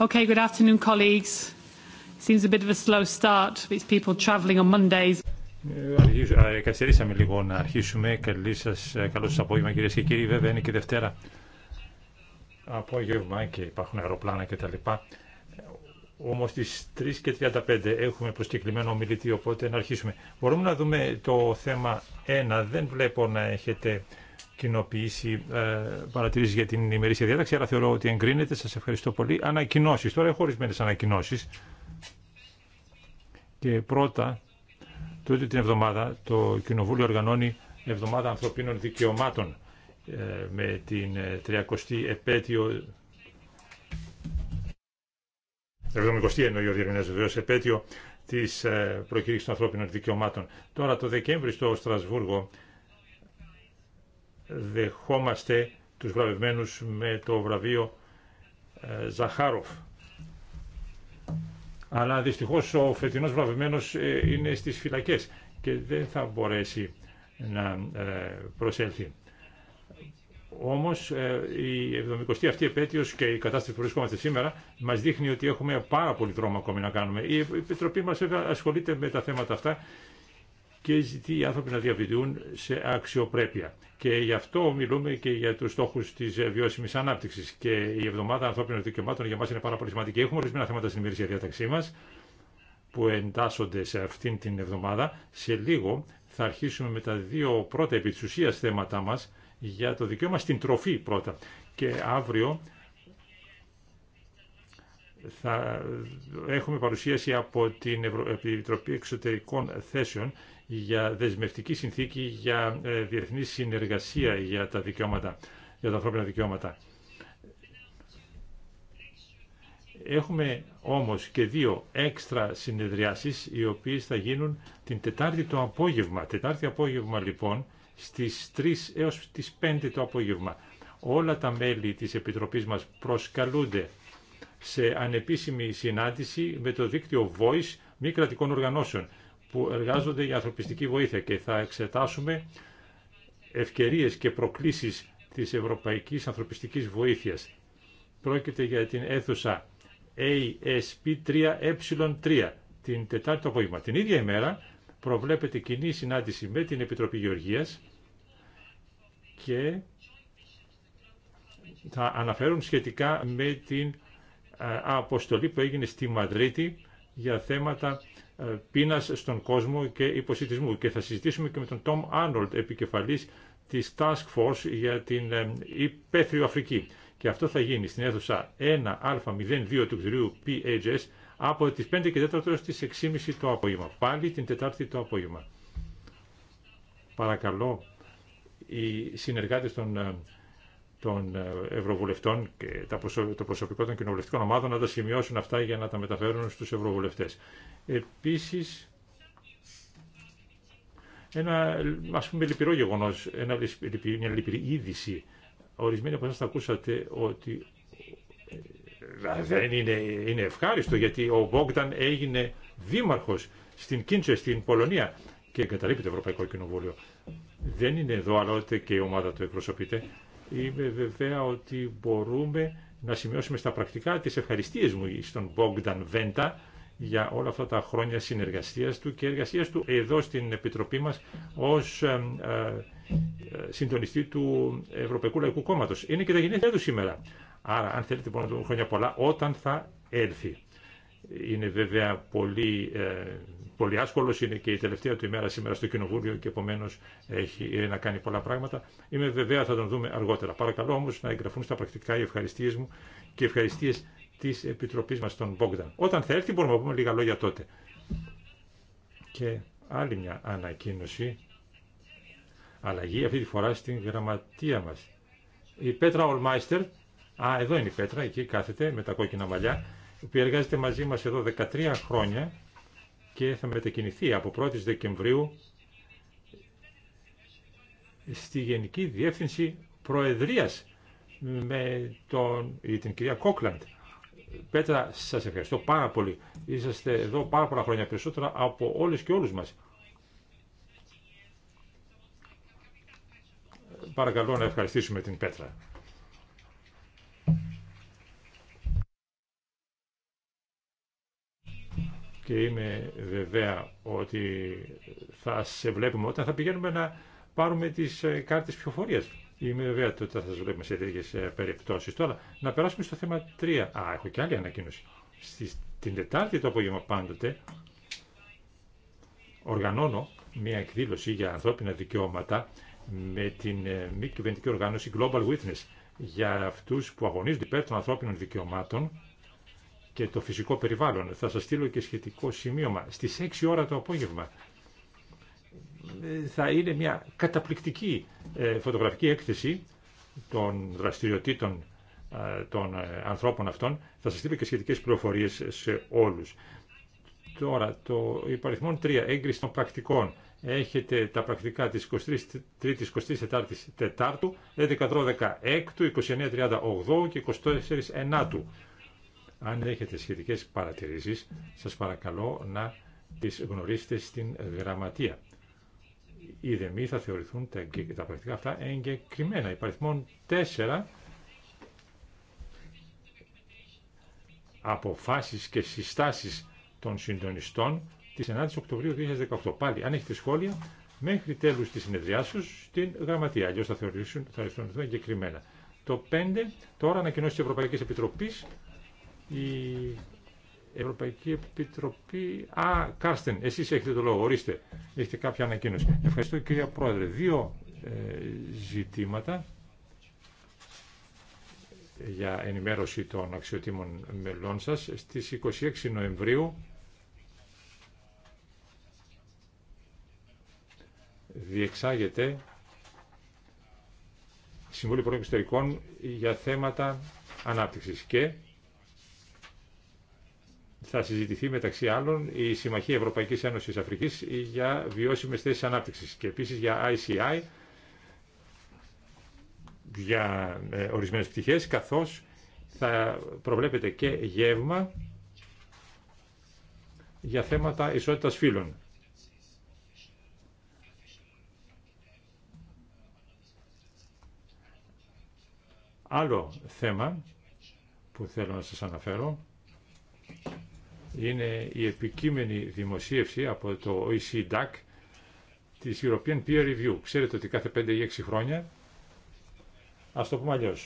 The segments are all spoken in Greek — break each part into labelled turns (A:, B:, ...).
A: Okay, good afternoon, colleagues. Seems a bit of a slow start. It's people traveling on Mondays.
B: Καθυστερήσαμε λίγο να αρχίσουμε. Καλή σα, ε, καλό σας απόγευμα κυρίες και κύριοι. Βέβαια είναι και Δευτέρα απόγευμα και υπάρχουν αεροπλάνα και Όμω λοιπά. 3 και 35 έχουμε προσκεκλημένο ομιλητή, οπότε να αρχίσουμε. Μπορούμε να δούμε το θέμα 1. Δεν βλέπω να έχετε κοινοποιήσει ε, παρατηρήσει για την ημερήσια διάταξη, αλλά θεωρώ ότι εγκρίνεται. Σα ευχαριστώ πολύ. Ανακοινώσει. Τώρα έχω ορισμένε ανακοινώσει. Και πρώτα, τούτη την εβδομάδα, το Κοινοβούλιο οργανώνει Εβδομάδα Ανθρωπίνων Δικαιωμάτων ε, με την 30η ε, επέτειο. 70η εννοεί ο επέτειο τη ε, προκήρυξη των ανθρώπινων δικαιωμάτων. Τώρα το Δεκέμβρη στο Στρασβούργο δεχόμαστε τους βραβευμένους με το βραβείο ε, Ζαχάροφ. Αλλά δυστυχώς ο φετινός βραβευμένος ε, είναι στις φυλακές και δεν θα μπορέσει να ε, προσέλθει. Όμως η 70η αυτή επέτειος και η κατάσταση που βρισκόμαστε σήμερα μας δείχνει ότι έχουμε πάρα πολύ δρόμο ακόμη να κάνουμε. Η Επιτροπή μας ασχολείται με τα θέματα αυτά και ζητεί οι άνθρωποι να διαβητούν σε αξιοπρέπεια. Και γι' αυτό μιλούμε και για του στόχου τη ε, βιώσιμη ανάπτυξη. Και η Εβδομάδα Ανθρώπινων Δικαιωμάτων για μα είναι πάρα πολύ σημαντική. Έχουμε ορισμένα θέματα στην ημερήσια διάταξή μα που εντάσσονται σε αυτήν την εβδομάδα. Σε λίγο θα αρχίσουμε με τα δύο πρώτα επί της ουσίας θέματα μας για το δικαίωμα στην τροφή πρώτα. Και αύριο θα έχουμε παρουσίαση από την Επιτροπή Εξωτερικών Θέσεων για δεσμευτική συνθήκη για ε, διεθνή συνεργασία για τα δικαιώματα, για τα ανθρώπινα δικαιώματα. Έχουμε όμως και δύο έξτρα συνεδριάσεις οι οποίες θα γίνουν την Τετάρτη το απόγευμα. Τετάρτη απόγευμα λοιπόν στις 3 έως τις 5 το απόγευμα. Όλα τα μέλη της Επιτροπής μας προσκαλούνται σε ανεπίσημη συνάντηση με το δίκτυο Voice μη κρατικών οργανώσεων που εργάζονται για ανθρωπιστική βοήθεια και θα εξετάσουμε ευκαιρίες και προκλήσεις της Ευρωπαϊκής Ανθρωπιστικής Βοήθειας. Πρόκειται για την αίθουσα ASP3E3 e την Τετάρτη το απόγευμα. Την ίδια ημέρα προβλέπεται κοινή συνάντηση με την Επιτροπή Γεωργίας και θα αναφέρουν σχετικά με την ε, αποστολή που έγινε στη Μαδρίτη για θέματα ε, Πείνα στον κόσμο και υποσυτισμού. Και θα συζητήσουμε και με τον Τόμ Άρνολτ, επικεφαλής της Task Force για την ε, Υπέθριο Αφρική. Και αυτό θα γίνει στην αίθουσα 1α02 του κτηρίου PHS από τι 5 και 4 έως τις 6.30 το απόγευμα. Πάλι την 4η το απόγευμα. Παρακαλώ οι συνεργάτε των ε, των ε, Ευρωβουλευτών και το προσωπικό των κοινοβουλευτικών ομάδων να τα σημειώσουν αυτά για να τα μεταφέρουν στους Ευρωβουλευτές. Επίσης, ένα ας πούμε λυπηρό γεγονός, ένα, μια λυπηρή είδηση. Ορισμένοι από εσάς θα ακούσατε ότι ε, ε, δεν είναι, είναι ευχάριστο γιατί ο Μπόγκταν έγινε δήμαρχος στην Κίντσε, στην Πολωνία και εγκαταλείπει το Ευρωπαϊκό Κοινοβούλιο. Δεν είναι εδώ, αλλά ούτε και η ομάδα του εκπροσωπείται είμαι βεβαία ότι μπορούμε να σημειώσουμε στα πρακτικά τις ευχαριστίες μου στον Bogdan Βέντα για όλα αυτά τα χρόνια συνεργασίας του και εργασίας του εδώ στην Επιτροπή μας ως ε, ε, συντονιστή του Ευρωπαϊκού Λαϊκού Κόμματος. Είναι και τα γενέθλιά του σήμερα. Άρα, αν θέλετε, μπορούμε να του χρόνια πολλά όταν θα έρθει. Είναι βέβαια πολύ ε, πολύ άσχολο. είναι και η τελευταία του ημέρα σήμερα στο Κοινοβούλιο και επομένω έχει να κάνει πολλά πράγματα. Είμαι βεβαία θα τον δούμε αργότερα. Παρακαλώ όμω να εγγραφούν στα πρακτικά οι ευχαριστίε μου και οι ευχαριστίε της Επιτροπής μας τον Μπόγκταν. Όταν θα έρθει μπορούμε να πούμε λίγα λόγια τότε. Και άλλη μια ανακοίνωση, αλλαγή αυτή τη φορά στην γραμματεία μα. Η Πέτρα Ολμάιστερ, α εδώ είναι η Πέτρα, εκεί κάθεται με τα κόκκινα μαλλιά, που εργάζεται μαζί μας εδώ 13 χρόνια και θα μετακινηθεί από 1η Δεκεμβρίου στη Γενική Διεύθυνση Προεδρίας με τον, την κυρία Κόκλαντ. Πέτρα, σας ευχαριστώ πάρα πολύ. Είσαστε εδώ πάρα πολλά χρόνια περισσότερα από όλες και όλους μας. Παρακαλώ να ευχαριστήσουμε την Πέτρα. και είμαι βεβαία ότι θα σε βλέπουμε όταν θα πηγαίνουμε να πάρουμε τις ε, κάρτες πιοφορίας. Είμαι βεβαία ότι θα σας βλέπουμε σε τέτοιες ε, περιπτώσεις. Τώρα, να περάσουμε στο θέμα 3. Α, έχω και άλλη ανακοίνωση. Στις, την Τετάρτη το απόγευμα πάντοτε οργανώνω μια εκδήλωση για ανθρώπινα δικαιώματα με την ε, μη κυβερνητική οργάνωση Global Witness για αυτούς που αγωνίζονται υπέρ των ανθρώπινων δικαιωμάτων και το φυσικό περιβάλλον. Θα σας στείλω και σχετικό σημείωμα. Στις 6 ώρα το απόγευμα ε, θα είναι μια καταπληκτική ε, φωτογραφική έκθεση των δραστηριοτήτων ε, των ανθρώπων αυτών. Θα σας στείλω και σχετικές πληροφορίες σε όλους. Τώρα, το υπαριθμό 3, έγκριση των πρακτικών. Έχετε τα πρακτικά της 23ης, 24ης, 4ου, 11-12 6 29 38 και 24-9. Αν έχετε σχετικές παρατηρήσεις, σας παρακαλώ να τις γνωρίσετε στην γραμματεία. Οι δεμοί θα θεωρηθούν τα, τα πρακτικά αυτά εγκεκριμένα. Υπάρχουν 4 αποφάσεις και συστάσεις των συντονιστών της 9 Οκτωβρίου 2018. Πάλι, αν έχετε σχόλια, μέχρι τέλους της συνεδριάσεως στην γραμματεία. Αλλιώς θα θεωρηθούν, εγκεκριμένα. Το 5, τώρα ανακοινώσει τη Ευρωπαϊκή Επιτροπή η Ευρωπαϊκή Επιτροπή. Α, Κάρστεν, εσείς έχετε το λόγο, ορίστε. Έχετε κάποια ανακοίνωση. Ευχαριστώ κυρία Πρόεδρε. Δύο ε, ζητήματα ε, για ενημέρωση των αξιοτήμων μελών σας. Στις 26 Νοεμβρίου διεξάγεται Συμβούλιο Πρώτων για θέματα ανάπτυξης και θα συζητηθεί μεταξύ άλλων η Συμμαχία Ευρωπαϊκής Ένωση Αφρικής για βιώσιμες θέσει ανάπτυξης και επίσης για ICI, για ε, ορισμένες πτυχές, καθώς θα προβλέπεται και γεύμα για θέματα ισότητας φύλων. Άλλο θέμα που θέλω να σας αναφέρω είναι η επικείμενη δημοσίευση από το OECDAC της European Peer Review. Ξέρετε ότι κάθε 5 ή 6 χρόνια, ας το πούμε αλλιώ.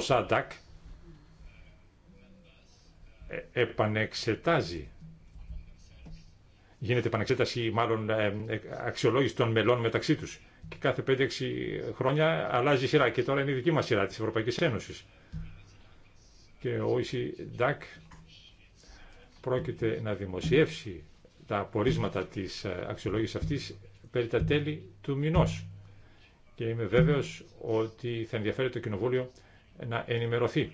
B: ο DAC ε, επανεξετάζει γίνεται επανεξέταση μάλλον ε, ε, αξιολόγηση των μελών μεταξύ τους και κάθε 5-6 χρόνια αλλάζει η σειρά και τώρα είναι η δική μας σειρά της Ευρωπαϊκής Ένωσης και ο ECDAC πρόκειται να δημοσιεύσει τα απορίσματα της αξιολόγησης αυτής περί τα τέλη του μηνός. Και είμαι βέβαιος ότι θα ενδιαφέρει το Κοινοβούλιο να ενημερωθεί.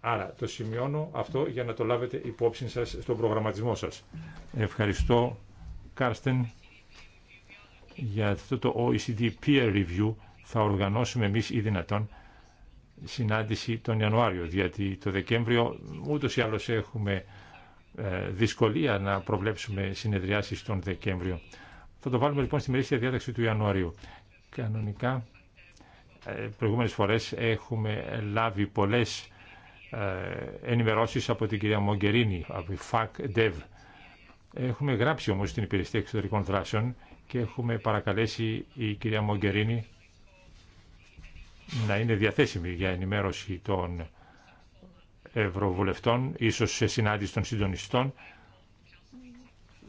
B: Άρα το σημειώνω αυτό για να το λάβετε υπόψη σας στον προγραμματισμό σας. Ευχαριστώ Κάρστεν για αυτό το OECD Peer Review θα οργανώσουμε εμείς ή δυνατόν συνάντηση τον Ιανουάριο, γιατί το Δεκέμβριο ούτως ή άλλως έχουμε ε, δυσκολία να προβλέψουμε συνεδριάσεις τον Δεκέμβριο. Θα το βάλουμε λοιπόν στη μερίσια διάταξη του Ιανουαρίου. Κανονικά, ε, προηγούμενες φορές έχουμε λάβει πολλές ε, ενημερώσεις από την κυρία Μογκερίνη, από η FAC-DEV. Έχουμε γράψει όμως την Υπηρεσία Εξωτερικών Δράσεων και έχουμε παρακαλέσει η κυρία Μογκερίνη να είναι διαθέσιμη για ενημέρωση των ευρωβουλευτών, ίσως σε συνάντηση των συντονιστών,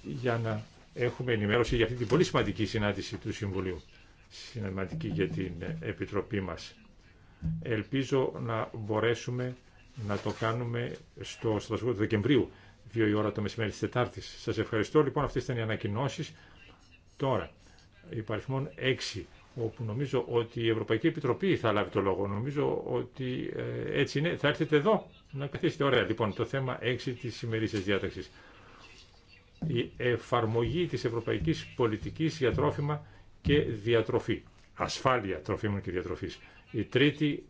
B: για να έχουμε ενημέρωση για αυτή την πολύ σημαντική συνάντηση του Συμβουλίου, σημαντική για την Επιτροπή μας. Ελπίζω να μπορέσουμε να το κάνουμε στο Στρασβούργο του Δεκεμβρίου, δύο η ώρα το μεσημέρι της Τετάρτης. Σας ευχαριστώ λοιπόν, αυτές ήταν οι ανακοινώσεις. Τώρα, υπαριθμόν 6 όπου νομίζω ότι η Ευρωπαϊκή Επιτροπή θα λάβει το λόγο. Νομίζω ότι ε, έτσι είναι. Θα έρθετε εδώ να καθίσετε. Ωραία. Λοιπόν, το θέμα 6 της ημερήσιας διάταξης. Η εφαρμογή της ευρωπαϊκής πολιτικής για τρόφιμα και διατροφή. Ασφάλεια τροφίμων και διατροφής. Η τρίτη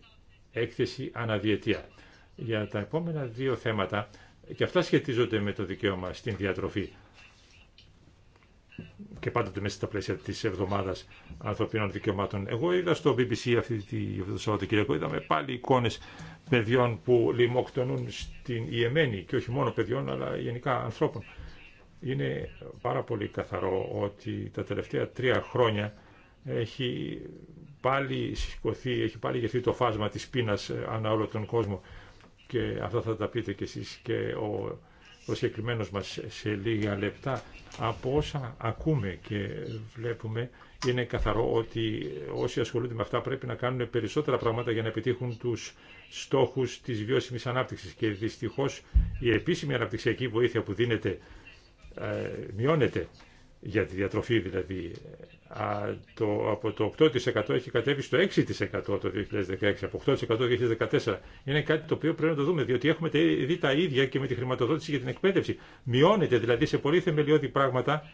B: έκθεση αναδιετία. Για τα επόμενα δύο θέματα, και αυτά σχετίζονται με το δικαίωμα στην διατροφή και πάντοτε μέσα στα πλαίσια τη εβδομάδας ανθρωπίνων δικαιωμάτων. Εγώ είδα στο BBC αυτή τη Σαββατοκύριακο, είδαμε πάλι εικόνες παιδιών που λιμοκτονούν στην Ιεμένη και όχι μόνο παιδιών αλλά γενικά ανθρώπων. Είναι πάρα πολύ καθαρό ότι τα τελευταία τρία χρόνια έχει πάλι σηκωθεί, έχει πάλι γευθεί το φάσμα της πείνας ανά όλο τον κόσμο και αυτό θα τα πείτε κι εσείς και ο ο συγκεκριμένος μας σε λίγα λεπτά από όσα ακούμε και βλέπουμε είναι καθαρό ότι όσοι ασχολούνται με αυτά πρέπει να κάνουν περισσότερα πράγματα για να επιτύχουν τους στόχους της βιώσιμης ανάπτυξης και δυστυχώς η επίσημη αναπτυξιακή βοήθεια που δίνεται ε, μειώνεται για τη διατροφή δηλαδή, Α, το, από το 8% έχει κατέβει στο 6% το 2016, από 8% το 2014. Είναι κάτι το οποίο πρέπει να το δούμε, διότι έχουμε δει τα ίδια και με τη χρηματοδότηση για την εκπαίδευση. Μειώνεται δηλαδή σε πολύ θεμελιώδη πράγματα.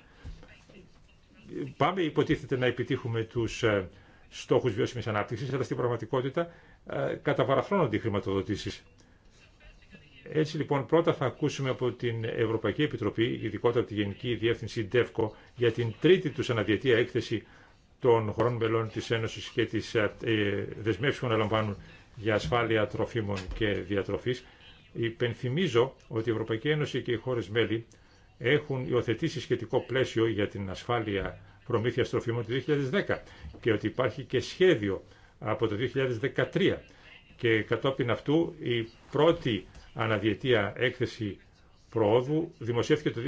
B: Πάμε υποτίθεται να επιτύχουμε τους ε, στόχους βιώσιμης ανάπτυξης, αλλά στην πραγματικότητα ε, καταβαραχρώνονται οι χρηματοδοτήσεις. Έτσι λοιπόν πρώτα θα ακούσουμε από την Ευρωπαϊκή Επιτροπή, ειδικότερα από τη Γενική Διεύθυνση ΔΕΦΚΟ, για την τρίτη τους αναδιατία έκθεση των χωρών μελών της Ένωσης και της ε, λαμβάνουν ε, που αναλαμβάνουν για ασφάλεια τροφίμων και διατροφής. Υπενθυμίζω ότι η Ευρωπαϊκή Ένωση και οι χώρες μέλη έχουν υιοθετήσει σχετικό πλαίσιο για την ασφάλεια προμήθεια τροφίμων του 2010 και ότι υπάρχει και σχέδιο από το 2013 και κατόπιν αυτού η πρώτη αναδιετία έκθεση προόδου δημοσιεύθηκε το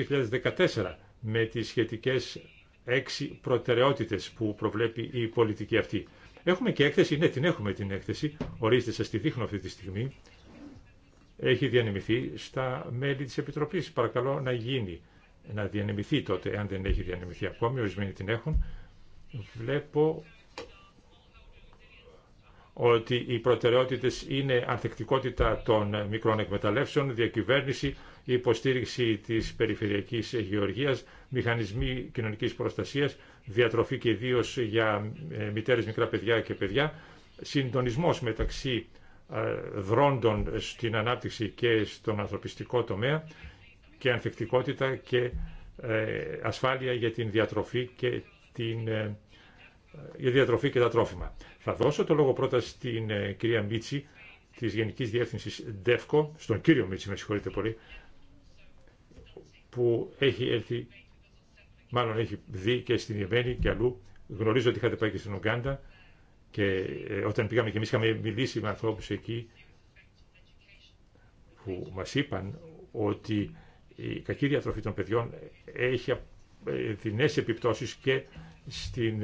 B: 2014 με τις σχετικές έξι προτεραιότητες που προβλέπει η πολιτική αυτή. Έχουμε και έκθεση, ναι την έχουμε την έκθεση, ορίστε σας τη δείχνω αυτή τη στιγμή. Έχει διανεμηθεί στα μέλη της Επιτροπής, παρακαλώ να γίνει, να διανεμηθεί τότε, αν δεν έχει διανεμηθεί ακόμη, ορισμένοι την έχουν. Βλέπω ότι οι προτεραιότητες είναι ανθεκτικότητα των μικρών εκμεταλλεύσεων, διακυβέρνηση, υποστήριξη της περιφερειακής γεωργίας, μηχανισμοί κοινωνικής προστασίας, διατροφή και ιδίω για ε, μητέρες, μικρά παιδιά και παιδιά, συντονισμός μεταξύ ε, δρόντων στην ανάπτυξη και στον ανθρωπιστικό τομέα και ανθεκτικότητα και ε, ασφάλεια για την διατροφή και την ε, για διατροφή και τα τρόφιμα. Θα δώσω το λόγο πρώτα στην ε, κυρία Μίτσι της Γενικής Διεύθυνση ΔΕΦΚΟ, στον κύριο Μίτσι, με συγχωρείτε πολύ, που έχει έρθει, μάλλον έχει δει και στην Ιεμένη και αλλού. Γνωρίζω ότι είχατε πάει και στην Ουγγάντα και ε, όταν πήγαμε και εμεί είχαμε μιλήσει με ανθρώπου εκεί που μα είπαν ότι η κακή διατροφή των παιδιών έχει δεινές επιπτώσεις και στην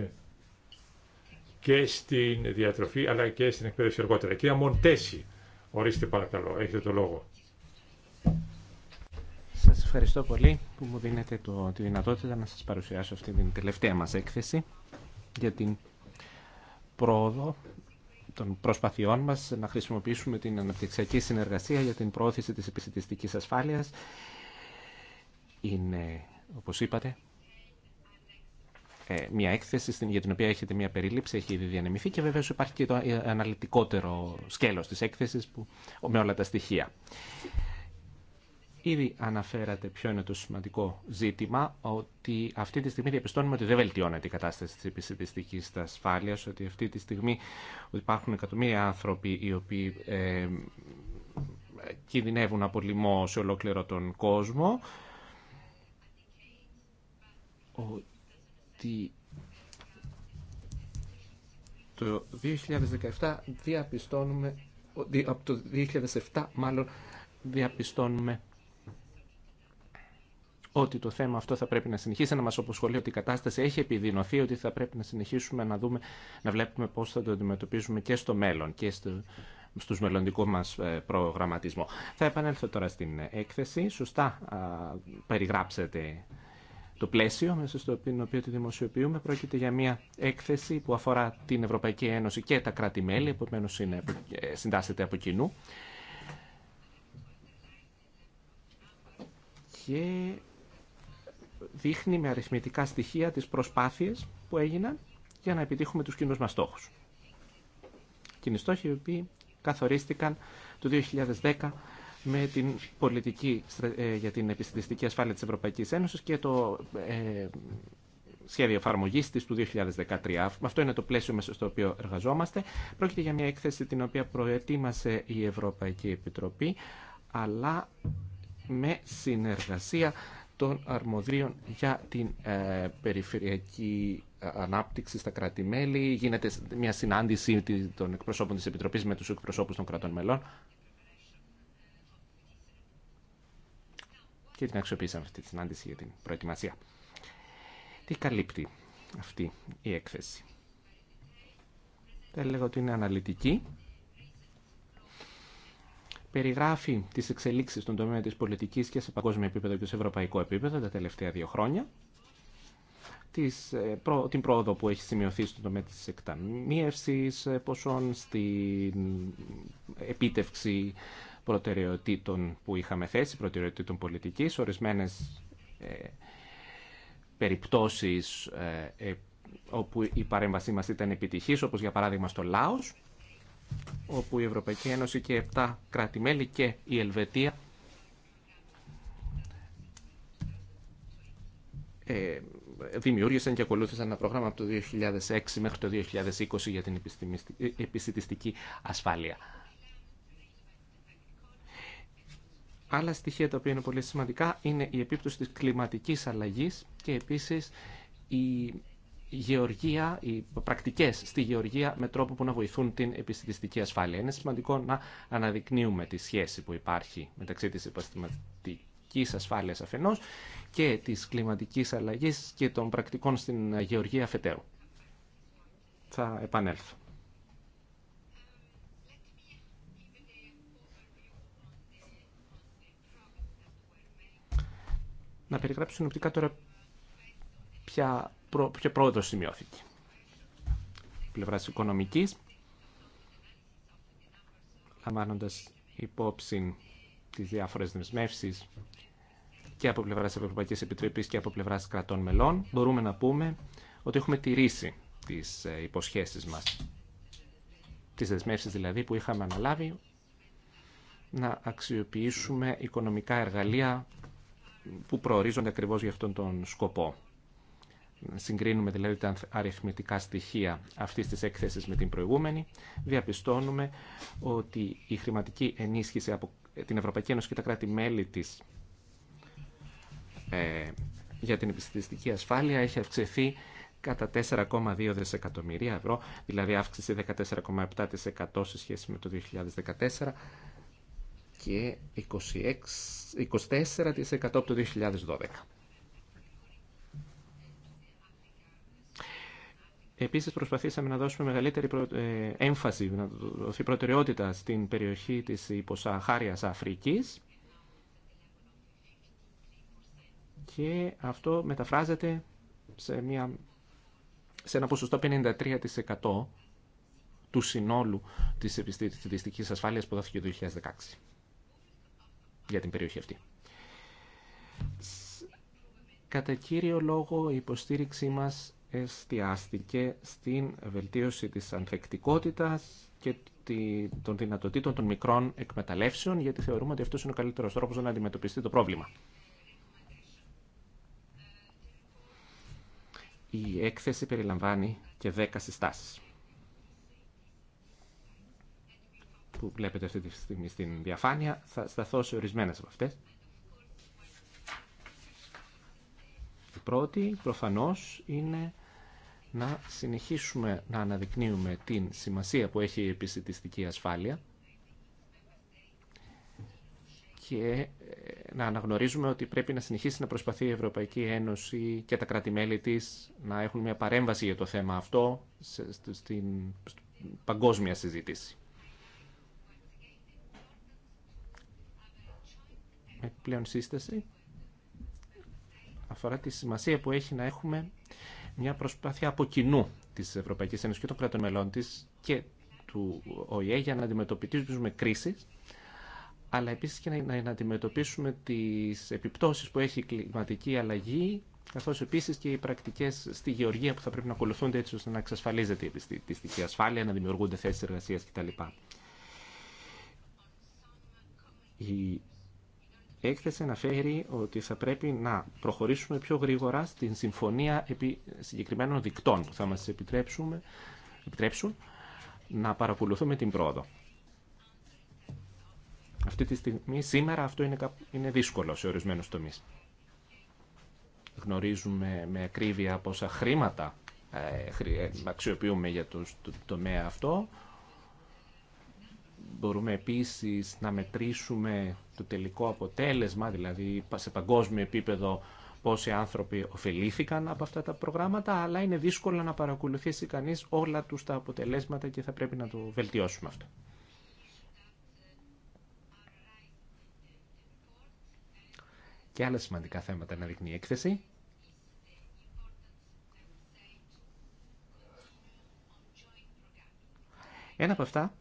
B: και στην διατροφή αλλά και στην εκπαίδευση αργότερα. Κυρία Μοντέση, ορίστε παρακαλώ, έχετε το λόγο.
C: Σας ευχαριστώ πολύ που μου δίνετε το, τη δυνατότητα να σας παρουσιάσω αυτή την τελευταία μας έκθεση για την πρόοδο των προσπαθειών μας να χρησιμοποιήσουμε την αναπτυξιακή συνεργασία για την προώθηση της επιστημιστικής ασφάλειας. Είναι, όπως είπατε, ε, μια έκθεση για την οποία έχετε μια περίληψη, έχει ήδη διανεμηθεί και βεβαίω υπάρχει και το ε, αναλυτικότερο σκέλος της έκθεσης με όλα τα στοιχεία. Ήδη αναφέρατε ποιο είναι το σημαντικό ζήτημα, ότι αυτή τη στιγμή διαπιστώνουμε ότι δεν βελτιώνεται η κατάσταση της επιστημιστικής ασφάλεια, ότι αυτή τη στιγμή υπάρχουν εκατομμύρια άνθρωποι οι οποίοι ε, κινδυνεύουν από λοιμό σε ολόκληρο τον κόσμο ότι το 2017 διαπιστώνουμε, από το 2007 μάλλον διαπιστώνουμε ότι το θέμα αυτό θα πρέπει να συνεχίσει να μας αποσχολεί, ότι η κατάσταση έχει επιδεινωθεί, ότι θα πρέπει να συνεχίσουμε να δούμε, να βλέπουμε πώς θα το αντιμετωπίζουμε και στο μέλλον και στο, στους μελλοντικού μας ε, προγραμματισμό. Θα επανέλθω τώρα στην ε, έκθεση. Σωστά α, περιγράψετε το πλαίσιο μέσα στο οποίο τη δημοσιοποιούμε πρόκειται για μια έκθεση που αφορά την Ευρωπαϊκή Ένωση και τα κράτη-μέλη, επομένω συντάσσεται από κοινού. Και δείχνει με αριθμητικά στοιχεία τις προσπάθειες που έγιναν για να επιτύχουμε τους κοινούς μας στόχους. Κοινοί στόχοι οι οποίοι καθορίστηκαν το 2010 με την πολιτική ε, για την επιστημιστική ασφάλεια της Ευρωπαϊκής Ένωσης και το ε, σχέδιο εφαρμογή τη του 2013. Αυτό είναι το πλαίσιο μέσα στο οποίο εργαζόμαστε. Πρόκειται για μια έκθεση την οποία προετοίμασε η Ευρωπαϊκή Επιτροπή, αλλά με συνεργασία των αρμοδίων για την ε, περιφερειακή ανάπτυξη στα κράτη-μέλη. Γίνεται μια συνάντηση των εκπροσώπων της Επιτροπής με τους εκπροσώπους των κρατών μελών και την αξιοποίησαμε αυτή τη συνάντηση για την προετοιμασία. Τι καλύπτει αυτή η έκθεση. Θα έλεγα ότι είναι αναλυτική. Περιγράφει τις εξελίξεις στον τομέα της πολιτικής και σε παγκόσμιο επίπεδο και σε ευρωπαϊκό επίπεδο τα τελευταία δύο χρόνια. Ε, την πρόοδο που έχει σημειωθεί στον τομέα της εκταμίευσης ε, ποσών, στην επίτευξη προτεραιοτήτων που είχαμε θέσει, προτεραιοτήτων πολιτικής, ορισμένες ε, περιπτώσεις ε, ε, όπου η παρέμβασή μας ήταν επιτυχής, όπως για παράδειγμα στο Λάος, όπου η Ευρωπαϊκή Ένωση και 7 κράτη-μέλη και η Ελβετία ε, δημιούργησαν και ακολούθησαν ένα πρόγραμμα από το 2006 μέχρι το 2020 για την ε, επιστημιστική ασφάλεια. Άλλα στοιχεία τα οποία είναι πολύ σημαντικά είναι η επίπτωση της κλιματικής αλλαγής και επίσης η γεωργία, οι πρακτικές στη γεωργία με τρόπο που να βοηθούν την επιστημιστική ασφάλεια. Είναι σημαντικό να αναδεικνύουμε τη σχέση που υπάρχει μεταξύ της επιστημιστικής ασφάλειας αφενός και της κλιματικής αλλαγής και των πρακτικών στην γεωργία αφετέρου. Θα επανέλθω. να περιγράψω συνοπτικά τώρα ποια, ποιο πρόοδο σημειώθηκε. Πλευράς οικονομικής, λαμβάνοντα υπόψη τις διάφορες δεσμεύσει και από πλευράς Ευρωπαϊκή Επιτροπή και από πλευράς κρατών μελών, μπορούμε να πούμε ότι έχουμε τηρήσει τις ε, υποσχέσεις μας. Τις δεσμεύσει δηλαδή που είχαμε αναλάβει να αξιοποιήσουμε οικονομικά εργαλεία που προορίζονται ακριβώς για αυτόν τον σκοπό. Συγκρίνουμε δηλαδή τα αριθμητικά στοιχεία αυτή τη έκθεσης με την προηγούμενη. Διαπιστώνουμε ότι η χρηματική ενίσχυση από την Ευρωπαϊκή Ένωση και τα κράτη-μέλη τη ε, για την επιστημιστική ασφάλεια έχει αυξηθεί κατά 4,2 δισεκατομμυρία ευρώ, δηλαδή αύξηση 14,7% σε σχέση με το 2014 και 26, 24% από το 2012. Επίσης προσπαθήσαμε να δώσουμε μεγαλύτερη ε, έμφαση, να δοθεί προτεραιότητα στην περιοχή της υποσαχάριας Αφρικής και αυτό μεταφράζεται σε, μια, σε ένα ποσοστό 53% του συνόλου της επιστημιστικής ασφάλειας που δόθηκε το 2016 για την περιοχή αυτή. Κατά κύριο λόγο η υποστήριξή μας εστιάστηκε στην βελτίωση της ανθεκτικότητας και των δυνατοτήτων των μικρών εκμεταλλεύσεων, γιατί θεωρούμε ότι αυτός είναι ο καλύτερος τρόπος να αντιμετωπιστεί το πρόβλημα. Η έκθεση περιλαμβάνει και 10 συστάσεις. που βλέπετε αυτή τη στιγμή στην διαφάνεια. Θα σταθώ σε ορισμένε από αυτές. Η πρώτη, προφανώς, είναι να συνεχίσουμε να αναδεικνύουμε την σημασία που έχει η επιστημιστική ασφάλεια και ε, να αναγνωρίζουμε ότι πρέπει να συνεχίσει να προσπαθεί η Ευρωπαϊκή Ένωση και τα κράτη-μέλη της να έχουν μια παρέμβαση για το θέμα αυτό στην παγκόσμια συζήτηση. επιπλέον σύσταση αφορά τη σημασία που έχει να έχουμε μια προσπάθεια από κοινού της Ευρωπαϊκής Ένωσης και των κρατών μελών της και του ΟΗΕ για να αντιμετωπίσουμε κρίσεις αλλά επίσης και να αντιμετωπίσουμε τις επιπτώσεις που έχει η κλιματική αλλαγή καθώς επίσης και οι πρακτικές στη γεωργία που θα πρέπει να ακολουθούνται έτσι ώστε να εξασφαλίζεται η ασφάλεια, να δημιουργούνται θέσεις εργασίας κτλ. Η να φέρει ότι θα πρέπει να προχωρήσουμε πιο γρήγορα στην συμφωνία επί συγκεκριμένων δικτών που θα μας επιτρέψουν, να παρακολουθούμε την πρόοδο. Αυτή τη στιγμή, σήμερα, αυτό είναι, είναι δύσκολο σε ορισμένους τομεί. Γνωρίζουμε με ακρίβεια πόσα χρήματα ε, ε, αξιοποιούμε για το τομέα αυτό. Μπορούμε επίσης να μετρήσουμε το τελικό αποτέλεσμα, δηλαδή σε παγκόσμιο επίπεδο πόσοι άνθρωποι ωφελήθηκαν από αυτά τα προγράμματα, αλλά είναι δύσκολο να παρακολουθήσει κανείς όλα τους τα αποτελέσματα και θα πρέπει να το βελτιώσουμε αυτό. Και άλλα σημαντικά θέματα να δείχνει η έκθεση. Ένα από αυτά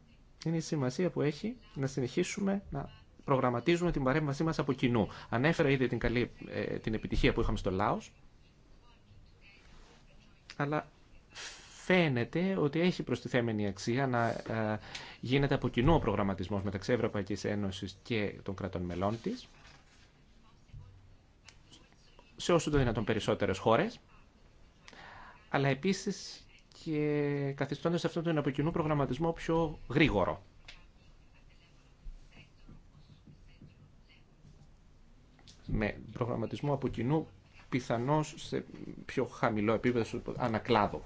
C: είναι η σημασία που έχει να συνεχίσουμε να προγραμματίζουμε την παρέμβασή μας από κοινού. Ανέφερα ήδη την, καλή, ε, την επιτυχία που είχαμε στο Λάος, αλλά φαίνεται ότι έχει προστιθέμενη αξία να ε, γίνεται από κοινού ο προγραμματισμός μεταξύ Ευρωπαϊκής Ένωσης και των κρατών μελών της, σε όσο το δυνατόν περισσότερες χώρες, αλλά επίσης και καθιστώντας αυτόν τον αποκοινού προγραμματισμό πιο γρήγορο. Με προγραμματισμό από κοινού πιθανώς σε πιο χαμηλό επίπεδο ανακλάδο.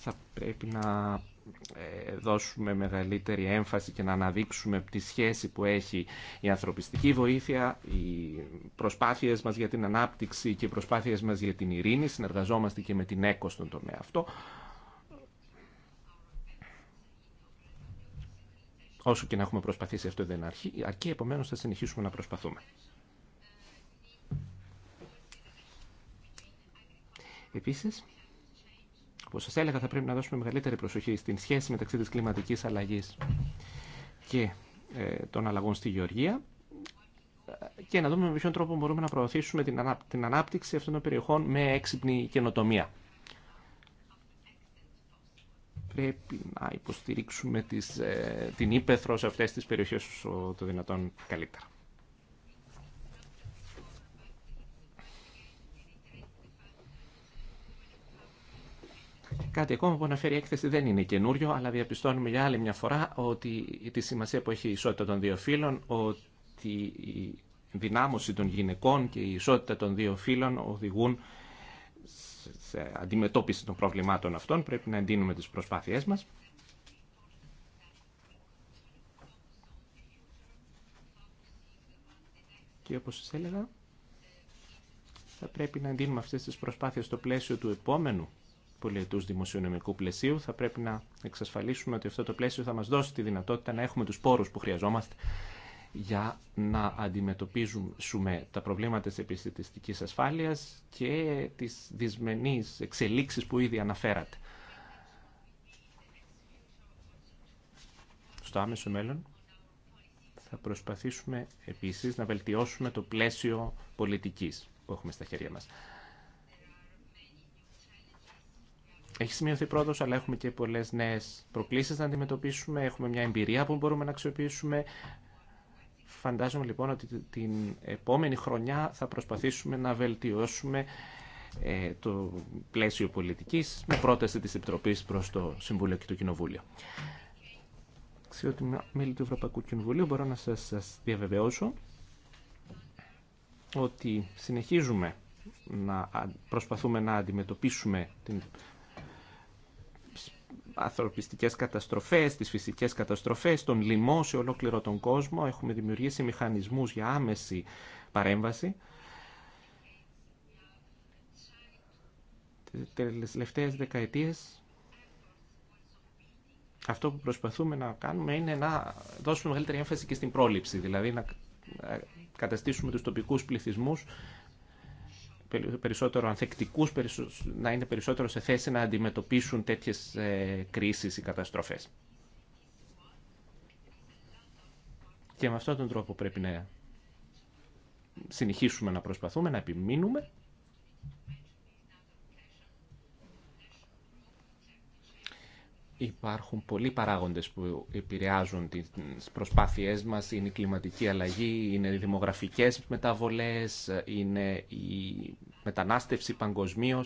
C: Θα πρέπει να ε, δώσουμε μεγαλύτερη έμφαση και να αναδείξουμε τη σχέση που έχει η ανθρωπιστική βοήθεια, οι προσπάθειες μας για την ανάπτυξη και οι προσπάθειες μας για την ειρήνη. Συνεργαζόμαστε και με την ΕΚΟ στον τομέα αυτό. Όσο και να έχουμε προσπαθήσει αυτό δεν αρκεί, αρκεί επομένως θα συνεχίσουμε να προσπαθούμε. Επίσης, Όπω σα έλεγα, θα πρέπει να δώσουμε μεγαλύτερη προσοχή στην σχέση μεταξύ τη κλιματική αλλαγή και ε, των αλλαγών στη γεωργία ε, και να δούμε με ποιον τρόπο μπορούμε να προωθήσουμε την ανάπτυξη αυτών των περιοχών με έξυπνη καινοτομία. Πρέπει να υποστηρίξουμε τις, ε, την ύπεθρο σε αυτές τις περιοχές το δυνατόν καλύτερα. Κάτι ακόμα που αναφέρει η έκθεση δεν είναι καινούριο, αλλά διαπιστώνουμε για άλλη μια φορά ότι τη σημασία που έχει η ισότητα των δύο φύλων, ότι η δυνάμωση των γυναικών και η ισότητα των δύο φύλων οδηγούν σε αντιμετώπιση των προβλημάτων αυτών. Πρέπει να εντείνουμε τις προσπάθειές μας. Και όπως σας έλεγα, θα πρέπει να εντείνουμε αυτές τις προσπάθειες στο πλαίσιο του επόμενου πολιετούς δημοσιονομικού πλαισίου. Θα πρέπει να εξασφαλίσουμε ότι αυτό το πλαίσιο θα μας δώσει τη δυνατότητα να έχουμε τους πόρους που χρειαζόμαστε για να αντιμετωπίζουμε τα προβλήματα της επιστημιστικής ασφάλειας και τις δυσμενείς εξελίξεις που ήδη αναφέρατε. Στο άμεσο μέλλον θα προσπαθήσουμε επίσης να βελτιώσουμε το πλαίσιο πολιτικής που έχουμε στα χέρια μας. έχει σημειωθεί πρόοδος, αλλά έχουμε και πολλέ νέε προκλήσει να αντιμετωπίσουμε, έχουμε μια εμπειρία που μπορούμε να αξιοποιήσουμε. Φαντάζομαι λοιπόν ότι την επόμενη χρονιά θα προσπαθήσουμε να βελτιώσουμε ε, το πλαίσιο πολιτική με πρόταση τη επιτροπή προ το Συμβούλιο και το Κοινοβούλιο. ότι μέλη του Ευρωπαϊκού Κοινοβουλίου μπορώ να σα διαβεβαιώσω ότι συνεχίζουμε να προσπαθούμε να αντιμετωπίσουμε την ανθρωπιστικέ καταστροφές, τις φυσικές καταστροφές, τον λοιμό σε ολόκληρο τον κόσμο. Έχουμε δημιουργήσει μηχανισμούς για άμεση παρέμβαση. Τι τελευταίες δεκαετίες αυτό που προσπαθούμε να κάνουμε είναι να δώσουμε μεγαλύτερη έμφαση και στην πρόληψη, δηλαδή να καταστήσουμε τους τοπικούς πληθυσμούς περισσότερο ανθεκτικούς, να είναι περισσότερο σε θέση να αντιμετωπίσουν τέτοιες ε, κρίσεις ή καταστροφές. Και με αυτόν τον τρόπο πρέπει να συνεχίσουμε να προσπαθούμε, να επιμείνουμε Υπάρχουν πολλοί παράγοντες που επηρεάζουν τις προσπάθειές μας. Είναι η κλιματική αλλαγή, είναι οι δημογραφικές μεταβολές, είναι η μετανάστευση παγκοσμίω.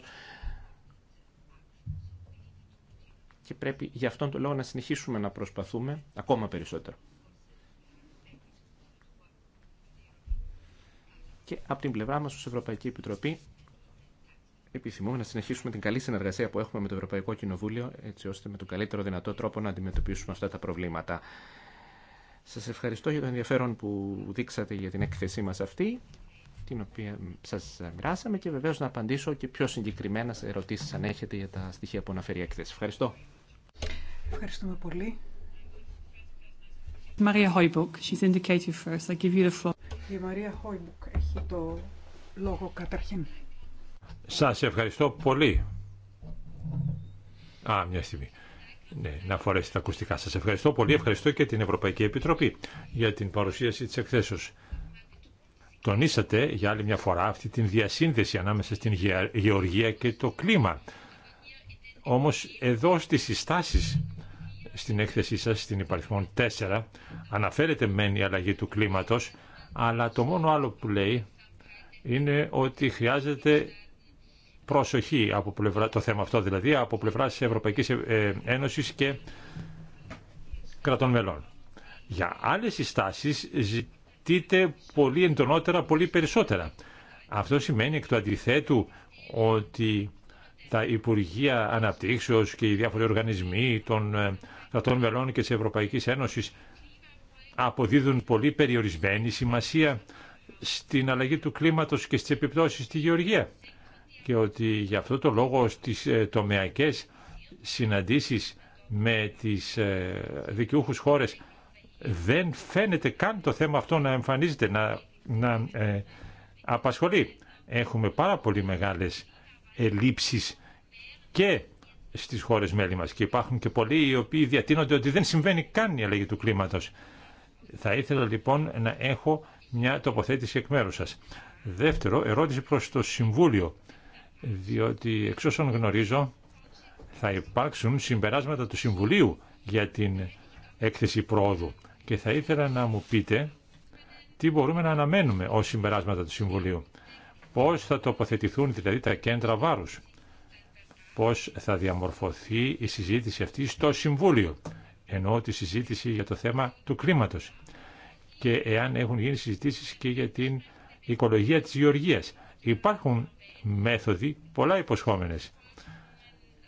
C: Και πρέπει για αυτόν τον λόγο να συνεχίσουμε να προσπαθούμε ακόμα περισσότερο. Και από την πλευρά μας ως Ευρωπαϊκή Επιτροπή Επιθυμούμε να συνεχίσουμε την καλή συνεργασία που έχουμε με το Ευρωπαϊκό Κοινοβούλιο, έτσι ώστε με τον καλύτερο δυνατό τρόπο να αντιμετωπίσουμε αυτά τα προβλήματα. Σα ευχαριστώ για το ενδιαφέρον που δείξατε για την έκθεσή μα αυτή, την οποία σα μοιράσαμε και βεβαίω να απαντήσω και πιο συγκεκριμένα σε ερωτήσεις αν έχετε για τα στοιχεία που αναφέρει η έκθεση. Ευχαριστώ.
A: Ευχαριστούμε πολύ. Maria she's indicated first. I give you the floor. Η Μαρία Χόιμπουκ έχει το λόγο καταρχήν.
B: Σας ευχαριστώ πολύ. Α, μια στιγμή. Ναι, να φορέσετε τα ακουστικά. Σας ευχαριστώ πολύ. Ευχαριστώ και την Ευρωπαϊκή Επιτροπή για την παρουσίαση της εκθέσεως. Τονίσατε για άλλη μια φορά αυτή την διασύνδεση ανάμεσα στην γεωργία και το κλίμα. Όμως εδώ στις συστάσεις στην έκθεσή σας, στην υπαριθμόν 4, αναφέρεται μεν η αλλαγή του κλίματος, αλλά το μόνο άλλο που λέει είναι ότι χρειάζεται προσοχή από το θέμα αυτό δηλαδή από πλευράς Ευρωπαϊκής ε, Ένωσης και κρατών μελών. Για άλλες συστάσεις ζητείτε πολύ εντονότερα, πολύ περισσότερα. Αυτό σημαίνει εκ του αντιθέτου ότι τα Υπουργεία Αναπτύξεως και οι διάφοροι οργανισμοί των ε, κρατών μελών και της Ευρωπαϊκής Ένωσης αποδίδουν πολύ περιορισμένη σημασία στην αλλαγή του κλίματος και στις επιπτώσεις στη γεωργία και ότι γι' αυτό το λόγο στις ε, τομεακές συναντήσεις με τις ε, δικαιούχους χώρες δεν φαίνεται καν το θέμα αυτό να εμφανίζεται, να, να ε, απασχολεί. Έχουμε πάρα πολύ μεγάλες ελλείψεις και στις χώρες μέλη μας και υπάρχουν και πολλοί οι οποίοι διατείνονται ότι δεν συμβαίνει καν η αλλαγή του κλίματος. Θα ήθελα λοιπόν να έχω μια τοποθέτηση εκ μέρους σας. Δεύτερο, ερώτηση προς το Συμβούλιο διότι εξ όσων γνωρίζω θα υπάρξουν συμπεράσματα του Συμβουλίου για την έκθεση πρόοδου και θα ήθελα να μου πείτε τι μπορούμε να αναμένουμε ως συμπεράσματα του Συμβουλίου. Πώς θα τοποθετηθούν δηλαδή τα κέντρα βάρους. Πώς θα διαμορφωθεί η συζήτηση αυτή στο Συμβούλιο. ενώ τη συζήτηση για το θέμα του κλίματος. Και εάν έχουν γίνει συζητήσεις και για την οικολογία της γεωργίας. Υπάρχουν μέθοδοι πολλά υποσχόμενες.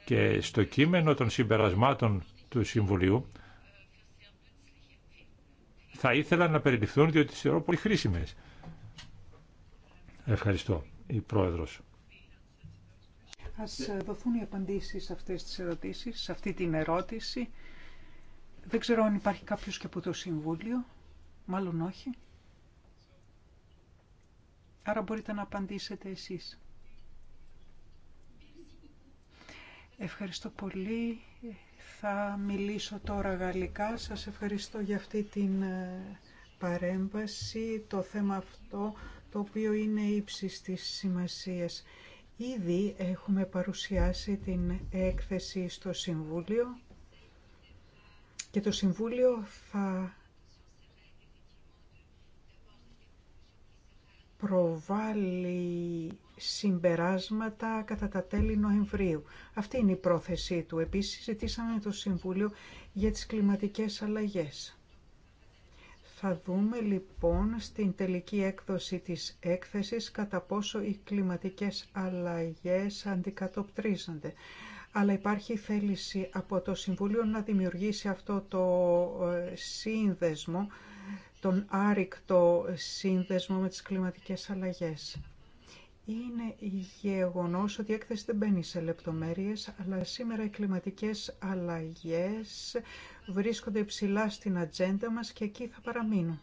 B: Και στο κείμενο των συμπερασμάτων του Συμβουλίου θα ήθελα να περιληφθούν διότι θεωρώ πολύ χρήσιμες. Ευχαριστώ, η Πρόεδρος.
A: Ας ε, δοθούν οι απαντήσεις σε αυτές τις ερωτήσεις, σε αυτή την ερώτηση. Δεν ξέρω αν υπάρχει κάποιος και από το Συμβούλιο. Μάλλον όχι. Άρα μπορείτε να απαντήσετε εσείς. Ευχαριστώ πολύ. Θα μιλήσω τώρα γαλλικά. Σας ευχαριστώ για αυτή την ε, παρέμβαση, το θέμα αυτό το οποίο είναι ύψης της σημασίας. Ήδη έχουμε παρουσιάσει την έκθεση στο Συμβούλιο και το Συμβούλιο θα προβάλλει συμπεράσματα κατά τα τέλη Νοεμβρίου. Αυτή είναι η πρόθεσή του. Επίσης, ζητήσαμε το Συμβούλιο για τις κλιματικές αλλαγές. Θα δούμε λοιπόν στην τελική έκδοση της έκθεσης κατά πόσο οι κλιματικές αλλαγές αντικατοπτρίζονται. Αλλά υπάρχει θέληση από το Συμβούλιο να δημιουργήσει αυτό το ε, σύνδεσμο τον άρρηκτο σύνδεσμο με τις κλιματικές αλλαγές. Είναι γεγονός ότι η έκθεση δεν μπαίνει σε λεπτομέρειες, αλλά σήμερα οι κλιματικές αλλαγές βρίσκονται υψηλά στην ατζέντα μας και εκεί θα παραμείνουν.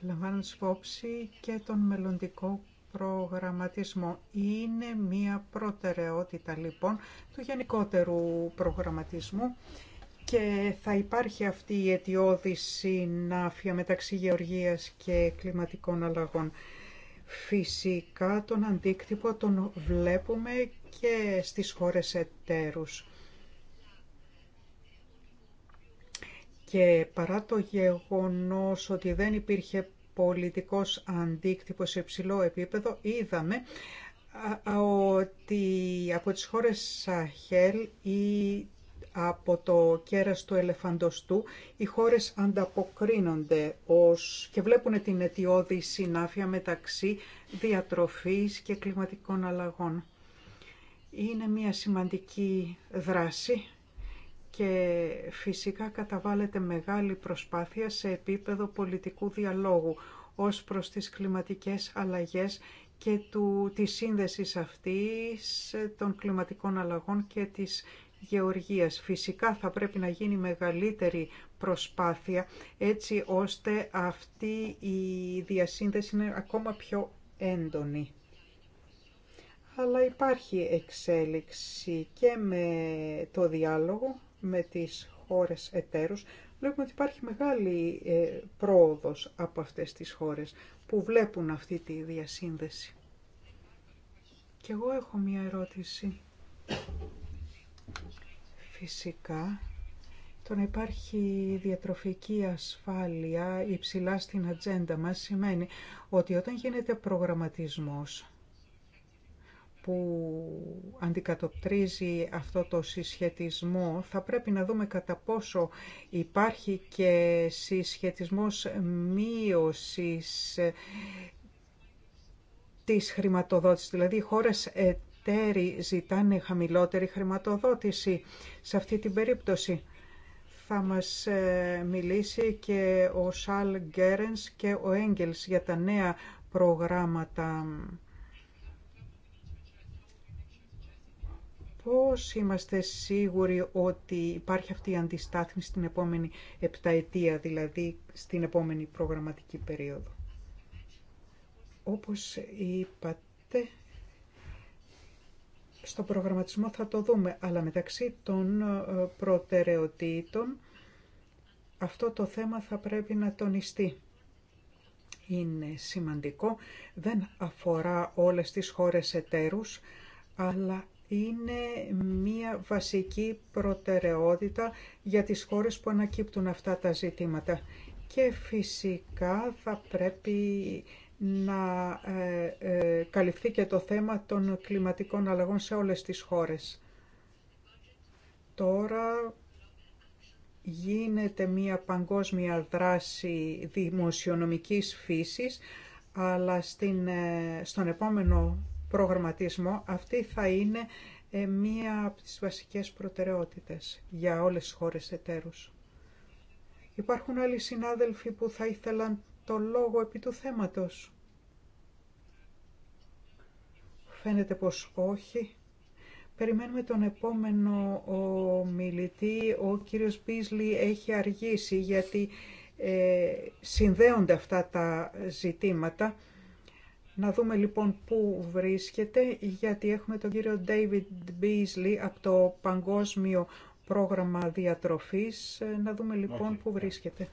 A: Λαμβάνοντα υπόψη και τον μελλοντικό προγραμματισμό. Είναι μία προτεραιότητα λοιπόν του γενικότερου προγραμματισμού και θα υπάρχει αυτή η αιτιώδη συνάφεια μεταξύ γεωργίας και κλιματικών αλλαγών. Φυσικά τον αντίκτυπο τον βλέπουμε και στις χώρες εταίρους. Και παρά το γεγονός ότι δεν υπήρχε πολιτικός αντίκτυπος σε υψηλό επίπεδο, είδαμε ότι από τις χώρες Σαχέλ η από το κέρας του ελεφαντοστού, οι χώρες ανταποκρίνονται ως και βλέπουν την αιτιώδη συνάφεια μεταξύ διατροφής και κλιματικών αλλαγών. Είναι μια σημαντική δράση και φυσικά καταβάλλεται μεγάλη προσπάθεια σε επίπεδο πολιτικού διαλόγου ως προς τις κλιματικές αλλαγές και του, τη σύνδεση αυτής των κλιματικών αλλαγών και της γεωργίας. Φυσικά θα πρέπει να γίνει μεγαλύτερη προσπάθεια έτσι ώστε αυτή η διασύνδεση είναι ακόμα πιο έντονη. Αλλά υπάρχει εξέλιξη και με το διάλογο με τις χώρες εταίρους. Βλέπουμε ότι υπάρχει μεγάλη ε, πρόοδος από αυτές τις χώρες που βλέπουν αυτή τη διασύνδεση. Και εγώ έχω μία ερώτηση Φυσικά, το να υπάρχει διατροφική ασφάλεια υψηλά στην ατζέντα μας σημαίνει ότι όταν γίνεται προγραμματισμός που αντικατοπτρίζει αυτό το συσχετισμό θα πρέπει να δούμε κατά πόσο υπάρχει και συσχετισμός μείωσης της χρηματοδότησης. Δηλαδή οι χώρες ζητάνε χαμηλότερη χρηματοδότηση σε αυτή την περίπτωση. Θα μας ε, μιλήσει και ο Σαλ Γκέρενς και ο Έγγελς για τα νέα προγράμματα. Πώς είμαστε σίγουροι ότι υπάρχει αυτή η αντιστάθμιση στην επόμενη επταετία, δηλαδή στην επόμενη προγραμματική περίοδο. Όπως είπατε, στο προγραμματισμό θα το δούμε, αλλά μεταξύ των ε, προτεραιοτήτων αυτό το θέμα θα πρέπει να τονιστεί. Είναι σημαντικό, δεν αφορά όλες τις χώρες εταίρους, αλλά είναι μία βασική προτεραιότητα για τις χώρες που ανακύπτουν αυτά τα ζητήματα. Και φυσικά θα πρέπει να ε, ε, καλυφθεί και το θέμα των κλιματικών αλλαγών σε όλες τις χώρες. Τώρα γίνεται μία παγκόσμια δράση δημοσιονομικής φύσης, αλλά στην, ε, στον επόμενο προγραμματισμό αυτή θα είναι ε, μία από τις βασικές προτεραιότητες για όλες τις χώρες εταίρους. Υπάρχουν άλλοι συνάδελφοι που θα ήθελαν το λόγο επί του θέματος. Φαίνεται πως όχι. Περιμένουμε τον επόμενο μιλητή. Ο κύριος Μπίσλι έχει αργήσει γιατί ε, συνδέονται αυτά τα ζητήματα. Να δούμε λοιπόν πού βρίσκεται, γιατί έχουμε τον κύριο David Beasley από το Παγκόσμιο Πρόγραμμα Διατροφής. Ε, να δούμε λοιπόν πού βρίσκεται.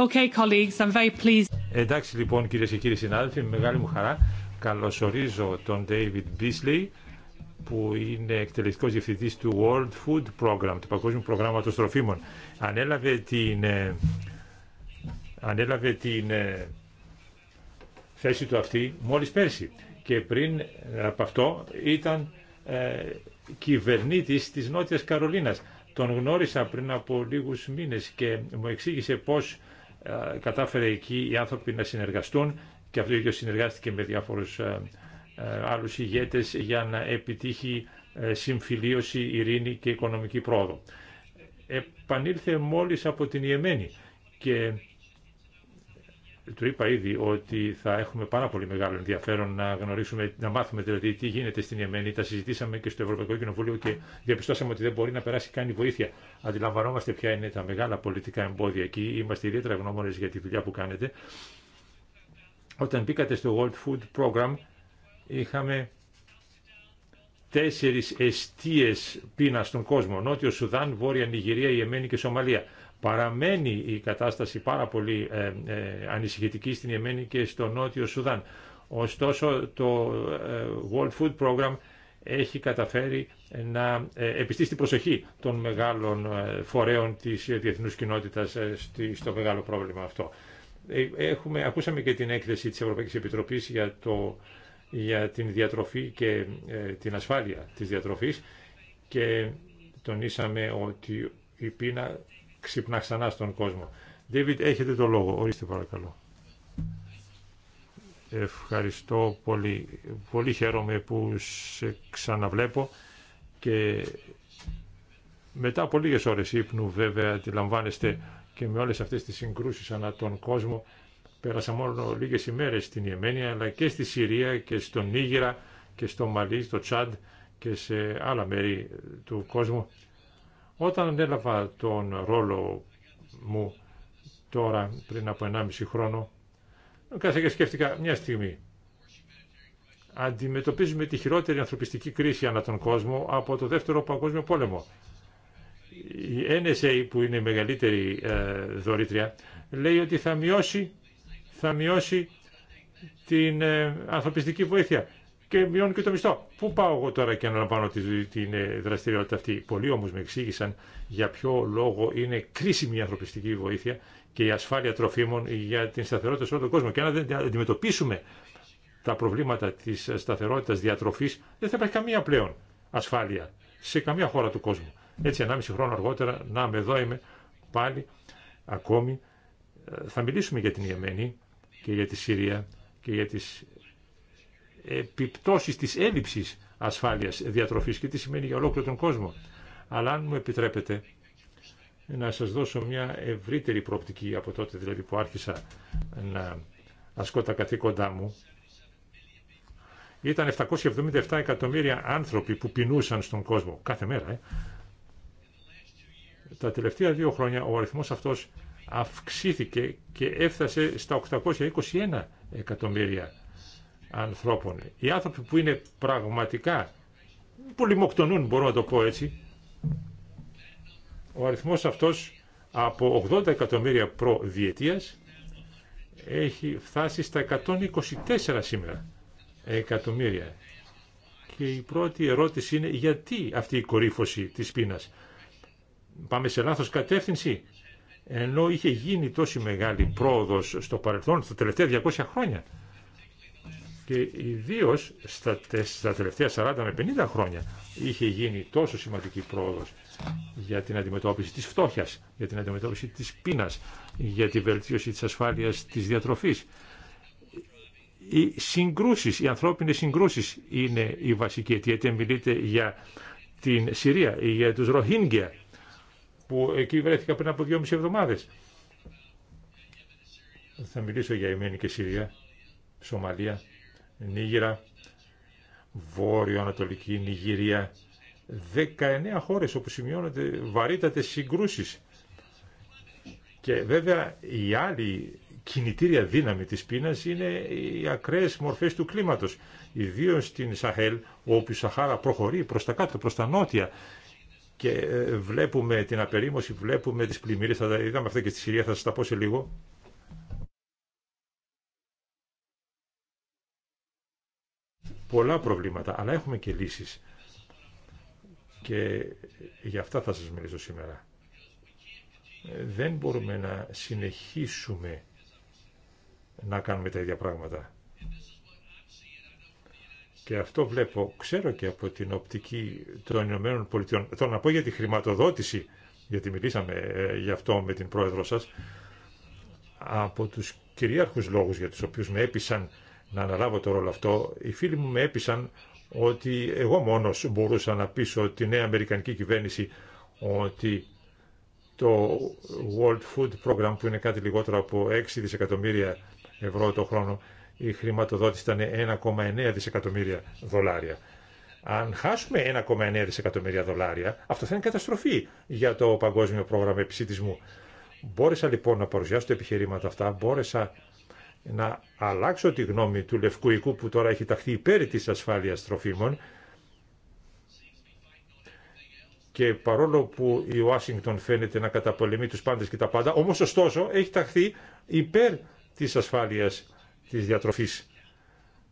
A: Okay, colleagues, I'm very pleased.
B: Εντάξει λοιπόν κυρίες και κύριοι συνάδελφοι, με μεγάλη μου χαρά καλωσορίζω τον David Beasley που είναι εκτελεστικός διευθυντής του World Food Program, του Παγκόσμιου Προγράμματος Τροφίμων. Ανέλαβε την, ε, ανέλαβε την ε, θέση του αυτή μόλις πέρσι και πριν από αυτό ήταν ε, κυβερνήτης της Νότιας Καρολίνας. Τον γνώρισα πριν από λίγους μήνες και μου εξήγησε πώς ε, κατάφερε εκεί οι άνθρωποι να συνεργαστούν και αυτό ίδιο συνεργάστηκε με διάφορους ε, ε, άλλους ηγέτες για να επιτύχει συμφιλίωση, ειρήνη και οικονομική πρόοδο. Επανήλθε μόλις από την Ιεμένη και του είπα ήδη ότι θα έχουμε πάρα πολύ μεγάλο ενδιαφέρον να γνωρίσουμε, να μάθουμε δηλαδή τι γίνεται στην Ιεμένη. Τα συζητήσαμε και στο Ευρωπαϊκό Κοινοβούλιο και διαπιστώσαμε ότι δεν μπορεί να περάσει καν η βοήθεια. Αντιλαμβανόμαστε ποια είναι τα μεγάλα πολιτικά εμπόδια εκεί. Είμαστε ιδιαίτερα γνώμονε για τη δουλειά που κάνετε. Όταν μπήκατε στο World Food Program, είχαμε τέσσερι αιστείε πείνα στον κόσμο. Νότιο Σουδάν, Βόρεια Νιγηρία, Ιεμένη και Σομαλία. Παραμένει η κατάσταση πάρα πολύ ε, ε, ανησυχητική στην Ιεμένη και στο Νότιο Σουδάν. Ωστόσο το ε, World Food Program έχει καταφέρει να επιστήσει την προσοχή των μεγάλων φορέων της διεθνούς κοινότητας στο μεγάλο πρόβλημα αυτό. Έχουμε, ακούσαμε και την έκθεση της Ευρωπαϊκής Επιτροπής για, το, για την διατροφή και την ασφάλεια της διατροφής και τονίσαμε ότι η πείνα ξυπνά ξανά στον κόσμο. David, έχετε το λόγο. Ορίστε παρακαλώ. Ευχαριστώ πολύ. Πολύ χαίρομαι που σε ξαναβλέπω και μετά από λίγες ώρες ύπνου βέβαια αντιλαμβάνεστε και με όλες αυτές τις συγκρούσεις ανά τον κόσμο πέρασα μόνο λίγες ημέρες στην Ιεμένη αλλά και στη Συρία και στον Νίγηρα και στο Μαλί, στο Τσάντ και σε άλλα μέρη του κόσμου όταν ανέλαβα τον ρόλο μου τώρα πριν από 1,5 χρόνο, κάθε και σκέφτηκα μια στιγμή. Αντιμετωπίζουμε τη χειρότερη ανθρωπιστική κρίση ανά τον κόσμο από το Δεύτερο Παγκόσμιο Πόλεμο. Η NSA που είναι η μεγαλύτερη ε, δωρήτρια λέει ότι θα μειώσει, θα μειώσει την ε, ανθρωπιστική βοήθεια και μειώνουν και το μισθό. Πού πάω εγώ τώρα και αναλαμβάνω την ε, δραστηριότητα αυτή. Πολλοί όμω με εξήγησαν για ποιο λόγο είναι κρίσιμη η ανθρωπιστική βοήθεια και η ασφάλεια τροφίμων για την σταθερότητα σε όλο τον κόσμο. Και αν δεν αντιμετωπίσουμε τα προβλήματα τη σταθερότητα διατροφή, δεν θα υπάρχει καμία πλέον ασφάλεια σε καμία χώρα του κόσμου. Έτσι, 1,5 χρόνο αργότερα, να με εδώ είμαι πάλι ακόμη. Ε, θα μιλήσουμε για την Ιεμένη και για τη Συρία και για τις επιπτώσεις της έλλειψης ασφάλειας διατροφής και τι σημαίνει για ολόκληρο τον κόσμο. Αλλά αν μου επιτρέπετε να σας δώσω μια ευρύτερη προοπτική από τότε δηλαδή που άρχισα να ασκώ τα καθήκοντά μου. Ήταν 777 εκατομμύρια άνθρωποι που πεινούσαν στον κόσμο κάθε μέρα. Ε. Τα τελευταία δύο χρόνια ο αριθμός αυτός αυξήθηκε και έφτασε στα 821 εκατομμύρια ανθρώπων. Οι άνθρωποι που είναι πραγματικά πολυμοκτονούν, μπορώ να το πω έτσι. Ο αριθμός αυτός από 80 εκατομμύρια προδιετίας έχει φτάσει στα 124 σήμερα εκατομμύρια. Και η πρώτη ερώτηση είναι γιατί αυτή η κορύφωση της πείνας. Πάμε σε λάθος κατεύθυνση. Ενώ είχε γίνει τόση μεγάλη πρόοδος στο παρελθόν, στα τελευταία 200 χρόνια και ιδίω στα, στα τελευταία 40 με 50 χρόνια είχε γίνει τόσο σημαντική πρόοδος για την αντιμετώπιση της φτώχειας, για την αντιμετώπιση της πείνας, για τη βελτίωση της ασφάλειας της διατροφής. Οι συγκρούσεις, οι ανθρώπινες συγκρούσεις είναι η βασική αιτία. Είτε μιλείτε για την Συρία ή για τους Ροχίνγκια που εκεί βρέθηκα πριν από δυόμιση εβδομάδες. Θα μιλήσω για Εμένη και Συρία, Σομαλία, Νίγηρα, Βόρειο-Ανατολική Νιγηρία, 19 χώρες όπου σημειώνονται βαρύτατες συγκρούσεις. Και βέβαια η άλλη κινητήρια δύναμη της πείνας είναι οι ακραίες μορφές του κλίματος. ιδίω στην Σαχέλ, όπου η Σαχάρα προχωρεί προς τα κάτω, προς τα νότια και ε, βλέπουμε την απερίμωση, βλέπουμε τις πλημμύρες, θα τα είδαμε αυτά και στη Συρία, θα σας τα πω σε λίγο. πολλά προβλήματα, αλλά έχουμε και λύσεις. Και για αυτά θα σας μιλήσω σήμερα. Δεν μπορούμε να συνεχίσουμε να κάνουμε τα ίδια πράγματα. Και αυτό βλέπω, ξέρω και από την οπτική των Ηνωμένων Πολιτειών. Θέλω να πω για τη χρηματοδότηση, γιατί μιλήσαμε ε, γι' αυτό με την πρόεδρο σας, από τους κυρίαρχους λόγους για τους οποίους με έπεισαν να αναλάβω το ρόλο αυτό, οι φίλοι μου με έπεισαν ότι εγώ μόνος μπορούσα να πείσω τη νέα Αμερικανική κυβέρνηση ότι το World Food Program που είναι κάτι λιγότερο από 6 δισεκατομμύρια ευρώ το χρόνο η χρηματοδότηση ήταν 1,9 δισεκατομμύρια δολάρια. Αν χάσουμε 1,9 δισεκατομμύρια δολάρια, αυτό θα είναι καταστροφή για το παγκόσμιο πρόγραμμα επισήτησμου. Μπόρεσα λοιπόν να παρουσιάσω τα επιχειρήματα αυτά, μπόρεσα να αλλάξω τη γνώμη του Λευκού Οικού που τώρα έχει ταχθεί υπέρ της ασφάλειας τροφίμων και παρόλο που η Ουάσιγκτον φαίνεται να καταπολεμεί τους πάντες και τα πάντα, όμως ωστόσο έχει ταχθεί υπέρ της ασφάλειας της διατροφής.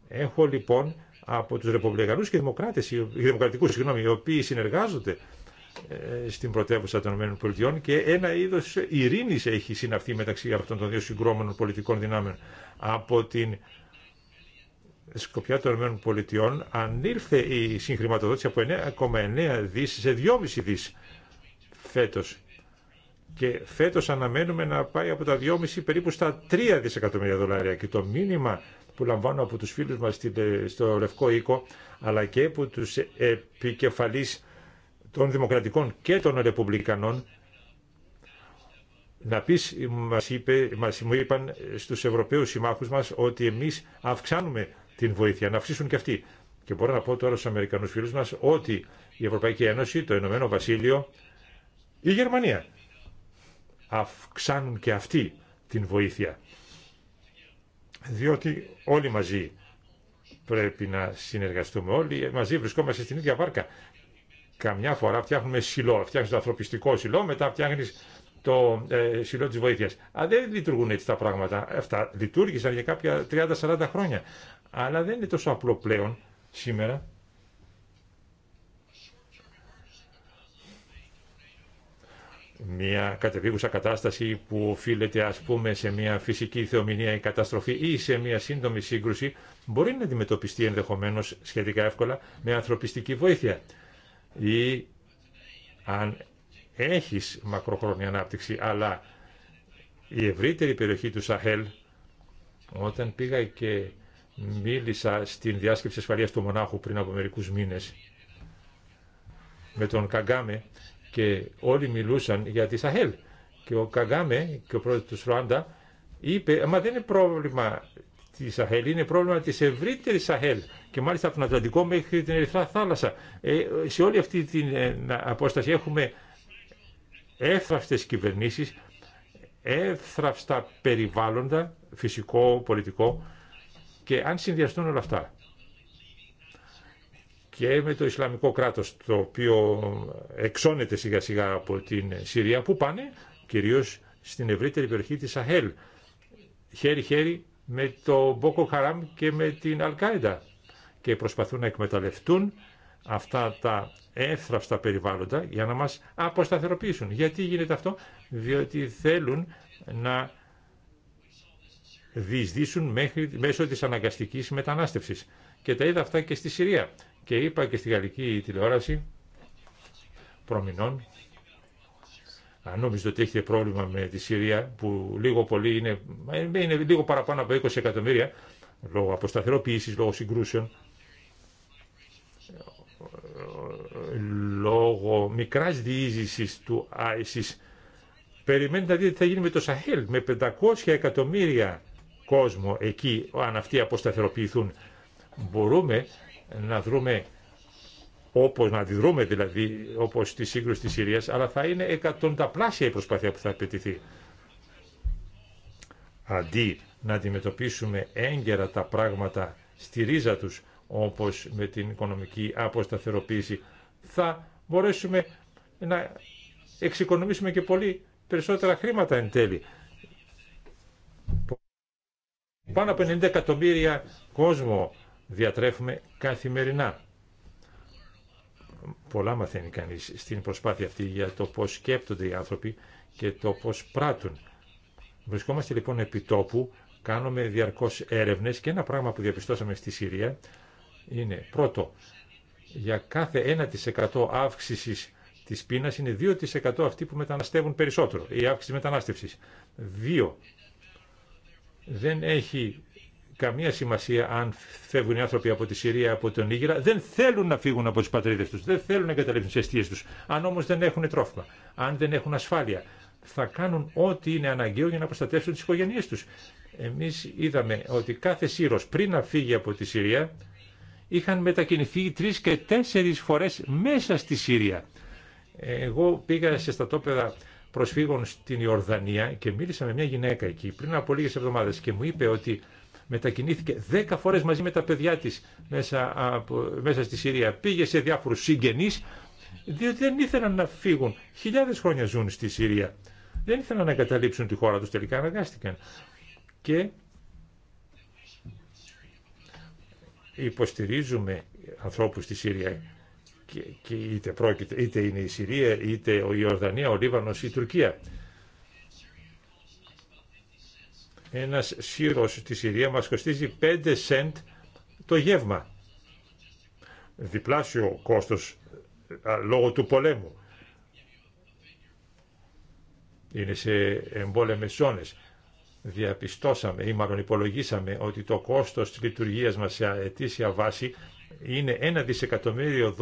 B: Έχω λοιπόν από τους ρεπομπλέγανους και Δημοκράτες, οι Δημοκρατικούς, οι οποίοι συνεργάζονται ε, στην πρωτεύουσα των ΗΠΑ και ένα είδο ειρήνη έχει συναυθεί μεταξύ αυτών των δύο συγκρόμενων πολιτικών δυνάμεων. Από την σκοπιά των ΗΠΑ ανήλθε η συγχρηματοδότηση από 9,9 δι σε 2,5 δι φέτος. Και φέτο αναμένουμε να πάει από τα 2,5 περίπου στα 3 δισεκατομμύρια δολάρια. Και το μήνυμα που λαμβάνω από τους φίλους μας ε, στο Λευκό Οίκο, αλλά και από τους επικεφαλείς των Δημοκρατικών και των Ρεπουμπλικανών να πει, μας, είπε, μας μου είπαν στους Ευρωπαίους συμμάχους μας ότι εμείς αυξάνουμε την βοήθεια, να αυξήσουν και αυτοί. Και μπορώ να πω τώρα στους Αμερικανούς φίλους μας ότι η Ευρωπαϊκή Ένωση, το Ηνωμένο Βασίλειο, η Γερμανία αυξάνουν και αυτοί την βοήθεια. Διότι όλοι μαζί πρέπει να συνεργαστούμε όλοι, μαζί βρισκόμαστε στην ίδια βάρκα Καμιά φορά φτιάχνουμε σιλό, φτιάχνει το ανθρωπιστικό σιλό, μετά φτιάχνει το ε, σιλό τη βοήθεια. δεν λειτουργούν έτσι τα πράγματα. Αυτά λειτουργήσαν για κάποια 30-40 χρόνια. Αλλά δεν είναι τόσο απλό πλέον σήμερα. μια κατεβήγουσα κατάσταση που οφείλεται ας πούμε σε μια φυσική θεομηνία ή καταστροφή ή σε μια σύντομη σύγκρουση μπορεί να αντιμετωπιστεί ενδεχομένως σχετικά εύκολα με ανθρωπιστική βοήθεια ή αν έχεις μακροχρόνια ανάπτυξη, αλλά η ευρύτερη περιοχή του Σαχέλ, όταν πήγα και μίλησα στην διάσκεψη ασφαλείας του Μονάχου πριν από μερικούς μήνες με τον Καγκάμε και όλοι μιλούσαν για τη Σαχέλ. Και ο Καγκάμε και ο πρόεδρος του Σρουάντα είπε, μα δεν είναι πρόβλημα τη Σαχέλ είναι πρόβλημα τη ευρύτερη Σαχέλ και μάλιστα από τον Ατλαντικό μέχρι την Ερυθρά Θάλασσα. Ε, σε όλη αυτή την ε, απόσταση έχουμε εύθραυστες κυβερνήσεις, εύθραυστα περιβάλλοντα, φυσικό, πολιτικό και αν συνδυαστούν όλα αυτά και με το Ισλαμικό κράτος το οποίο εξώνεται σιγά σιγά από την Συρία που πάνε κυρίως στην ευρύτερη περιοχή της Σαχέλ χέρι-χέρι με το Μπόκο Χαράμ και με την Αλκάιντα και προσπαθούν να εκμεταλλευτούν αυτά τα εύθραυστα περιβάλλοντα για να μας αποσταθεροποιήσουν. Γιατί γίνεται αυτό, διότι θέλουν να διεισδύσουν μέχρι, μέσω της αναγκαστικής μετανάστευσης. Και τα είδα αυτά και στη Συρία. Και είπα και στη γαλλική τηλεόραση προμηνών αν νομίζετε ότι έχετε πρόβλημα με τη Συρία, που λίγο πολύ είναι, ε, είναι λίγο παραπάνω από 20 εκατομμύρια, λόγω αποσταθεροποίησης, λόγω συγκρούσεων, λόγω μικράς διείζησης του Άισις, περιμένετε να δείτε τι θα γίνει με το Σαχέλ, με 500 εκατομμύρια κόσμο εκεί, αν αυτοί αποσταθεροποιηθούν. Μπορούμε να δρούμε Όπω να αντιδρούμε δηλαδή, όπως στη σύγκρουση της Συρίας, αλλά θα είναι εκατονταπλάσια η προσπάθεια που θα απαιτηθεί. Αντί να αντιμετωπίσουμε έγκαιρα τα πράγματα στη ρίζα του όπως με την οικονομική αποσταθεροποίηση, θα μπορέσουμε να εξοικονομήσουμε και πολύ περισσότερα χρήματα εν τέλει. Πάνω από 90 εκατομμύρια κόσμο διατρέφουμε καθημερινά πολλά μαθαίνει κανείς στην προσπάθεια αυτή για το πώς σκέπτονται οι άνθρωποι και το πώς πράττουν. Βρισκόμαστε λοιπόν επί τόπου, κάνουμε διαρκώς έρευνες και ένα πράγμα που διαπιστώσαμε στη Συρία είναι πρώτο, για κάθε 1% αύξησης της πείνα είναι 2% αυτοί που μεταναστεύουν περισσότερο, η αύξηση μετανάστευση. Δύο, δεν έχει καμία σημασία αν φεύγουν οι άνθρωποι από τη Συρία, από τον Ήγηρα. Δεν θέλουν να φύγουν από τι πατρίδε του. Δεν θέλουν να εγκαταλείψουν τι αιστείε του. Αν όμω δεν έχουν τρόφιμα, αν δεν έχουν ασφάλεια, θα κάνουν ό,τι είναι αναγκαίο για να προστατεύσουν τι οικογένειέ του. Εμεί είδαμε ότι κάθε Σύρο πριν να φύγει από τη Συρία είχαν μετακινηθεί τρει και τέσσερι φορέ μέσα στη Συρία. Εγώ πήγα σε στατόπεδα προσφύγων στην Ιορδανία και μίλησα με μια γυναίκα εκεί πριν από λίγε εβδομάδε και μου είπε ότι μετακινήθηκε 10 φορές μαζί με τα παιδιά της μέσα, από, μέσα στη Συρία. Πήγε σε διάφορους συγγενείς, διότι δεν ήθελαν να φύγουν. Χιλιάδες χρόνια ζουν στη Συρία. Δεν ήθελαν να εγκαταλείψουν τη χώρα τους, τελικά αναγκάστηκαν. Και υποστηρίζουμε ανθρώπους στη Συρία και, και είτε, πρόκειται, είτε είναι η Συρία, είτε η Ιορδανία, ο Λίβανος, η Τουρκία ένας σύρος στη Συρία μας κοστίζει 5 σεντ το γεύμα. Διπλάσιο κόστος λόγω του πολέμου. Είναι σε εμπόλεμες ζώνες. Διαπιστώσαμε ή μάλλον υπολογίσαμε ότι το κόστος της λειτουργίας μας σε αιτήσια βάση είναι ένα δισεκατομμύριο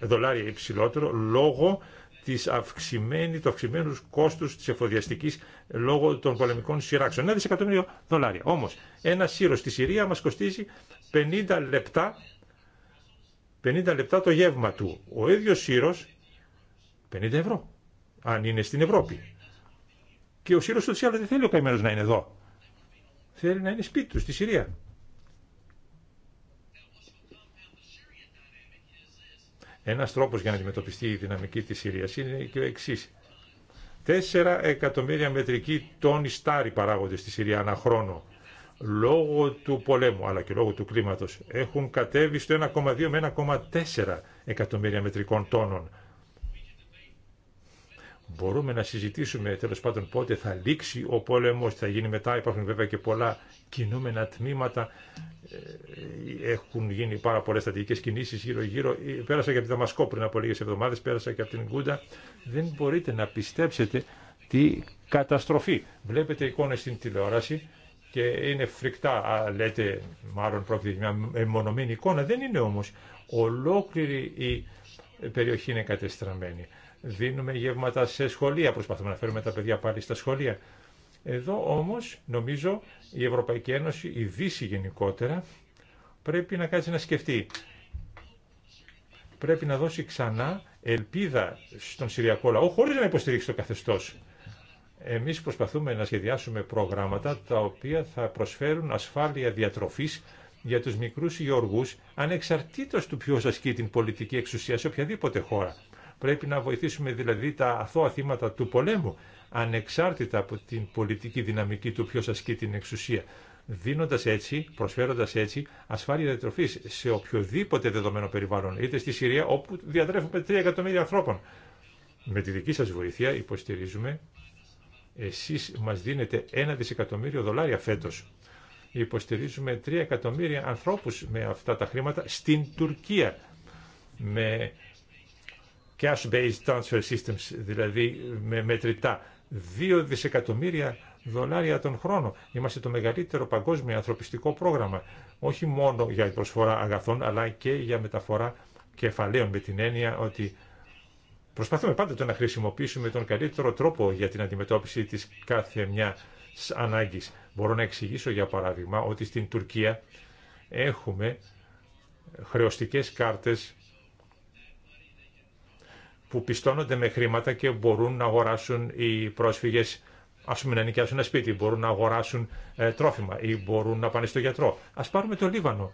B: δολάρια υψηλότερο λόγω της αυξημένη, το αυξημένου κόστους της εφοδιαστικής λόγω των πολεμικών σειράξεων. Ένα δισεκατομμύριο δολάρια. Όμω, ένα σύρο στη Συρία μας κοστίζει 50 λεπτά, 50 λεπτά το γεύμα του. Ο ίδιο σύρο, 50 ευρώ, αν είναι στην Ευρώπη. Και ο σύρο του σιαλό δεν θέλει ο καημένο να είναι εδώ. Θέλει να είναι σπίτι του στη Συρία. Ένας τρόπος για να αντιμετωπιστεί η δυναμική της Συρίας είναι και ο εξής. 4 εκατομμύρια μετρικοί τόνοι στάρι παράγονται στη Συρία ανά χρόνο. Λόγω του πολέμου αλλά και λόγω του κλίματος έχουν κατέβει στο 1,2 με 1,4 εκατομμύρια μετρικών τόνων Μπορούμε να συζητήσουμε τέλος πάντων πότε θα λήξει ο πόλεμος, θα γίνει μετά, υπάρχουν βέβαια και πολλά κινούμενα τμήματα, ε, έχουν γίνει πάρα στατικέ στατικές κινήσεις γύρω-γύρω. Ε, πέρασα και από τη Δαμασκό πριν από λίγες εβδομάδες, πέρασα και από την Κούντα Δεν μπορείτε να πιστέψετε τι καταστροφή. Βλέπετε εικόνες στην τηλεόραση και είναι φρικτά, λέτε, μάλλον πρόκειται για μια εμμονωμένη εικόνα. Δεν είναι όμως. Ολόκληρη η περιοχή είναι κατεστραμμένη δίνουμε γεύματα σε σχολεία, προσπαθούμε να φέρουμε τα παιδιά πάλι στα σχολεία. Εδώ όμως νομίζω η Ευρωπαϊκή Ένωση, η Δύση γενικότερα, πρέπει να κάτσει να σκεφτεί. Πρέπει να δώσει ξανά ελπίδα στον Συριακό λαό, χωρίς να υποστηρίξει το καθεστώς. Εμείς προσπαθούμε να σχεδιάσουμε προγράμματα τα οποία θα προσφέρουν ασφάλεια διατροφής για τους μικρούς γεωργούς, ανεξαρτήτως του ποιος ασκεί την πολιτική εξουσία σε οποιαδήποτε χώρα. Πρέπει να βοηθήσουμε δηλαδή τα αθώα θύματα του πολέμου, ανεξάρτητα από την πολιτική δυναμική του ποιος ασκεί την εξουσία δίνοντας έτσι, προσφέροντας έτσι ασφάλεια διατροφή σε οποιοδήποτε δεδομένο περιβάλλον, είτε στη Συρία όπου διατρέφουμε 3 εκατομμύρια ανθρώπων. Με τη δική σας βοήθεια υποστηρίζουμε, εσείς μας δίνετε ένα δισεκατομμύριο δολάρια φέτος. Υποστηρίζουμε 3 εκατομμύρια ανθρώπους με αυτά τα χρήματα στην Τουρκία. Με cash-based transfer systems, δηλαδή με μετρητά. 2 δισεκατομμύρια δολάρια τον χρόνο. Είμαστε το μεγαλύτερο παγκόσμιο ανθρωπιστικό πρόγραμμα. Όχι μόνο για προσφορά αγαθών, αλλά και για μεταφορά κεφαλαίων, με την έννοια ότι προσπαθούμε πάντα το να χρησιμοποιήσουμε τον καλύτερο τρόπο για την αντιμετώπιση της κάθε μια ανάγκης. Μπορώ να εξηγήσω, για παράδειγμα, ότι στην Τουρκία έχουμε χρεωστικές κάρτες που πιστώνονται με χρήματα και μπορούν να αγοράσουν οι πρόσφυγες ας πούμε να νοικιάσουν ένα σπίτι, μπορούν να αγοράσουν ε, τρόφιμα ή μπορούν να πάνε στο γιατρό. Ας πάρουμε το Λίβανο.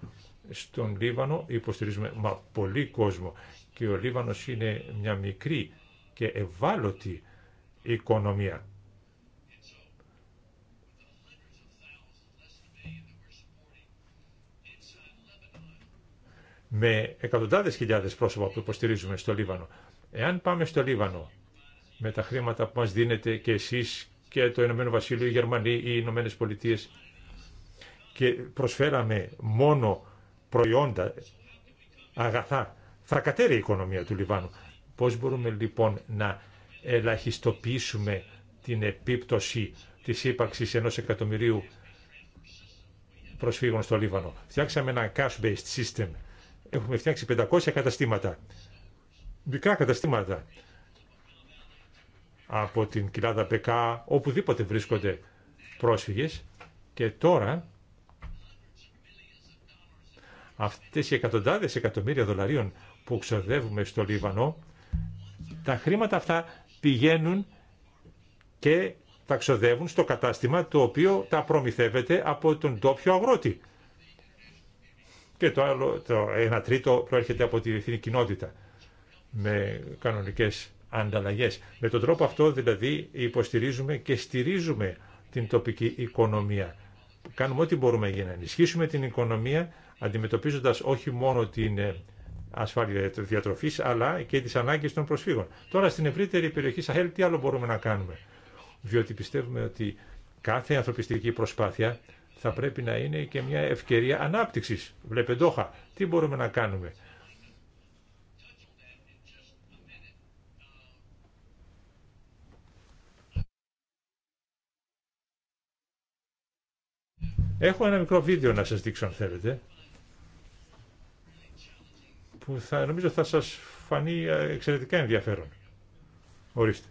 B: Στον Λίβανο υποστηρίζουμε μα πολύ κόσμο και ο Λίβανος είναι μια μικρή και ευάλωτη οικονομία. με εκατοντάδες χιλιάδες πρόσωπα που υποστηρίζουμε στο Λίβανο. Εάν πάμε στο Λίβανο, με τα χρήματα που μας δίνετε και εσείς και το Ηνωμένο Βασίλειο, οι Γερμανοί, οι Ηνωμένε Πολιτείε και προσφέραμε μόνο προϊόντα, αγαθά, θα κατέρει η οικονομία του Λιβάνου. Πώς μπορούμε λοιπόν να ελαχιστοποιήσουμε την επίπτωση της ύπαρξης ενός εκατομμυρίου προσφύγων στο Λίβανο. Φτιάξαμε ένα cash-based system. Έχουμε φτιάξει 500 καταστήματα μικρά καταστήματα από την κοιλάδα Πεκά, οπουδήποτε βρίσκονται πρόσφυγες και τώρα αυτές οι εκατοντάδες εκατομμύρια δολαρίων που ξοδεύουμε στο Λίβανο, τα χρήματα αυτά πηγαίνουν και τα ξοδεύουν στο κατάστημα το οποίο τα προμηθεύεται από τον τόπιο αγρότη. Και το άλλο, το ένα τρίτο προέρχεται από τη διεθνή κοινότητα με κανονικές ανταλλαγές. Με τον τρόπο αυτό δηλαδή υποστηρίζουμε και στηρίζουμε την τοπική οικονομία. Κάνουμε ό,τι μπορούμε για να ενισχύσουμε την οικονομία αντιμετωπίζοντας όχι μόνο την ε, ασφάλεια διατροφής αλλά και τις ανάγκες των προσφύγων. Τώρα στην ευρύτερη περιοχή Σαχέλ τι άλλο μπορούμε να κάνουμε. Διότι πιστεύουμε ότι κάθε ανθρωπιστική προσπάθεια θα πρέπει να είναι και μια ευκαιρία ανάπτυξης. Βλέπετε, τι μπορούμε να κάνουμε Έχω ένα μικρό βίντεο να σας δείξω αν θέλετε που θα, νομίζω θα σας φανεί εξαιρετικά ενδιαφέρον. Ορίστε.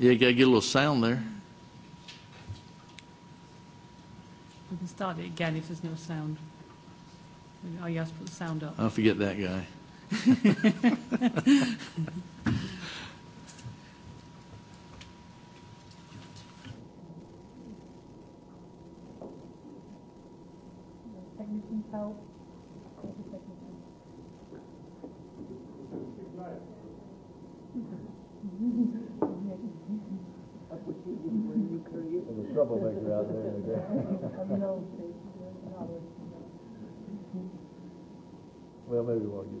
D: Yeah, you gotta get a little sound there.
A: We can start it again if there's no sound. Oh, you have to put the sound up. I'll
D: forget that guy. Well, maybe we'll get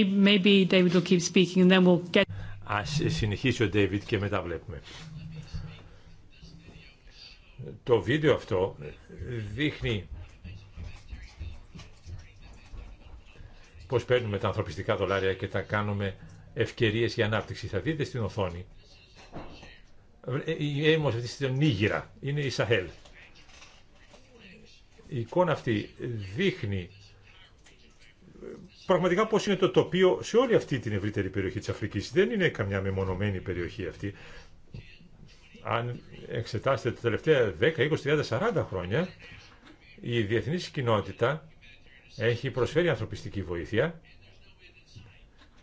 A: Maybe David will keep speaking and then we'll get...
B: Ας συνεχίσει ο David και μετά βλέπουμε. Το βίντεο αυτό δείχνει πώς παίρνουμε τα ανθρωπιστικά δολάρια και τα κάνουμε ευκαιρίες για ανάπτυξη. Θα δείτε στην οθόνη. Είμαστε αυτή στην Νίγηρα. Είναι η Σαχέλ. Η εικόνα αυτή δείχνει πραγματικά πώ είναι το τοπίο σε όλη αυτή την ευρύτερη περιοχή της Αφρικής. Δεν είναι καμιά μεμονωμένη περιοχή αυτή. Αν εξετάσετε τα τελευταία 10, 20, 30, 40 χρόνια, η διεθνή κοινότητα έχει προσφέρει ανθρωπιστική βοήθεια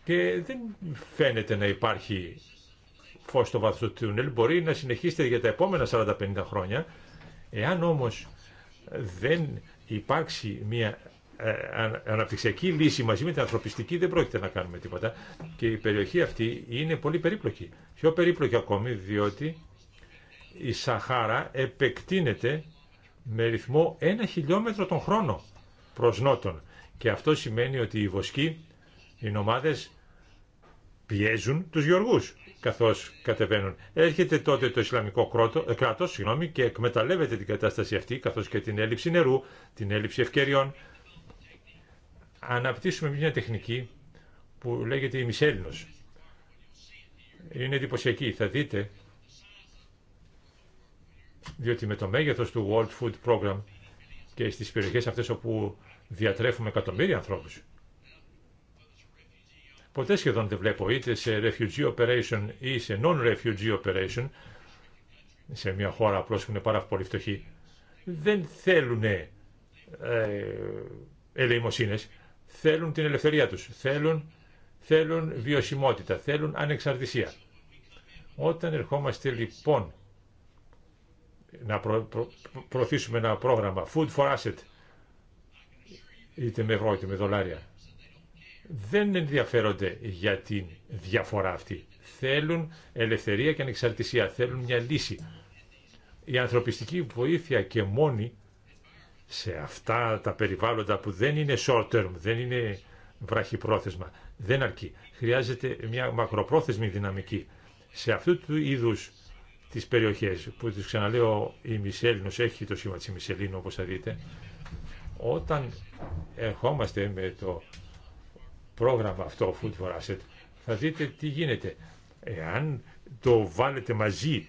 B: και δεν φαίνεται να υπάρχει φως στο βάθος του τούνελ. Μπορεί να συνεχίσετε για τα επόμενα 40-50 χρόνια. Εάν όμως δεν υπάρξει μια ε, αναπτυξιακή λύση μαζί με την ανθρωπιστική δεν πρόκειται να κάνουμε τίποτα. Και η περιοχή αυτή είναι πολύ περίπλοκη. Πιο περίπλοκη ακόμη διότι η Σαχάρα επεκτείνεται με ρυθμό ένα χιλιόμετρο τον χρόνο προς νότον. Και αυτό σημαίνει ότι οι βοσκοί, οι νομάδες πιέζουν τους γεωργούς καθώς κατεβαίνουν. Έρχεται τότε το Ισλαμικό κρότο, ε, κράτος συγγνώμη, και εκμεταλλεύεται την κατάσταση αυτή καθώς και την έλλειψη νερού, την έλλειψη ευκαιριών αναπτύσσουμε μια τεχνική που λέγεται η μισέλινος. Είναι εντυπωσιακή, θα δείτε, διότι με το μέγεθος του World Food Program και στις περιοχές αυτές όπου διατρέφουμε εκατομμύρια ανθρώπους, ποτέ σχεδόν δεν βλέπω είτε σε refugee operation ή σε non-refugee operation, σε μια χώρα απλώς που είναι πάρα πολύ φτωχή, δεν θέλουν ε, ελεημοσύνες, θέλουν την ελευθερία τους, θέλουν, θέλουν βιωσιμότητα, θέλουν ανεξαρτησία. Όταν ερχόμαστε λοιπόν να προ, προωθήσουμε ένα πρόγραμμα Food for Asset, είτε με ευρώ είτε με δολάρια, δεν ενδιαφέρονται για την διαφορά αυτή. Θέλουν ελευθερία και ανεξαρτησία, θέλουν μια λύση. Η ανθρωπιστική βοήθεια και μόνη σε αυτά τα περιβάλλοντα που δεν είναι short term, δεν είναι βραχυπρόθεσμα, δεν αρκεί. Χρειάζεται μια μακροπρόθεσμη δυναμική. Σε αυτού του είδους τις περιοχές που του ξαναλέω η Μισελίνο έχει το σήμα της Μισελίνου όπως θα δείτε όταν ερχόμαστε με το πρόγραμμα αυτό Food for Asset θα δείτε τι γίνεται εάν το βάλετε μαζί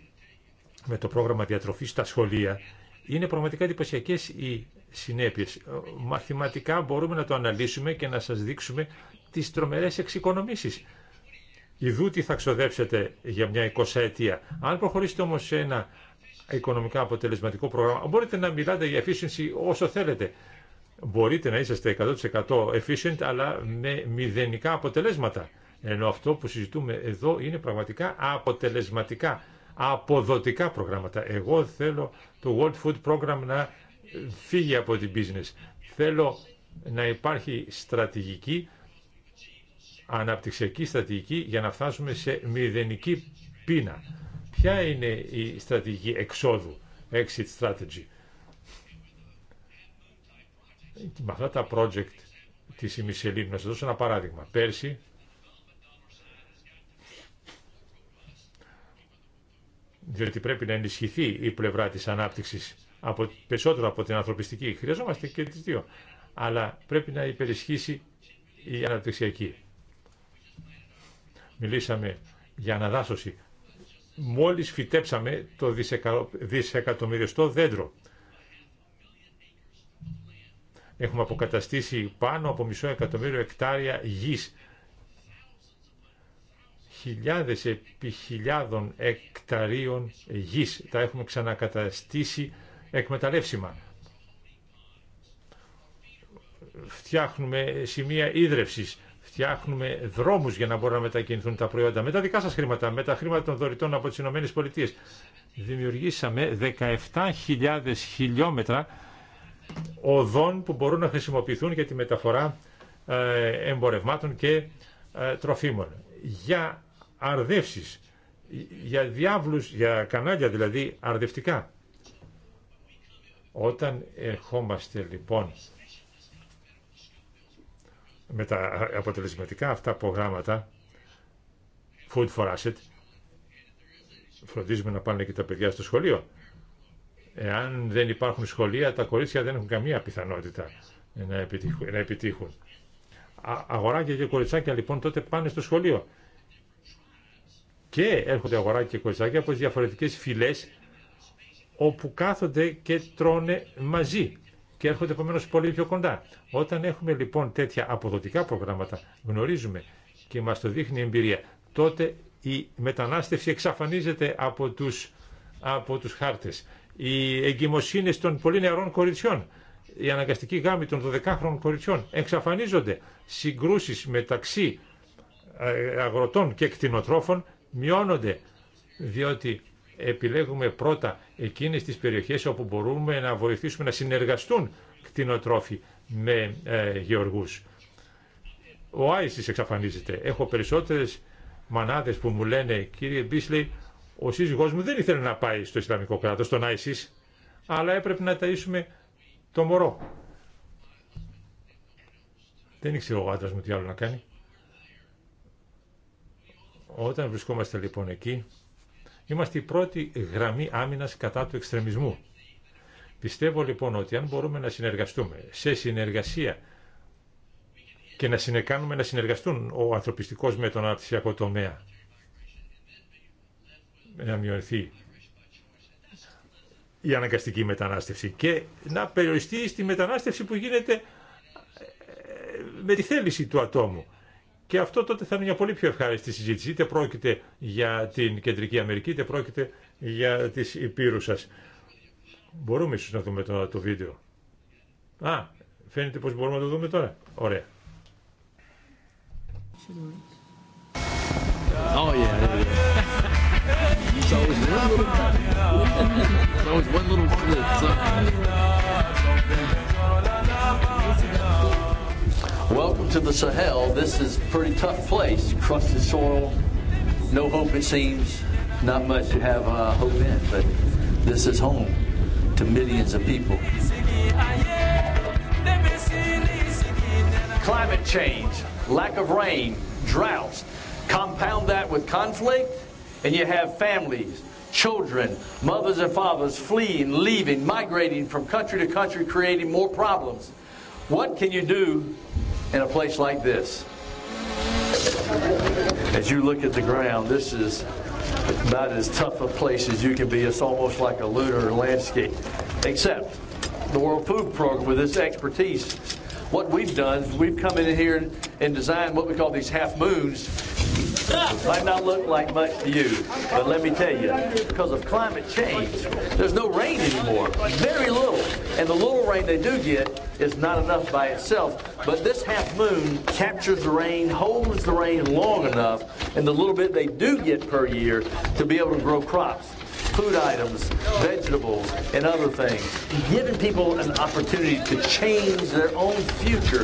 B: με το πρόγραμμα διατροφή στα σχολεία είναι πραγματικά εντυπωσιακέ οι συνέπειε. Ε, μαθηματικά μπορούμε να το αναλύσουμε και να σα δείξουμε τι τρομερέ εξοικονομήσει. Ιδού τι θα ξοδέψετε για μια εικοσαετία. Αν προχωρήσετε όμω σε ένα οικονομικά αποτελεσματικό πρόγραμμα, μπορείτε να μιλάτε για efficiency όσο θέλετε. Μπορείτε να είσαστε 100% efficient, αλλά με μηδενικά αποτελέσματα. Ενώ αυτό που συζητούμε εδώ είναι πραγματικά αποτελεσματικά, αποδοτικά προγράμματα. Εγώ θέλω το World Food Program να φύγει από την business. Θέλω να υπάρχει στρατηγική, αναπτυξιακή στρατηγική για να φτάσουμε σε μηδενική πείνα. Ποια είναι η στρατηγική εξόδου, exit strategy. Με αυτά τα project της ημισελήνου, να σας δώσω ένα παράδειγμα. Πέρσι διότι πρέπει να ενισχυθεί η πλευρά της ανάπτυξης από, περισσότερο από την ανθρωπιστική. Χρειαζόμαστε και τις δύο. Αλλά πρέπει να υπερισχύσει η αναπτυξιακή. Μιλήσαμε για αναδάσωση. Μόλις φυτέψαμε το δισεκατομμυριστό δέντρο. Έχουμε αποκαταστήσει πάνω από μισό εκατομμύριο εκτάρια γης χιλιάδες επί χιλιάδων εκταρίων γης. Τα έχουμε ξανακαταστήσει εκμεταλλεύσιμα. Φτιάχνουμε σημεία ίδρευσης, φτιάχνουμε δρόμους για να μπορούν να μετακινηθούν τα προϊόντα. Με τα δικά σας χρήματα, με τα χρήματα των δωρητών από τις ΗΠΑ. Δημιουργήσαμε 17.000 χιλιόμετρα οδών που μπορούν να χρησιμοποιηθούν για τη μεταφορά ε, εμπορευμάτων και ε, τροφίμων. Για αρδεύσεις, για διάβλους, για κανάλια δηλαδή αρδευτικά. Όταν ερχόμαστε λοιπόν με τα αποτελεσματικά αυτά προγράμματα Food for Asset φροντίζουμε να πάνε και τα παιδιά στο σχολείο. Εάν δεν υπάρχουν σχολεία, τα κορίτσια δεν έχουν καμία πιθανότητα να επιτύχουν. Να επιτύχουν. και κοριτσάκια λοιπόν τότε πάνε στο σχολείο και έρχονται αγορά και κοριτσάκια από διαφορετικέ φυλέ όπου κάθονται και τρώνε μαζί και έρχονται επομένω πολύ πιο κοντά. Όταν έχουμε λοιπόν τέτοια αποδοτικά προγράμματα, γνωρίζουμε και μα το δείχνει η εμπειρία, τότε η μετανάστευση εξαφανίζεται από του από τους χάρτες. Οι εγκυμοσύνες των πολύ νεαρών κοριτσιών, η αναγκαστική γάμοι των 12χρονων κοριτσιών εξαφανίζονται. Συγκρούσεις μεταξύ ε, αγροτών και κτηνοτρόφων μειώνονται, διότι επιλέγουμε πρώτα εκείνες τις περιοχές όπου μπορούμε να βοηθήσουμε να συνεργαστούν κτηνοτρόφοι με ε, γεωργούς. Ο Άισις εξαφανίζεται. Έχω περισσότερες μανάδες που μου λένε «Κύριε Μπίσλη, ο σύζυγός μου δεν ήθελε να πάει στο Ισλαμικό κράτος, στον Άισις, αλλά έπρεπε να ταΐσουμε το μωρό». Δεν ήξερε ο άντρας μου τι άλλο να κάνει. Όταν βρισκόμαστε λοιπόν εκεί, είμαστε η πρώτη γραμμή άμυνας κατά του εξτρεμισμού. Πιστεύω λοιπόν ότι αν μπορούμε να συνεργαστούμε σε συνεργασία και να συνεκάνουμε να συνεργαστούν ο ανθρωπιστικός με τον αναπτυσιακό τομέα, να μειωθεί η αναγκαστική μετανάστευση και να περιοριστεί στη μετανάστευση που γίνεται ε, με τη θέληση του ατόμου. Και αυτό τότε θα είναι μια πολύ πιο ευχάριστη συζήτηση. Είτε πρόκειται για την Κεντρική Αμερική, είτε πρόκειται για τις υπήρου σα. Μπορούμε ίσως να δούμε το, το βίντεο. Α, φαίνεται πως μπορούμε να το δούμε τώρα. Ωραία.
A: Oh yeah.
D: Welcome to the Sahel. This is a pretty tough place. Crusted soil, no hope it seems, not much to have uh, hope in, but this is home to millions of people. Climate change, lack of rain, droughts. Compound that with conflict, and you have families, children, mothers and fathers fleeing, leaving, migrating from country to country, creating more problems. What can you do in a place like this. As you look at the ground, this is about as tough a place as you can be. It's almost like a lunar landscape, except the World Food Program with its expertise. What we've done is we've come in here and designed what we call these half moons Might not look like much to you, but let me tell you, because of climate change, there's no rain anymore. Very little. And the little rain they do get is not enough by itself. But this half moon captures the rain, holds the rain long enough, and the little bit they do get per year to be able to grow crops food items, vegetables, and other things, giving people an opportunity to change their own future.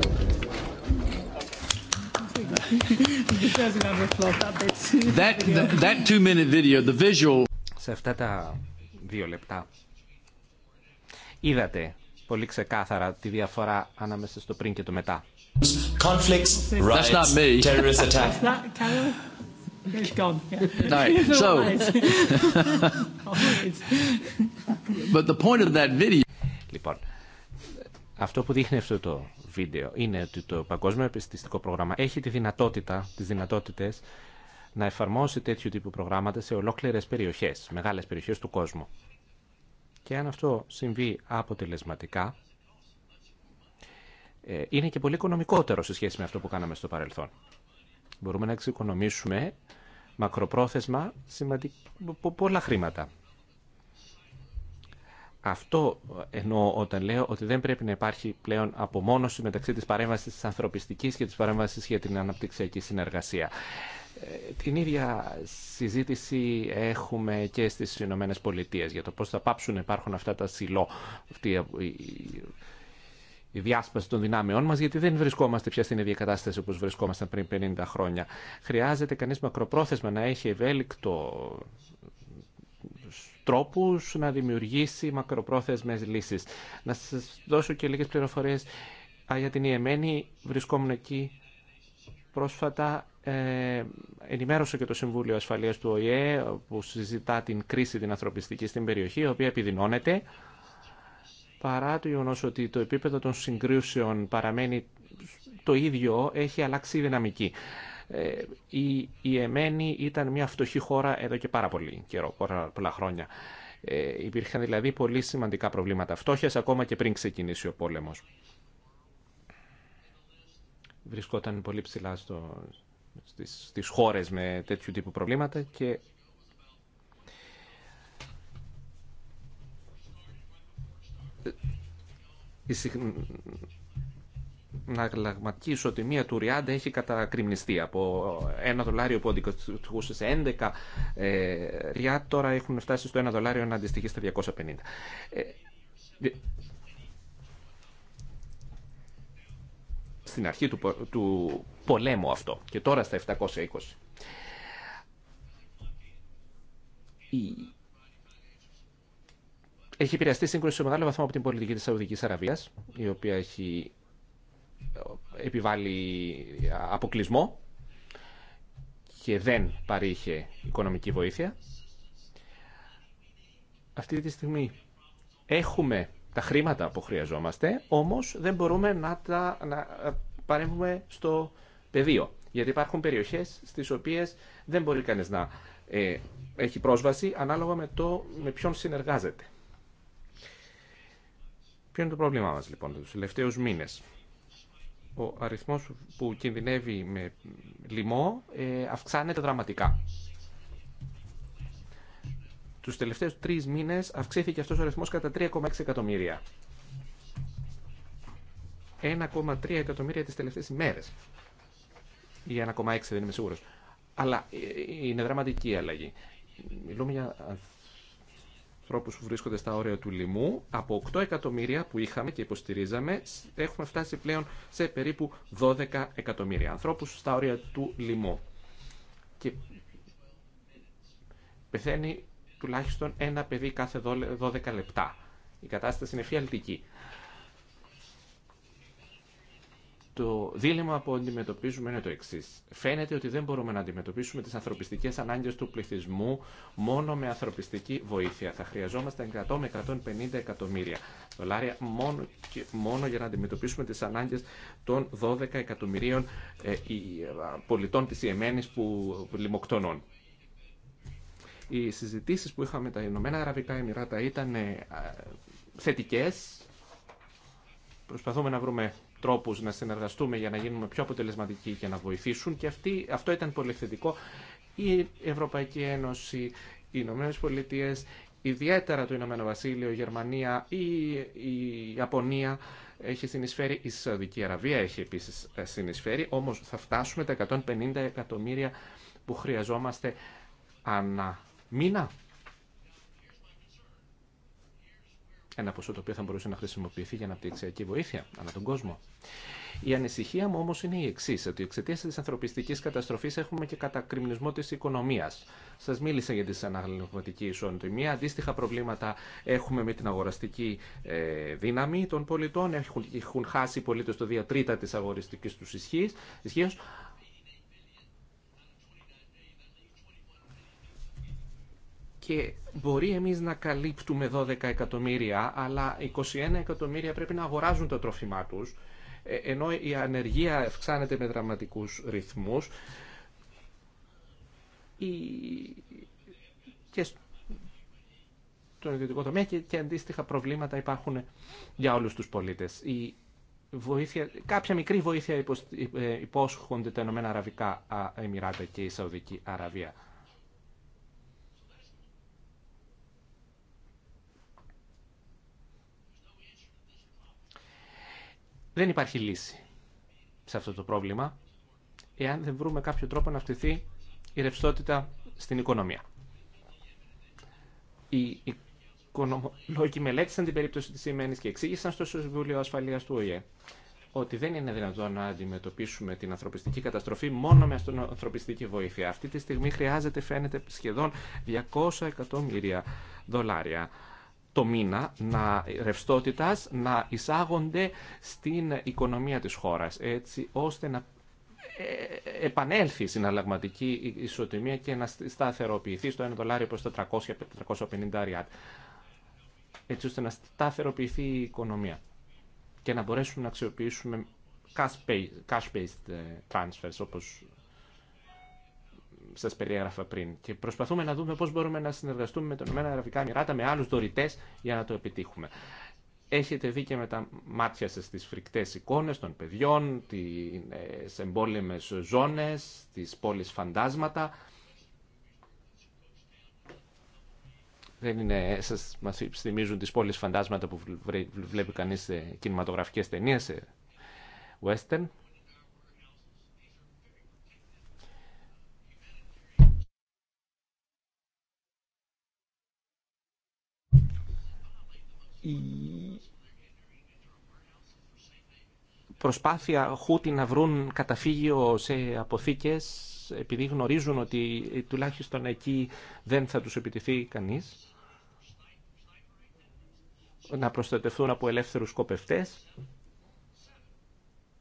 D: That two minute video, the visual. Σε αυτά τα
C: δύο λεπτά είδατε πολύ ξεκάθαρα τη διαφορά ανάμεσα στο πριν και το μετά.
D: Conflicts, riots, not me. terrorist attack. It's gone. Yeah. So,
C: but the point of that video. Λοιπόν, αυτό που δείχνει αυτό το είναι ότι το Παγκόσμιο Επιστηστικό Πρόγραμμα έχει τη δυνατότητα, τις δυνατότητες να εφαρμόσει τέτοιου τύπου προγράμματα σε ολόκληρες περιοχές, μεγάλες περιοχές του κόσμου. Και αν αυτό συμβεί αποτελεσματικά, ε, είναι και πολύ οικονομικότερο σε σχέση με αυτό που κάναμε στο παρελθόν. Μπορούμε να εξοικονομήσουμε μακροπρόθεσμα πολλά χρήματα. Αυτό εννοώ όταν λέω ότι δεν πρέπει να υπάρχει πλέον απομόνωση μεταξύ της παρέμβασης της ανθρωπιστικής και της παρέμβασης για την αναπτυξιακή συνεργασία. Ε, την ίδια συζήτηση έχουμε και στις Ηνωμένε Πολιτείε για το πώς θα πάψουν να υπάρχουν αυτά τα σιλό, αυτή η διάσπαση των δυνάμεών μας, γιατί δεν βρισκόμαστε πια στην ίδια κατάσταση όπως βρισκόμασταν πριν 50 χρόνια. Χρειάζεται κανείς μακροπρόθεσμα να έχει ευέλικτο τρόπους να δημιουργήσει μακροπρόθεσμες λύσεις. Να σας δώσω και λίγες πληροφορίες για την Ιεμένη. Βρισκόμουν εκεί πρόσφατα. Ε, και το Συμβούλιο Ασφαλείας του ΟΗΕ που συζητά την κρίση την ανθρωπιστική στην περιοχή, η οποία επιδεινώνεται παρά το γεγονό ότι το επίπεδο των συγκρίσεων παραμένει το ίδιο, έχει αλλάξει η δυναμική. Ε, η, η Εμένη ήταν μια φτωχή χώρα εδώ και πάρα πολύ καιρό, πολλά χρόνια. Ε, υπήρχαν δηλαδή πολύ σημαντικά προβλήματα φτώχεια ακόμα και πριν ξεκινήσει ο πόλεμος. Βρισκόταν πολύ ψηλά στο, στις, στις χώρες με τέτοιου τύπου προβλήματα και να γλαγματίσω ότι μία του Ριάντα έχει κατακριμνιστεί από ένα δολάριο που αντικατοικούσε σε 11 ε, τώρα έχουν φτάσει στο ένα δολάριο να αντιστοιχεί στα 250. Ε, στην αρχή του, πολέμου αυτό και τώρα στα 720. Έχει επηρεαστεί σύγκρουση σε μεγάλο βαθμό από την πολιτική της Σαουδικής Αραβίας, η οποία έχει επιβάλλει αποκλεισμό και δεν παρήχε οικονομική βοήθεια. Αυτή τη στιγμή έχουμε τα χρήματα που χρειαζόμαστε, όμως δεν μπορούμε να τα να ε, παρέμβουμε στο πεδίο. Γιατί υπάρχουν περιοχές στις οποίες δεν μπορεί κανείς να ε, έχει πρόσβαση ανάλογα με το με ποιον συνεργάζεται. Ποιο είναι το πρόβλημά μας λοιπόν τους τελευταίους μήνες ο αριθμός που κινδυνεύει με λοιμό ε, αυξάνεται δραματικά. Τους τελευταίους τρεις μήνες αυξήθηκε αυτός ο αριθμός κατά 3,6 εκατομμύρια. 1,3 εκατομμύρια τις τελευταίες ημέρες. Ή 1,6 δεν είμαι σίγουρος. Αλλά ε, ε, είναι δραματική η αλλαγή. Μιλούμε για ανθρώπους που βρίσκονται στα όρια του λοιμού. Από 8 εκατομμύρια που είχαμε και υποστηρίζαμε, έχουμε φτάσει πλέον σε περίπου 12 εκατομμύρια ανθρώπους στα όρια του λοιμού. Και πεθαίνει τουλάχιστον ένα παιδί κάθε 12 λεπτά. Η κατάσταση είναι φιαλτική. Το δίλημα που αντιμετωπίζουμε είναι το εξή. Φαίνεται ότι δεν μπορούμε να αντιμετωπίσουμε τι ανθρωπιστικέ ανάγκε του πληθυσμού μόνο με ανθρωπιστική βοήθεια. Θα χρειαζόμαστε 100 με 150 εκατομμύρια δολάρια μόνο, μόνο για να αντιμετωπίσουμε τι ανάγκε των 12 εκατομμυρίων ε, ε, πολιτών τη Ιεμένη που λιμοκτονών. Οι συζητήσει που είχαμε τα Ηνωμένα Αραβικά Εμμυράτα ήταν ε, θετικέ. Προσπαθούμε να βρούμε τρόπους να συνεργαστούμε για να γίνουμε πιο αποτελεσματικοί και να βοηθήσουν και αυτή, αυτό ήταν πολύ θετικό. Η Ευρωπαϊκή Ένωση, οι Ηνωμένε Πολιτείε, ιδιαίτερα το Ηνωμένο Βασίλειο, η Γερμανία ή η Ιαπωνία έχει συνεισφέρει, η Σαουδική Αραβία έχει επίσης ε, συνεισφέρει, όμως θα φτάσουμε τα 150 εκατομμύρια που χρειαζόμαστε ανά μήνα Ένα ποσό το οποίο θα μπορούσε να χρησιμοποιηθεί για αναπτυξιακή βοήθεια ανά τον κόσμο. Η ανησυχία μου όμω είναι η εξή, ότι εξαιτία τη ανθρωπιστική καταστροφή έχουμε και κατακριμνισμό τη οικονομία. Σα μίλησα για τη αναγνωματική ισονοτιμία. Αντίστοιχα προβλήματα έχουμε με την αγοραστική ε, δύναμη των πολιτών. Έχουν, έχουν χάσει οι πολίτε το 2 τρίτα τη αγοριστική του ισχύω. και μπορεί εμείς να καλύπτουμε 12 εκατομμύρια, αλλά 21 εκατομμύρια πρέπει να αγοράζουν τα τρόφιμά τους, ε, ενώ η ανεργία αυξάνεται με δραματικούς ρυθμούς. Και στον ιδιωτικό τομέα και αντίστοιχα προβλήματα υπάρχουν για όλους τους πολίτες. Η βοήθεια, κάποια μικρή βοήθεια ε, υπόσχονται τα Ηνωμένα Αραβικά Εμμυράτα και η Σαουδική Αραβία. Δεν υπάρχει λύση σε αυτό το πρόβλημα εάν δεν βρούμε κάποιο τρόπο να αυξηθεί η ρευστότητα στην οικονομία. Οι οικονομολόγοι μελέτησαν την περίπτωση τη Σιμένη και εξήγησαν στο Συμβούλιο Ασφαλείας του ΟΗΕ ότι δεν είναι δυνατόν να αντιμετωπίσουμε την ανθρωπιστική καταστροφή μόνο με ανθρωπιστική βοήθεια. Αυτή τη στιγμή χρειάζεται, φαίνεται, σχεδόν 200 εκατομμύρια δολάρια το μήνα να, ρευστότητας να εισάγονται στην οικονομία της χώρας έτσι ώστε να ε, επανέλθει η συναλλαγματική ισοτιμία και να σταθεροποιηθεί στο 1 δολάριο προς τα 300-450 έτσι ώστε να σταθεροποιηθεί η οικονομία και να μπορέσουμε να αξιοποιήσουμε cash-based ε, transfers όπως Σα περιέγραφα πριν. Και προσπαθούμε να δούμε πώς μπορούμε να συνεργαστούμε με τον Ηνωμένα Αραβικά Μιράτα, με άλλους δωρητέ για να το επιτύχουμε. Έχετε δει και με τα μάτια σας τις φρικτές εικόνες των παιδιών, τι εμπόλεμες ζώνες, τις πόλεις φαντάσματα. Δεν είναι, σας, μας θυμίζουν τις πόλεις φαντάσματα που βλέπει κανείς σε κινηματογραφικές ταινίες, σε western. η προσπάθεια Χούτι να βρουν καταφύγιο σε αποθήκες επειδή γνωρίζουν ότι τουλάχιστον εκεί δεν θα τους επιτεθεί κανείς να προστατευτούν από ελεύθερους κοπευτές.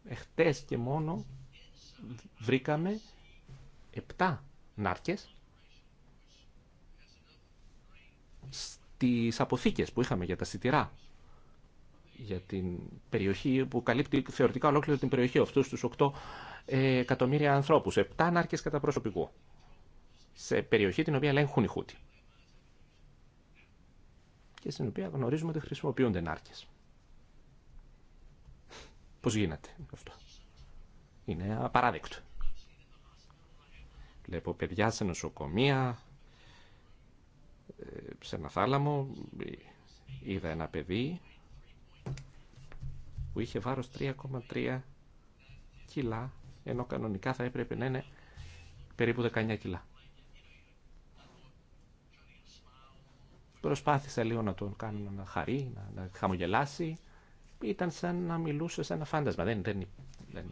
C: Εχτες και μόνο βρήκαμε επτά νάρκες τις αποθήκες που είχαμε για τα σιτηρά για την περιοχή που καλύπτει θεωρητικά ολόκληρη την περιοχή αυτούς τους 8 ε, εκατομμύρια ανθρώπους, 7 ανάρκες κατά προσωπικού σε περιοχή την οποία ελέγχουν οι Χούτι και στην οποία γνωρίζουμε ότι χρησιμοποιούνται νάρκες. Πώς γίνεται αυτό. Είναι απαράδεκτο. Βλέπω παιδιά σε νοσοκομεία, σε ένα θάλαμο, είδα ένα παιδί που είχε βάρος 3,3 κιλά, ενώ κανονικά θα έπρεπε να είναι περίπου 19 κιλά. Προσπάθησα λίγο να τον κάνω να χαρεί, να, χαμογελάσει. Ήταν σαν να μιλούσε σαν ένα φάντασμα. Δεν, δεν, δεν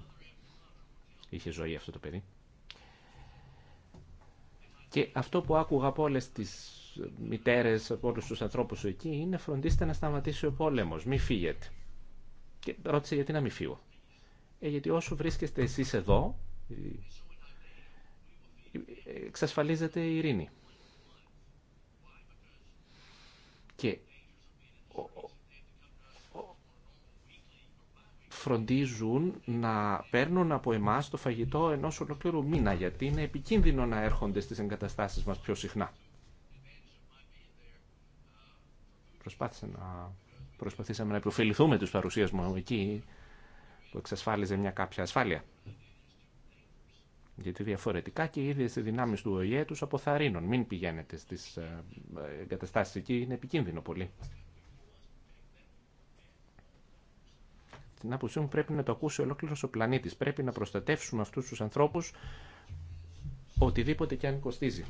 C: είχε ζωή αυτό το παιδί. Και αυτό που άκουγα από όλες τις Μητέρε από όλους τους σου εκεί είναι φροντίστε να σταματήσει ο πόλεμο. μη φύγετε. Και ρώτησε γιατί να μην φύγω. Ε, γιατί όσο βρίσκεστε εσείς εδώ, εξασφαλίζεται η ειρήνη. Και φροντίζουν να παίρνουν από εμάς το φαγητό ενός ολοκλήρου μήνα, γιατί είναι επικίνδυνο να έρχονται στις εγκαταστάσεις μας πιο συχνά. να προσπαθήσαμε να υποφεληθούμε τους παρουσίας μου εκεί που εξασφάλιζε μια κάποια ασφάλεια. Γιατί διαφορετικά και οι ίδιες οι δυνάμεις του ΟΗΕ τους αποθαρρύνουν. Μην πηγαίνετε στις ε, εγκαταστάσεις εκεί, είναι επικίνδυνο πολύ. Την άποψή μου πρέπει να το ακούσει ολόκληρο ο πλανήτης. Πρέπει να προστατεύσουμε αυτούς τους ανθρώπους οτιδήποτε και αν κοστίζει.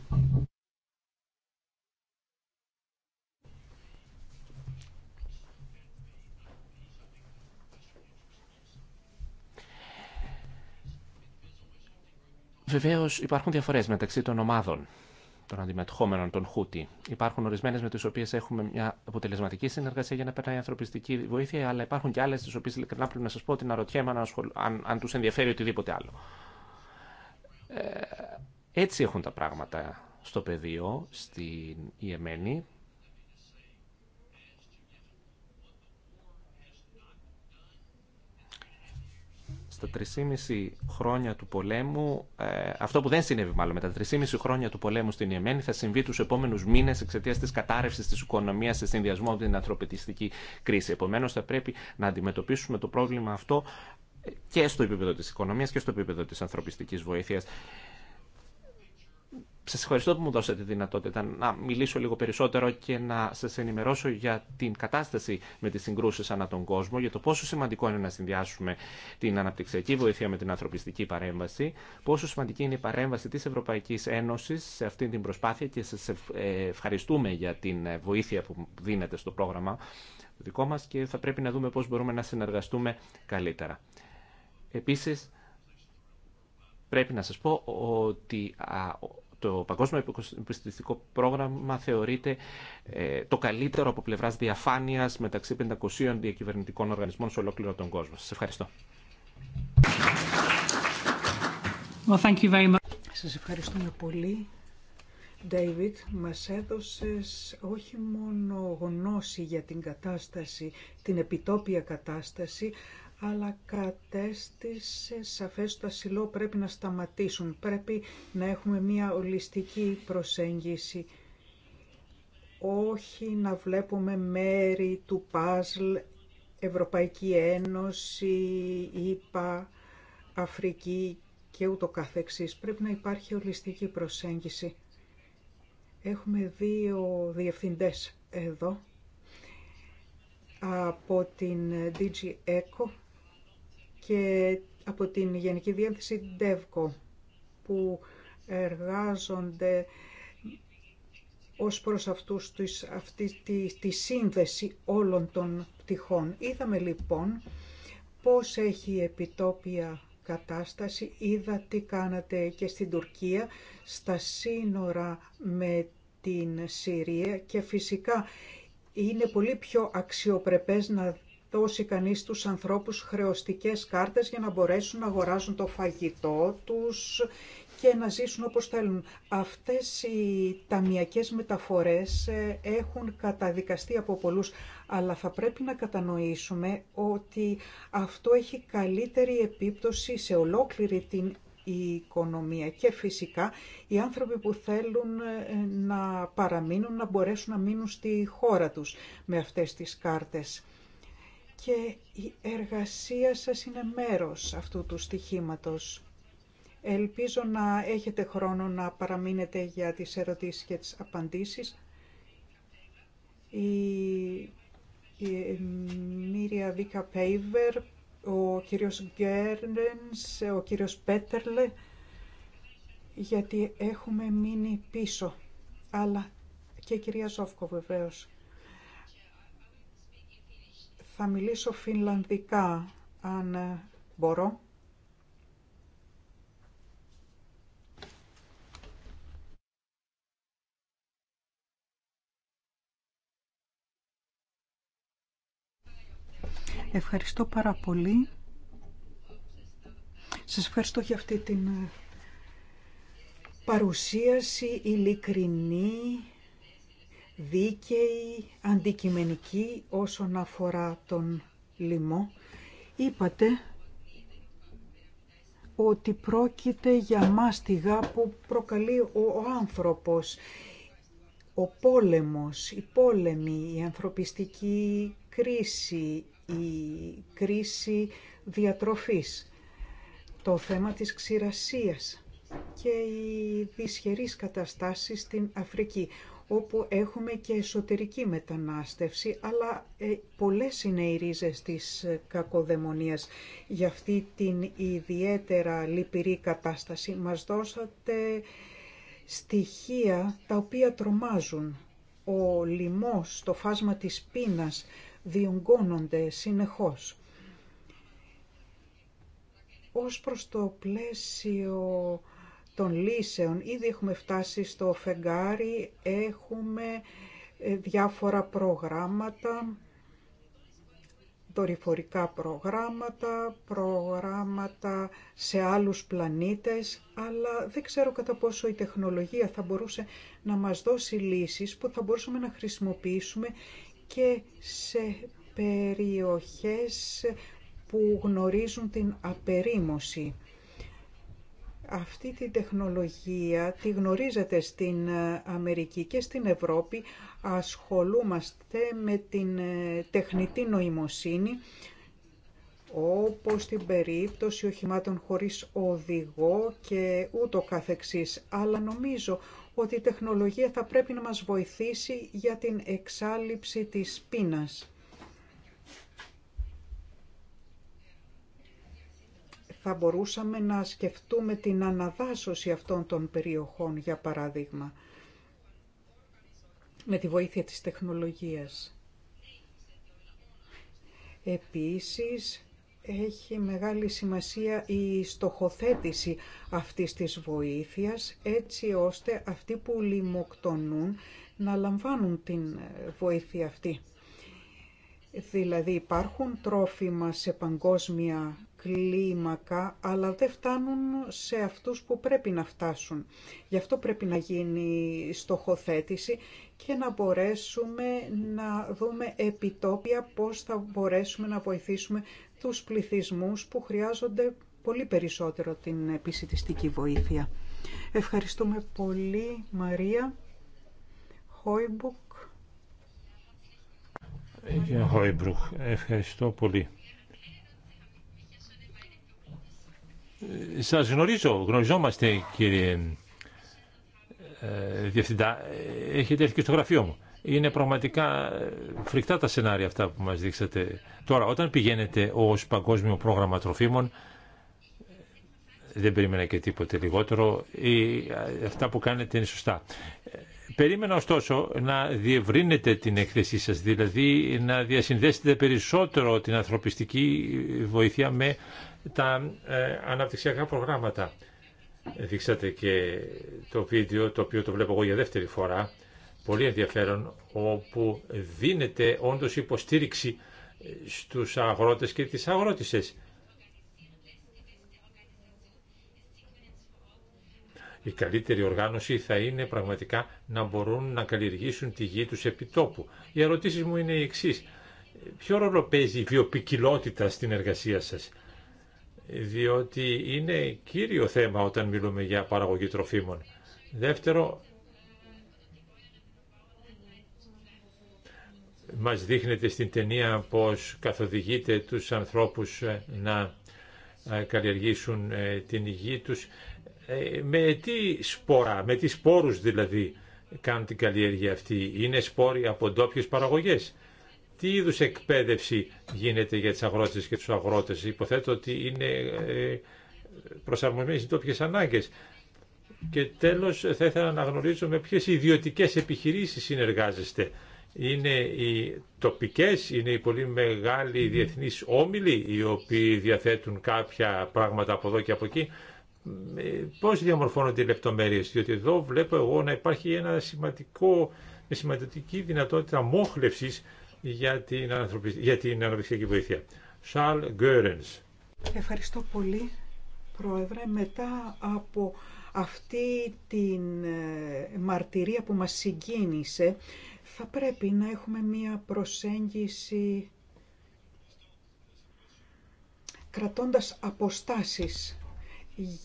C: Βεβαίω υπάρχουν διαφορέ μεταξύ των ομάδων των αντιμετωχόμενων, των Χούτι. Υπάρχουν ορισμένε με τι οποίε έχουμε μια αποτελεσματική συνεργασία για να περνάει ανθρωπιστική βοήθεια, αλλά υπάρχουν και άλλε τι οποίε ειλικρινά πρέπει να σα πω ότι να αν, αν, του ενδιαφέρει οτιδήποτε άλλο. Ε, έτσι έχουν τα πράγματα στο πεδίο στην Ιεμένη. Στα 3,5 χρόνια του πολέμου, ε, αυτό που δεν συνέβη μάλλον, με τα 3,5 χρόνια του πολέμου στην Ιεμένη θα συμβεί του επόμενου μήνε εξαιτία τη κατάρρευση τη οικονομία σε συνδυασμό με την ανθρωπιστική κρίση. Επομένω, θα πρέπει να αντιμετωπίσουμε το πρόβλημα αυτό και στο επίπεδο της οικονομία και στο επίπεδο τη ανθρωπιστική βοήθεια. Σα ευχαριστώ που μου δώσατε τη δυνατότητα να μιλήσω λίγο περισσότερο και να σα ενημερώσω για την κατάσταση με τι συγκρούσει ανά τον κόσμο, για το πόσο σημαντικό είναι να συνδυάσουμε την αναπτυξιακή βοήθεια με την ανθρωπιστική παρέμβαση, πόσο σημαντική είναι η παρέμβαση τη Ευρωπαϊκή Ένωση σε αυτή την προσπάθεια και σα ε, ευχαριστούμε για την ε, βοήθεια που δίνετε στο πρόγραμμα δικό μα και θα πρέπει να δούμε πώ μπορούμε να συνεργαστούμε καλύτερα. Επίση πρέπει να σα πω ότι το Παγκόσμιο Επιστημιστικό Πρόγραμμα θεωρείται ε, το καλύτερο από πλευράς διαφάνειας μεταξύ 500 διακυβερνητικών οργανισμών σε ολόκληρο τον κόσμο. Σας ευχαριστώ.
A: Well, thank ευχαριστούμε πολύ. David, μας έδωσες όχι μόνο γνώση για την κατάσταση, την επιτόπια κατάσταση, αλλά κατέστησε σαφές ότι τα πρέπει να σταματήσουν. Πρέπει να έχουμε μια ολιστική προσέγγιση. Όχι να βλέπουμε μέρη του παζλ, Ευρωπαϊκή Ένωση, ΙΠΑ, Αφρική και ούτω καθεξής. Πρέπει να υπάρχει ολιστική προσέγγιση. Έχουμε δύο διευθυντές εδώ από την DG ECO και από την Γενική Διεύθυνση DEVCO που εργάζονται ως προς αυτούς τους, αυτή τη, σύνδεση όλων των πτυχών. Είδαμε λοιπόν πώς έχει η επιτόπια κατάσταση, είδα τι κάνατε και στην Τουρκία, στα σύνορα με την Συρία και φυσικά είναι πολύ πιο αξιοπρεπές να δώσει κανεί στου ανθρώπους χρεωστικέ κάρτες για να μπορέσουν να αγοράζουν το φαγητό τους και να ζήσουν όπως θέλουν. Αυτές οι ταμιακές μεταφορές ε, έχουν καταδικαστεί από πολλούς, αλλά θα πρέπει να κατανοήσουμε ότι αυτό έχει καλύτερη επίπτωση σε ολόκληρη την οικονομία και φυσικά οι άνθρωποι που θέλουν ε, να παραμείνουν να μπορέσουν να μείνουν στη χώρα τους με αυτές τις κάρτες και η εργασία σας είναι μέρος αυτού του στοιχήματος. Ελπίζω να έχετε χρόνο να παραμείνετε για τις ερωτήσεις και τις απαντήσεις. Η, Μίρια ε, Μύρια Βίκα Πέιβερ, ο κύριος Γκέρνενς, ο κύριος Πέτερλε, γιατί έχουμε μείνει πίσω. Αλλά και η κυρία Σόφκο, βεβαίως. Θα μιλήσω φινλανδικά, αν ε, μπορώ. Ευχαριστώ πάρα πολύ. Σας ευχαριστώ για αυτή την ε, παρουσίαση ειλικρινή δίκαιη, αντικειμενική όσον αφορά τον λοιμό. Είπατε ότι πρόκειται για μάστιγα που προκαλεί ο άνθρωπος, ο πόλεμος, η πόλεμη, η ανθρωπιστική κρίση, η κρίση διατροφής, το θέμα της ξηρασίας και οι δυσχερείς καταστάσεις στην Αφρική όπου έχουμε και εσωτερική μετανάστευση, αλλά ε, πολλές είναι οι ρίζες της ε, κακοδαιμονίας. Για αυτή την ιδιαίτερα λυπηρή κατάσταση μας δώσατε στοιχεία τα οποία τρομάζουν. Ο λοιμός, το φάσμα της πίνας διωγγώνονται συνεχώς. Ως προς το πλαίσιο των λύσεων. Ήδη έχουμε φτάσει στο φεγγάρι, έχουμε ε, διάφορα προγράμματα, δορυφορικά προγράμματα, προγράμματα σε άλλους πλανήτες, αλλά δεν ξέρω κατά πόσο η τεχνολογία θα μπορούσε να μας δώσει λύσεις που θα μπορούσαμε να χρησιμοποιήσουμε και σε περιοχές που γνωρίζουν την απερίμωση αυτή τη τεχνολογία τη γνωρίζετε στην ε, Αμερική και στην Ευρώπη. Ασχολούμαστε με την ε, τεχνητή νοημοσύνη, όπως την περίπτωση οχημάτων χωρίς οδηγό και ούτω καθεξής. Αλλά νομίζω ότι η τεχνολογία θα πρέπει να μας βοηθήσει για την εξάλληψη της πείνας θα μπορούσαμε να σκεφτούμε την αναδάσωση αυτών των περιοχών, για παράδειγμα, με τη βοήθεια της τεχνολογίας. Επίσης, έχει μεγάλη σημασία η στοχοθέτηση αυτής της βοήθειας, έτσι ώστε αυτοί που λιμοκτονούν να λαμβάνουν την ε, βοήθεια αυτή. Δηλαδή υπάρχουν τρόφιμα σε παγκόσμια κλίμακα, αλλά δεν φτάνουν σε αυτούς που πρέπει να φτάσουν. Γι' αυτό πρέπει να γίνει στοχοθέτηση και να μπορέσουμε να δούμε επιτόπια πώς θα μπορέσουμε να βοηθήσουμε τους πληθυσμούς που χρειάζονται πολύ περισσότερο την επισητιστική βοήθεια. Ευχαριστούμε πολύ Μαρία Χόιμπουκ
B: ευχαριστώ πολύ. Σας γνωρίζω, γνωριζόμαστε κύριε ε, Διευθυντά, έχετε έρθει και στο γραφείο μου. Είναι πραγματικά ε, φρικτά τα σενάρια αυτά που μας δείξατε. Τώρα, όταν πηγαίνετε ως παγκόσμιο πρόγραμμα τροφίμων, ε, δεν περίμενα και τίποτε λιγότερο, ή αυτά που κάνετε είναι σωστά. Περίμενα ωστόσο να διευρύνετε την έκθεσή σας, δηλαδή να διασυνδέσετε περισσότερο την ανθρωπιστική βοήθεια με τα ε, αναπτυξιακά προγράμματα. Δείξατε και το βίντεο το οποίο το βλέπω εγώ για δεύτερη φορά, πολύ ενδιαφέρον, όπου δίνεται όντως υποστήριξη ε, στους αγρότες και τις αγρότησες. η καλύτερη οργάνωση θα είναι πραγματικά να μπορούν να καλλιεργήσουν τη γη τους τόπου. Οι ερωτήσεις μου είναι οι εξή. Ποιο ρόλο παίζει η βιοπικιλότητα στην εργασία σας, διότι είναι κύριο θέμα όταν μιλούμε για παραγωγή τροφίμων. Δεύτερο, μας δείχνετε στην ταινία πως καθοδηγείτε τους ανθρώπους ε, να ε, καλλιεργήσουν ε, την υγεία τους ε, με τι σπόρα, με τι σπόρους δηλαδή κάνουν την καλλιέργεια αυτή. Είναι σπόροι από ντόπιε παραγωγές. Τι είδου εκπαίδευση γίνεται για τις αγρότες και τους αγρότες. Υποθέτω ότι είναι ε, προσαρμοσμένοι στις ανάγκες. Και τέλος θα ήθελα να γνωρίζω με ποιες ιδιωτικές επιχειρήσεις συνεργάζεστε. Είναι οι τοπικές, είναι οι πολύ μεγάλοι διεθνείς όμιλοι οι οποίοι διαθέτουν κάποια πράγματα από εδώ και από εκεί πώς διαμορφώνονται οι λεπτομέρειες, διότι εδώ βλέπω εγώ να υπάρχει ένα σημαντικό, μια σημαντική δυνατότητα μόχλευσης για την, ανθρωπι... για την αναπτυξιακή βοήθεια. Σαλ Γκέρενς.
A: Ευχαριστώ πολύ, Πρόεδρε. Μετά από αυτή την ε, μαρτυρία που μας συγκίνησε, θα πρέπει να έχουμε μία προσέγγιση κρατώντας αποστάσεις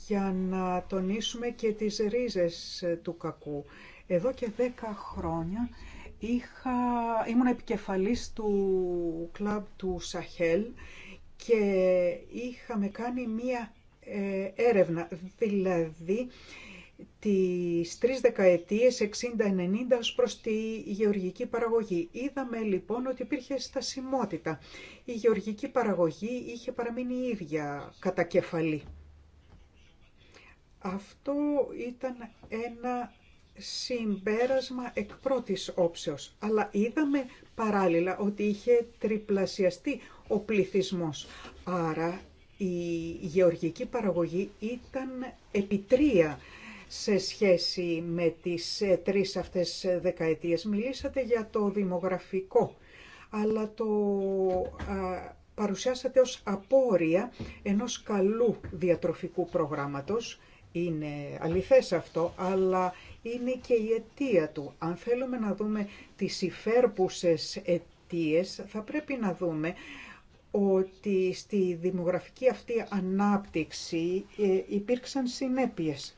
A: για να τονίσουμε και τις ρίζες του κακού. Εδώ και δέκα χρόνια είχα, ήμουν επικεφαλής του κλαμπ του Σαχέλ και είχαμε κάνει μία ε, έρευνα, δηλαδή τις τρεις δεκαετίες 60-90 ως προς τη γεωργική παραγωγή. Είδαμε λοιπόν ότι υπήρχε στασιμότητα. Η γεωργική παραγωγή είχε παραμείνει ίδια κατά κεφαλή. Αυτό ήταν ένα συμπέρασμα εκ πρώτης όψεως, αλλά είδαμε παράλληλα ότι είχε τριπλασιαστεί ο πληθυσμός. Άρα η γεωργική παραγωγή ήταν επιτρία σε σχέση με τις τρεις αυτές δεκαετίες. Μιλήσατε για το δημογραφικό, αλλά το παρουσιάσατε ως απόρρια ενός καλού διατροφικού προγράμματος είναι αληθές αυτό, αλλά είναι και η αιτία του. Αν θέλουμε να δούμε τις υφέρπουσες αιτίες, θα πρέπει να δούμε ότι στη δημογραφική αυτή ανάπτυξη ε, υπήρξαν συνέπειες.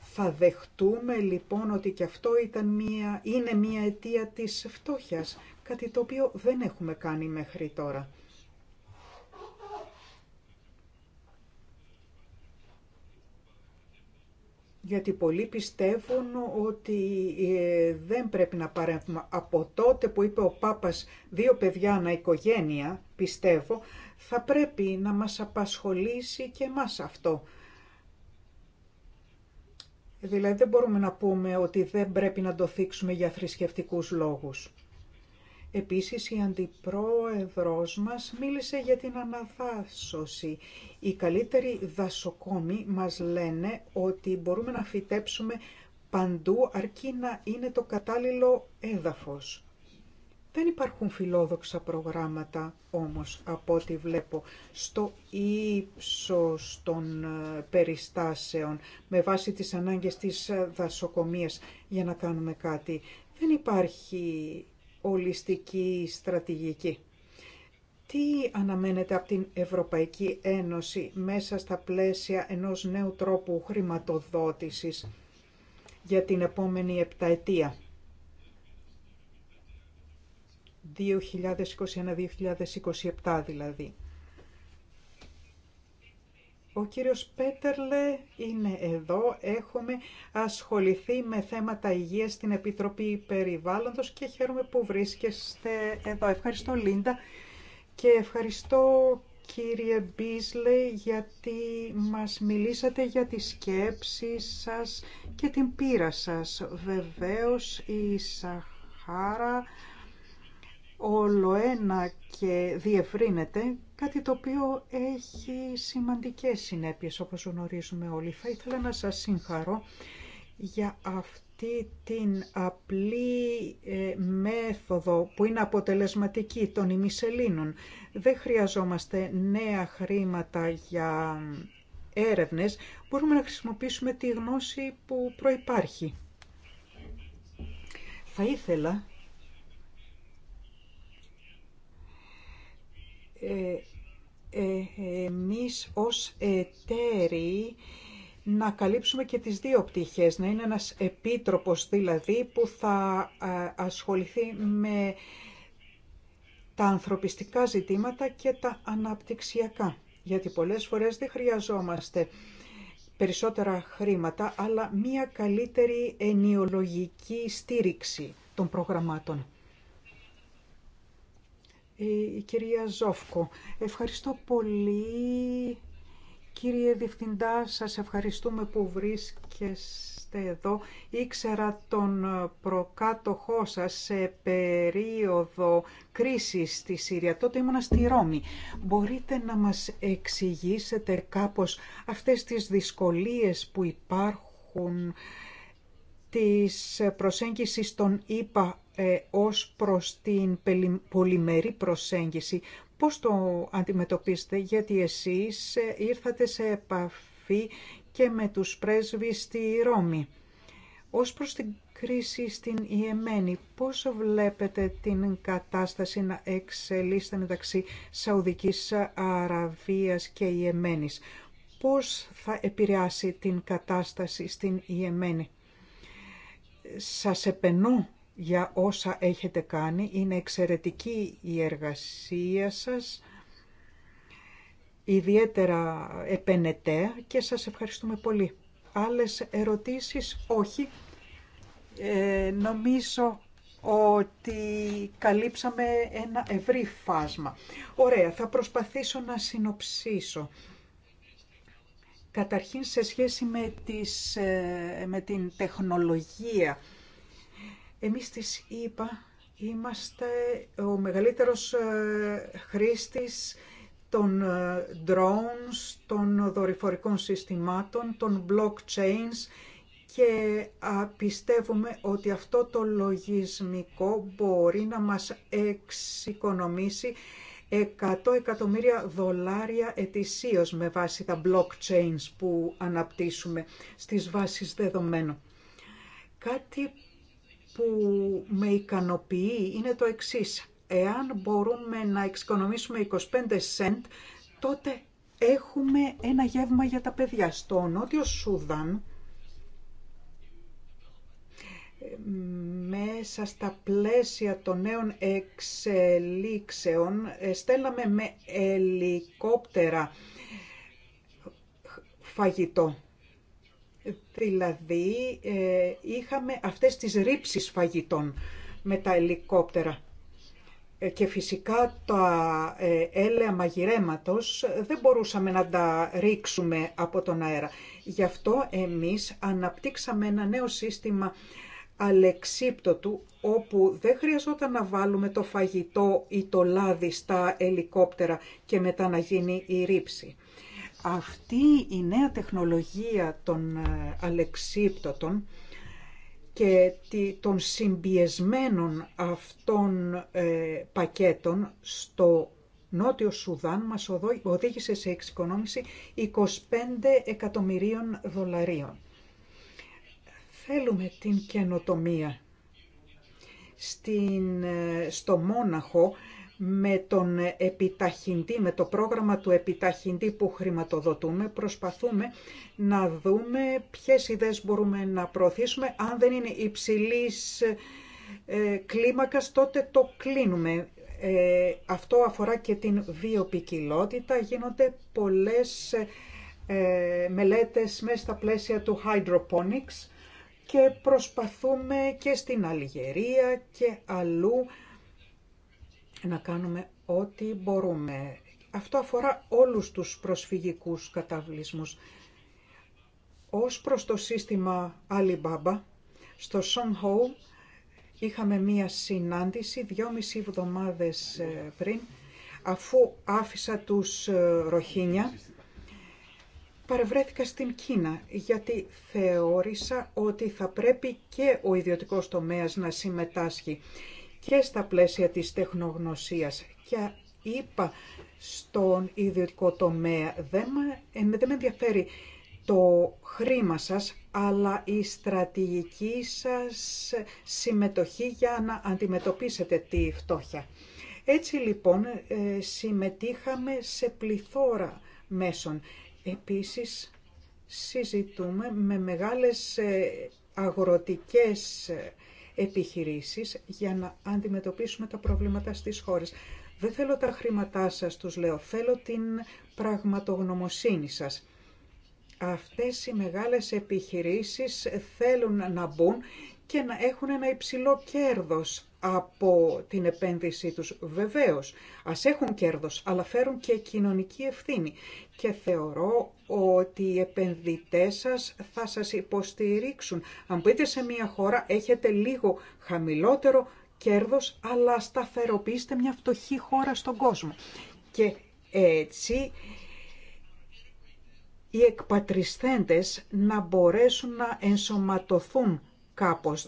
A: Θα δεχτούμε λοιπόν ότι και αυτό ήταν μία, είναι μία αιτία της φτώχειας, κάτι το οποίο δεν έχουμε κάνει μέχρι τώρα. γιατί πολλοί πιστεύουν ότι ε, δεν πρέπει να παρέμβουμε. Από τότε που είπε ο Πάπας δύο παιδιά να οικογένεια, πιστεύω, θα πρέπει να μας απασχολήσει και μας αυτό. Δηλαδή δεν μπορούμε να πούμε ότι δεν πρέπει να το θίξουμε για θρησκευτικούς λόγους. Επίσης, η αντιπρόεδρος μας μίλησε για την αναδάσωση. Οι καλύτεροι δασοκόμοι μας λένε ότι μπορούμε να φυτέψουμε παντού αρκεί να είναι το κατάλληλο έδαφος. Δεν υπάρχουν φιλόδοξα προγράμματα όμως από ό,τι βλέπω στο ύψος των ε, περιστάσεων με βάση τις ανάγκες της ε, δασοκομείας για να κάνουμε κάτι. Δεν υπάρχει ολιστική στρατηγική. Τι αναμένεται από την Ευρωπαϊκή Ένωση μέσα στα πλαίσια ενός νέου τρόπου χρηματοδότησης για την επόμενη επταετία. 2021-2027 δηλαδή. Ο κύριος Πέτερλε είναι εδώ. Έχουμε ασχοληθεί με θέματα υγείας στην Επιτροπή Περιβάλλοντος και χαίρομαι που βρίσκεστε εδώ. Ευχαριστώ Λίντα και ευχαριστώ κύριε Μπίσλε γιατί μας μιλήσατε για τις σκέψεις σας και την πείρα σας. Βεβαίως η Σαχάρα όλο ένα και διευρύνεται, κάτι το οποίο έχει σημαντικές συνέπειες όπως γνωρίζουμε όλοι. Θα ήθελα να σας συγχαρώ για αυτή την απλή ε, μέθοδο που είναι αποτελεσματική των ημισελήνων. Δεν χρειαζόμαστε νέα χρήματα για έρευνες, μπορούμε να χρησιμοποιήσουμε τη γνώση που προϋπάρχει. Θα ήθελα Ε, εμείς ως εταίροι να καλύψουμε και τις δύο πτυχές, να είναι ένας επίτροπος δηλαδή που θα ε, ασχοληθεί με τα ανθρωπιστικά ζητήματα και τα αναπτυξιακά. Γιατί πολλές φορές δεν χρειαζόμαστε περισσότερα χρήματα, αλλά μία καλύτερη ενιολογική στήριξη των προγραμμάτων η κυρία Ζόφκο. Ευχαριστώ πολύ. Κύριε Διευθυντά, σας ευχαριστούμε που βρίσκεστε εδώ. Ήξερα τον προκάτοχό σας σε περίοδο κρίσης στη Σύρια. Τότε ήμουνα στη Ρώμη. Μπορείτε να μας εξηγήσετε κάπως αυτές τις δυσκολίες που υπάρχουν της προσέγγισης των ΙΠΑ ε, ως προς την πολυμερή προσέγγιση. Πώς το αντιμετωπίσετε, γιατί εσείς ε, ήρθατε σε επαφή και με τους πρέσβεις στη Ρώμη. Ως προς την κρίση στην Ιεμένη, πώς βλέπετε την κατάσταση να εξελίσσεται μεταξύ Σαουδικής Αραβίας και Ιεμένης. Πώς θα επηρεάσει την κατάσταση στην Ιεμένη. Σας επενώ για όσα έχετε κάνει. Είναι εξαιρετική η εργασία σας, ιδιαίτερα επενετέα και σας ευχαριστούμε πολύ. Άλλες ερωτήσεις, όχι. Ε, νομίζω ότι καλύψαμε ένα ευρύ φάσμα. Ωραία, θα προσπαθήσω να συνοψίσω. Καταρχήν σε σχέση με ε, την τεχνολογία εμείς της είπα, είμαστε ο μεγαλύτερος ε, χρήστης των ε, drones, των δορυφορικών συστημάτων, των blockchains και πιστεύουμε ότι αυτό το λογισμικό μπορεί να μας εξοικονομήσει 100 εκατομμύρια δολάρια ετησίως με βάση τα blockchains που αναπτύσσουμε στις βάσεις δεδομένων. Κάτι που με ικανοποιεί είναι το εξής. Εάν μπορούμε να εξοικονομήσουμε 25 σέντ, τότε έχουμε ένα γεύμα για τα παιδιά. Στο Νότιο Σούδαν, μέσα στα πλαίσια των νέων εξελίξεων, στέλαμε με ελικόπτερα φαγητό Δηλαδή ε, είχαμε αυτές τις ρήψεις φαγητών με τα ελικόπτερα. Ε, και φυσικά τα ε, έλαια μαγειρέματος δεν μπορούσαμε να τα ρίξουμε από τον αέρα. Γι' αυτό εμείς αναπτύξαμε ένα νέο σύστημα αλεξίπτωτου όπου δεν χρειαζόταν να βάλουμε το φαγητό ή το λάδι στα ελικόπτερα και μετά να γίνει η ρήψη αυτή η νέα τεχνολογία των ε, αλεξίπτωτων και των συμπιεσμένων αυτών ε, πακέτων στο Νότιο Σουδάν μας οδήγησε σε εξοικονόμηση 25 εκατομμυρίων δολαρίων. Θέλουμε την καινοτομία. Στην, ε, στο Μόναχο με τον επιταχυντή, με το πρόγραμμα του επιταχυντή που χρηματοδοτούμε, προσπαθούμε να δούμε ποιες ιδέες μπορούμε να προωθήσουμε. Αν δεν είναι υψηλής ε, κλίμακας, τότε το κλείνουμε. Ε, αυτό αφορά και την βιοπικιλότητα. Γίνονται πολλές ε, μελέτες μέσα στα πλαίσια του hydroponics και προσπαθούμε και στην Αλγερία και αλλού να κάνουμε ό,τι μπορούμε. Αυτό αφορά όλους τους προσφυγικούς καταβλισμούς. Ως προς το σύστημα Alibaba, στο Songho είχαμε μία συνάντηση δυόμιση εβδομάδες ε, πριν, αφού άφησα τους ε, Ροχίνια, παρευρέθηκα στην Κίνα, γιατί θεώρησα ότι θα πρέπει και ο ιδιωτικός τομέας να συμμετάσχει και στα πλαίσια της τεχνογνωσίας. Και είπα στον ιδιωτικό τομέα, δεν με, ε, δεν με ενδιαφέρει το χρήμα σας, αλλά η στρατηγική σας συμμετοχή για να αντιμετωπίσετε τη φτώχεια. Έτσι λοιπόν ε, συμμετείχαμε σε πληθώρα μέσων. Επίσης συζητούμε με μεγάλες ε, αγροτικές επιχειρήσεις για να αντιμετωπίσουμε τα προβλήματα στις χώρες. Δεν θέλω τα χρήματά σας, τους λέω, θέλω την πραγματογνωμοσύνη σας. Αυτές οι μεγάλες επιχειρήσεις θέλουν να μπουν και να έχουν ένα υψηλό κέρδος από την επένδυσή τους. Βεβαίως, ας έχουν κέρδος, αλλά φέρουν και κοινωνική ευθύνη. Και θεωρώ ότι οι επενδυτές σας θα σας υποστηρίξουν. Αν πείτε σε μια χώρα έχετε λίγο χαμηλότερο κέρδος, αλλά σταθεροποιήστε μια φτωχή χώρα στον κόσμο. Και έτσι οι εκπατριστέντες να μπορέσουν να ενσωματωθούν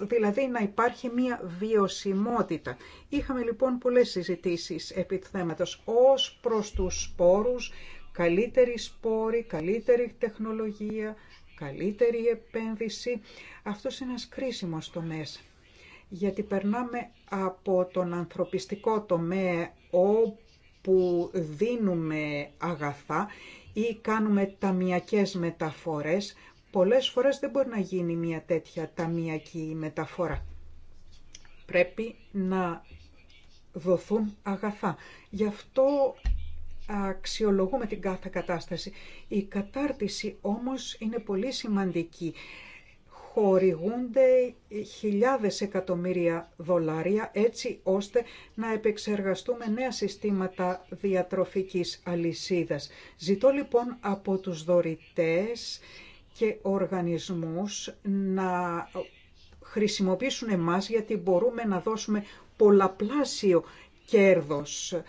A: δηλαδή να υπάρχει μία βιωσιμότητα. Είχαμε λοιπόν πολλές συζητήσεις επί του θέματος ως προς τους σπόρους, καλύτερη σπόρη, καλύτερη τεχνολογία, καλύτερη επένδυση. Αυτό είναι ένας κρίσιμος τομέας, γιατί περνάμε από τον ανθρωπιστικό τομέα όπου δίνουμε αγαθά ή κάνουμε ταμιακές μεταφορές Πολλές φορές δεν μπορεί να γίνει μια τέτοια ταμιακή μεταφορά. Πρέπει να δοθούν αγαθά. Γι' αυτό αξιολογούμε την κάθε κατάσταση. Η κατάρτιση όμως είναι πολύ σημαντική. Χορηγούνται χιλιάδες εκατομμύρια δολάρια έτσι ώστε να επεξεργαστούμε νέα συστήματα διατροφικής αλυσίδας. Ζητώ λοιπόν από τους δωρητές και οργανισμούς να χρησιμοποιήσουν εμάς γιατί μπορούμε να δώσουμε πολλαπλάσιο κέρδος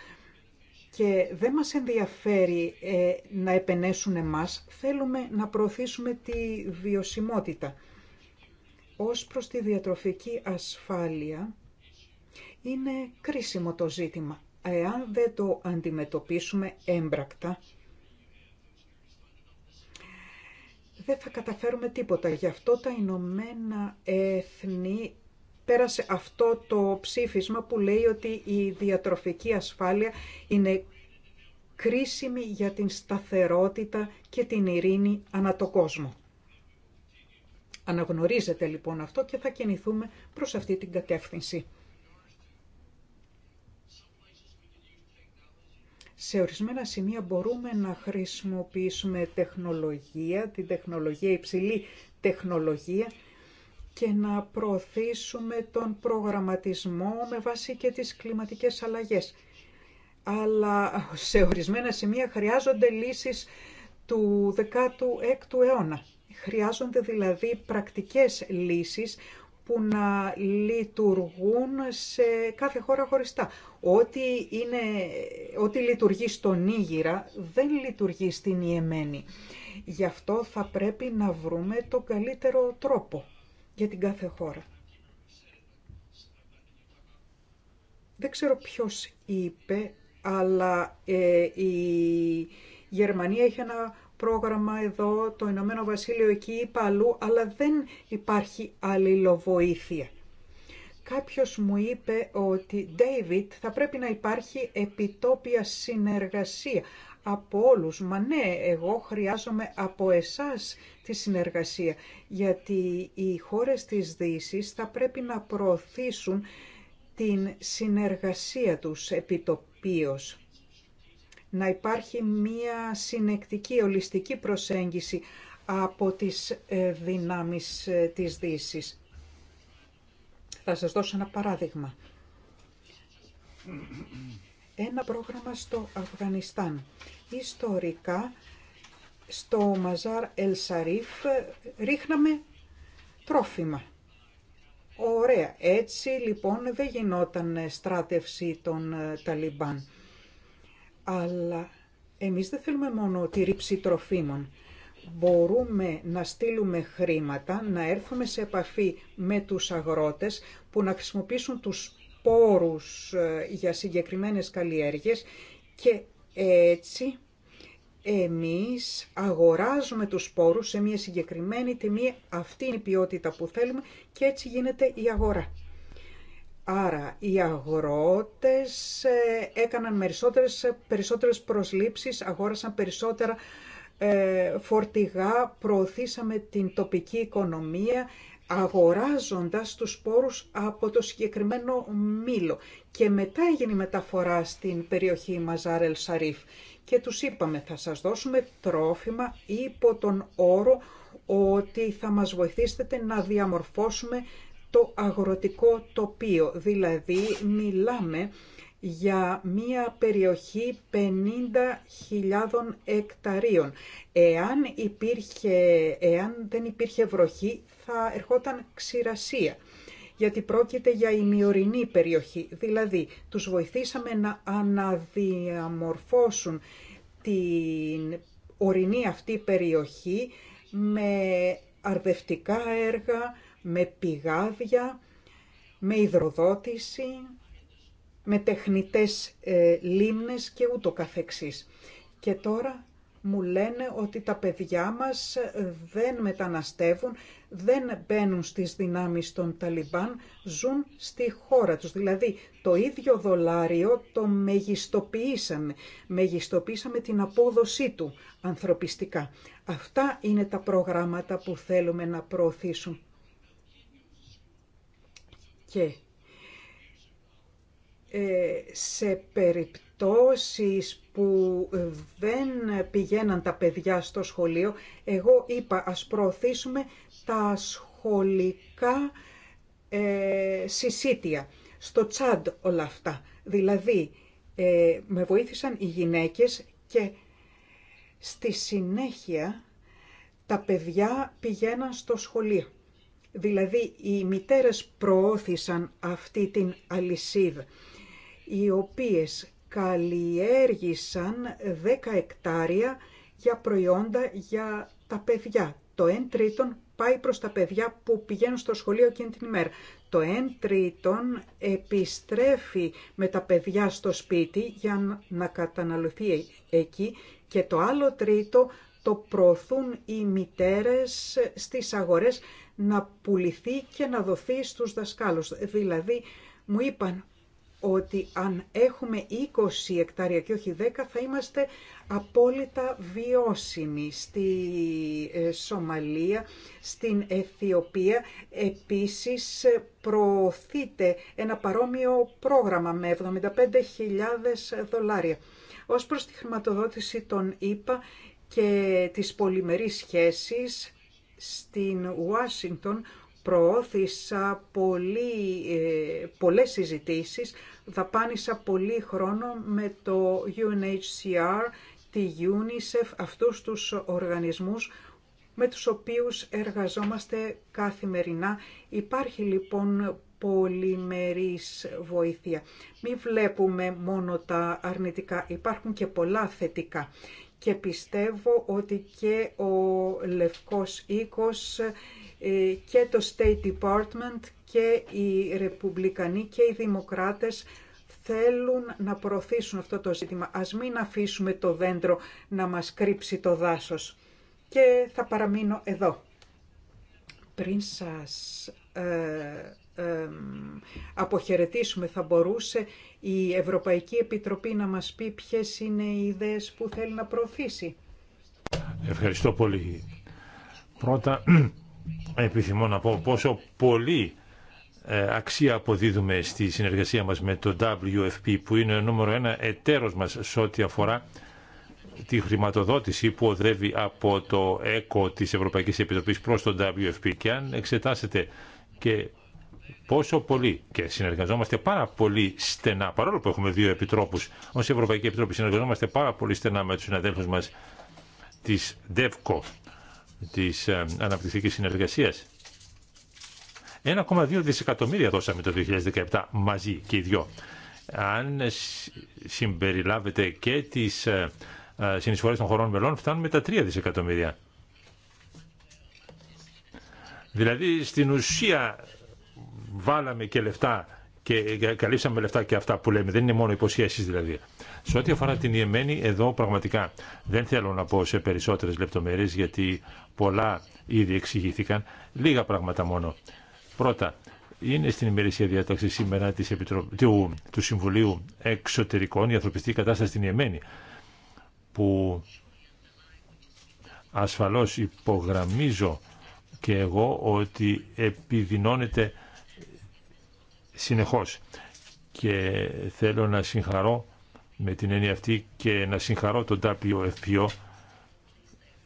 A: και δεν μας ενδιαφέρει ε, να επενέσουν εμάς, θέλουμε να προωθήσουμε τη βιωσιμότητα. Ως προς τη διατροφική ασφάλεια είναι κρίσιμο το ζήτημα. Εάν δεν το αντιμετωπίσουμε έμπρακτα, δεν θα καταφέρουμε τίποτα. Γι' αυτό τα Ηνωμένα Έθνη πέρασε αυτό το ψήφισμα που λέει ότι η διατροφική ασφάλεια είναι κρίσιμη για την σταθερότητα και την ειρήνη ανά το κόσμο. Αναγνωρίζεται λοιπόν αυτό και θα κινηθούμε προς αυτή την κατεύθυνση. Σε ορισμένα σημεία μπορούμε να χρησιμοποιήσουμε τεχνολογία, την τεχνολογία, υψηλή τεχνολογία και να προωθήσουμε τον προγραμματισμό με βάση και τις κλιματικές αλλαγές. Αλλά σε ορισμένα σημεία χρειάζονται λύσεις του 16ου αιώνα. Χρειάζονται δηλαδή πρακτικές λύσεις που να λειτουργούν σε κάθε χώρα χωριστά. Ό,τι, ό,τι λειτουργεί στον Νίγηρα δεν λειτουργεί στην Ιεμένη. Γι' αυτό θα πρέπει να βρούμε τον καλύτερο τρόπο για την κάθε χώρα. Δεν ξέρω ποιος είπε, αλλά ε, η Γερμανία έχει ένα πρόγραμμα εδώ, το Ηνωμένο Βασίλειο εκεί ή παλού, αλλά δεν υπάρχει αλληλοβοήθεια. Κάποιος μου είπε ότι «David, θα πρέπει να υπάρχει επιτόπια συνεργασία από όλους». Μα ναι, εγώ χρειάζομαι από εσάς τη συνεργασία, γιατί οι χώρες της δύση θα πρέπει να προωθήσουν την συνεργασία τους επιτοπίως να υπάρχει μία συνεκτική, ολιστική προσέγγιση από τις ε, δυνάμεις ε, της δύση. Θα σας δώσω ένα παράδειγμα. Ένα πρόγραμμα στο Αφγανιστάν. Ιστορικά, στο Μαζάρ Ελσαρίφ ε, ρίχναμε τρόφιμα. Ωραία. Έτσι λοιπόν δεν γινόταν στράτευση των Ταλιμπάν. Αλλά εμείς δεν θέλουμε μόνο τη ρήψη τροφίμων. Μπορούμε να στείλουμε χρήματα, να έρθουμε σε επαφή με τους αγρότες που να χρησιμοποιήσουν τους πόρους ε, για συγκεκριμένες καλλιέργειες και έτσι εμείς αγοράζουμε τους πόρους σε μια συγκεκριμένη τιμή, αυτή είναι η ποιότητα που θέλουμε και έτσι γίνεται η αγορά. Άρα οι αγρότες ε, έκαναν περισσότερες, περισσότερες προσλήψεις, αγόρασαν περισσότερα ε, φορτηγά, προωθήσαμε την τοπική οικονομία αγοράζοντας τους πόρους από το συγκεκριμένο μήλο. Και μετά έγινε η μεταφορά στην περιοχή Μαζάρελ Σαρίφ και τους είπαμε θα σας δώσουμε τρόφιμα υπό τον όρο ότι θα μας βοηθήσετε να διαμορφώσουμε το αγροτικό τοπίο, δηλαδή μιλάμε για μία περιοχή 50.000 εκταρίων. Εάν, υπήρχε, εάν δεν υπήρχε βροχή θα ερχόταν ξηρασία, γιατί πρόκειται για ημιορεινή περιοχή. Δηλαδή, τους βοηθήσαμε να αναδιαμορφώσουν την ορεινή αυτή περιοχή με αρδευτικά έργα, με πηγάδια, με υδροδότηση, με τεχνητές ε, λίμνες και ούτω καθεξής. Και τώρα μου λένε ότι τα παιδιά μας δεν μεταναστεύουν, δεν μπαίνουν στις δυνάμεις των Ταλιμπάν, ζουν στη χώρα τους. Δηλαδή το ίδιο δολάριο το μεγιστοποιήσαμε, μεγιστοποιήσαμε την απόδοσή του ανθρωπιστικά. Αυτά είναι τα προγράμματα που θέλουμε να προωθήσουν και ε, σε περιπτώσεις που δεν πηγαίναν τα παιδιά στο σχολείο, εγώ είπα ας προωθήσουμε τα σχολικά ε, συσίτια. Στο τσάντ όλα αυτά. Δηλαδή, ε, με βοήθησαν οι γυναίκες και στη συνέχεια τα παιδιά πηγαίναν στο σχολείο. Δηλαδή οι μητέρες προώθησαν αυτή την αλυσίδα, οι οποίες καλλιέργησαν 10 εκτάρια για προϊόντα για τα παιδιά. Το 1 τρίτον πάει προς τα παιδιά που πηγαίνουν στο σχολείο εκείνη την ημέρα. Το 1 τρίτον επιστρέφει με τα παιδιά στο σπίτι για να καταναλωθεί ε, εκεί και το άλλο τρίτο το προωθούν οι μητέρες στις αγορές να πουληθεί και να δοθεί στους δασκάλους. Δηλαδή, μου είπαν ότι αν έχουμε 20 εκτάρια και όχι 10 θα είμαστε απόλυτα βιώσιμοι στη ε, Σομαλία, στην Αιθιοπία. Επίσης προωθείται ένα παρόμοιο πρόγραμμα με 75.000 δολάρια. Ως προς τη χρηματοδότηση των ΗΠΑ και τις πολυμερείς σχέσεις στην Ουάσιγκτον προώθησα πολύ, ε, πολλές συζητήσεις, δαπάνησα πολύ χρόνο με το UNHCR, τη UNICEF, αυτούς τους οργανισμούς με τους οποίους εργαζόμαστε καθημερινά. Υπάρχει λοιπόν πολυμερής βοήθεια. Μην βλέπουμε μόνο τα αρνητικά, υπάρχουν και πολλά θετικά και πιστεύω ότι και ο Λευκός Οίκος ε, και το State Department και οι Ρεπουμπλικανοί και οι Δημοκράτες θέλουν να προωθήσουν αυτό το ζήτημα. Ας μην αφήσουμε το δέντρο να μας κρύψει το δάσος. Και θα παραμείνω εδώ. Πριν σας ε, αποχαιρετήσουμε. Θα μπορούσε η Ευρωπαϊκή Επιτροπή να μας πει ποιες είναι οι ιδέες που θέλει να προωθήσει.
B: Ευχαριστώ πολύ. Πρώτα επιθυμώ να πω πόσο πολύ ε, αξία αποδίδουμε στη συνεργασία μας με το WFP που είναι ο νούμερο ένα εταίρος μας σε ό,τι αφορά τη χρηματοδότηση που οδεύει από το ΕΚΟ της Ευρωπαϊκής Επιτροπής προς το WFP και αν εξετάσετε και πόσο πολύ και συνεργαζόμαστε πάρα πολύ στενά, παρόλο που έχουμε δύο επιτρόπους ως Ευρωπαϊκή Επιτροπή, συνεργαζόμαστε πάρα πολύ στενά με του συναδέλφου μα, τη ΔΕΒΚΟ, της ε, Αναπτυξιακής συνεργασία. 1,2 δισεκατομμύρια δώσαμε το 2017 μαζί και οι δυο. Αν συμπεριλάβετε και τις ε, ε, συνεισφορές των χωρών μελών, φτάνουμε τα 3 δισεκατομμύρια. Δηλαδή στην ουσία βάλαμε και λεφτά και καλύψαμε λεφτά και αυτά που λέμε. Δεν είναι μόνο υποσχέσει δηλαδή. Σε ό,τι αφορά την Ιεμένη, εδώ πραγματικά δεν θέλω να πω σε περισσότερε λεπτομέρειε γιατί πολλά ήδη εξηγήθηκαν. Λίγα πράγματα μόνο. Πρώτα, είναι στην ημερήσια διάταξη σήμερα της του... του Συμβουλίου Εξωτερικών η ανθρωπιστική κατάσταση στην Ιεμένη που ασφαλώς υπογραμμίζω και εγώ ότι επιδεινώνεται συνεχώς και θέλω να συγχαρώ με την έννοια αυτή και να συγχαρώ τον WFPO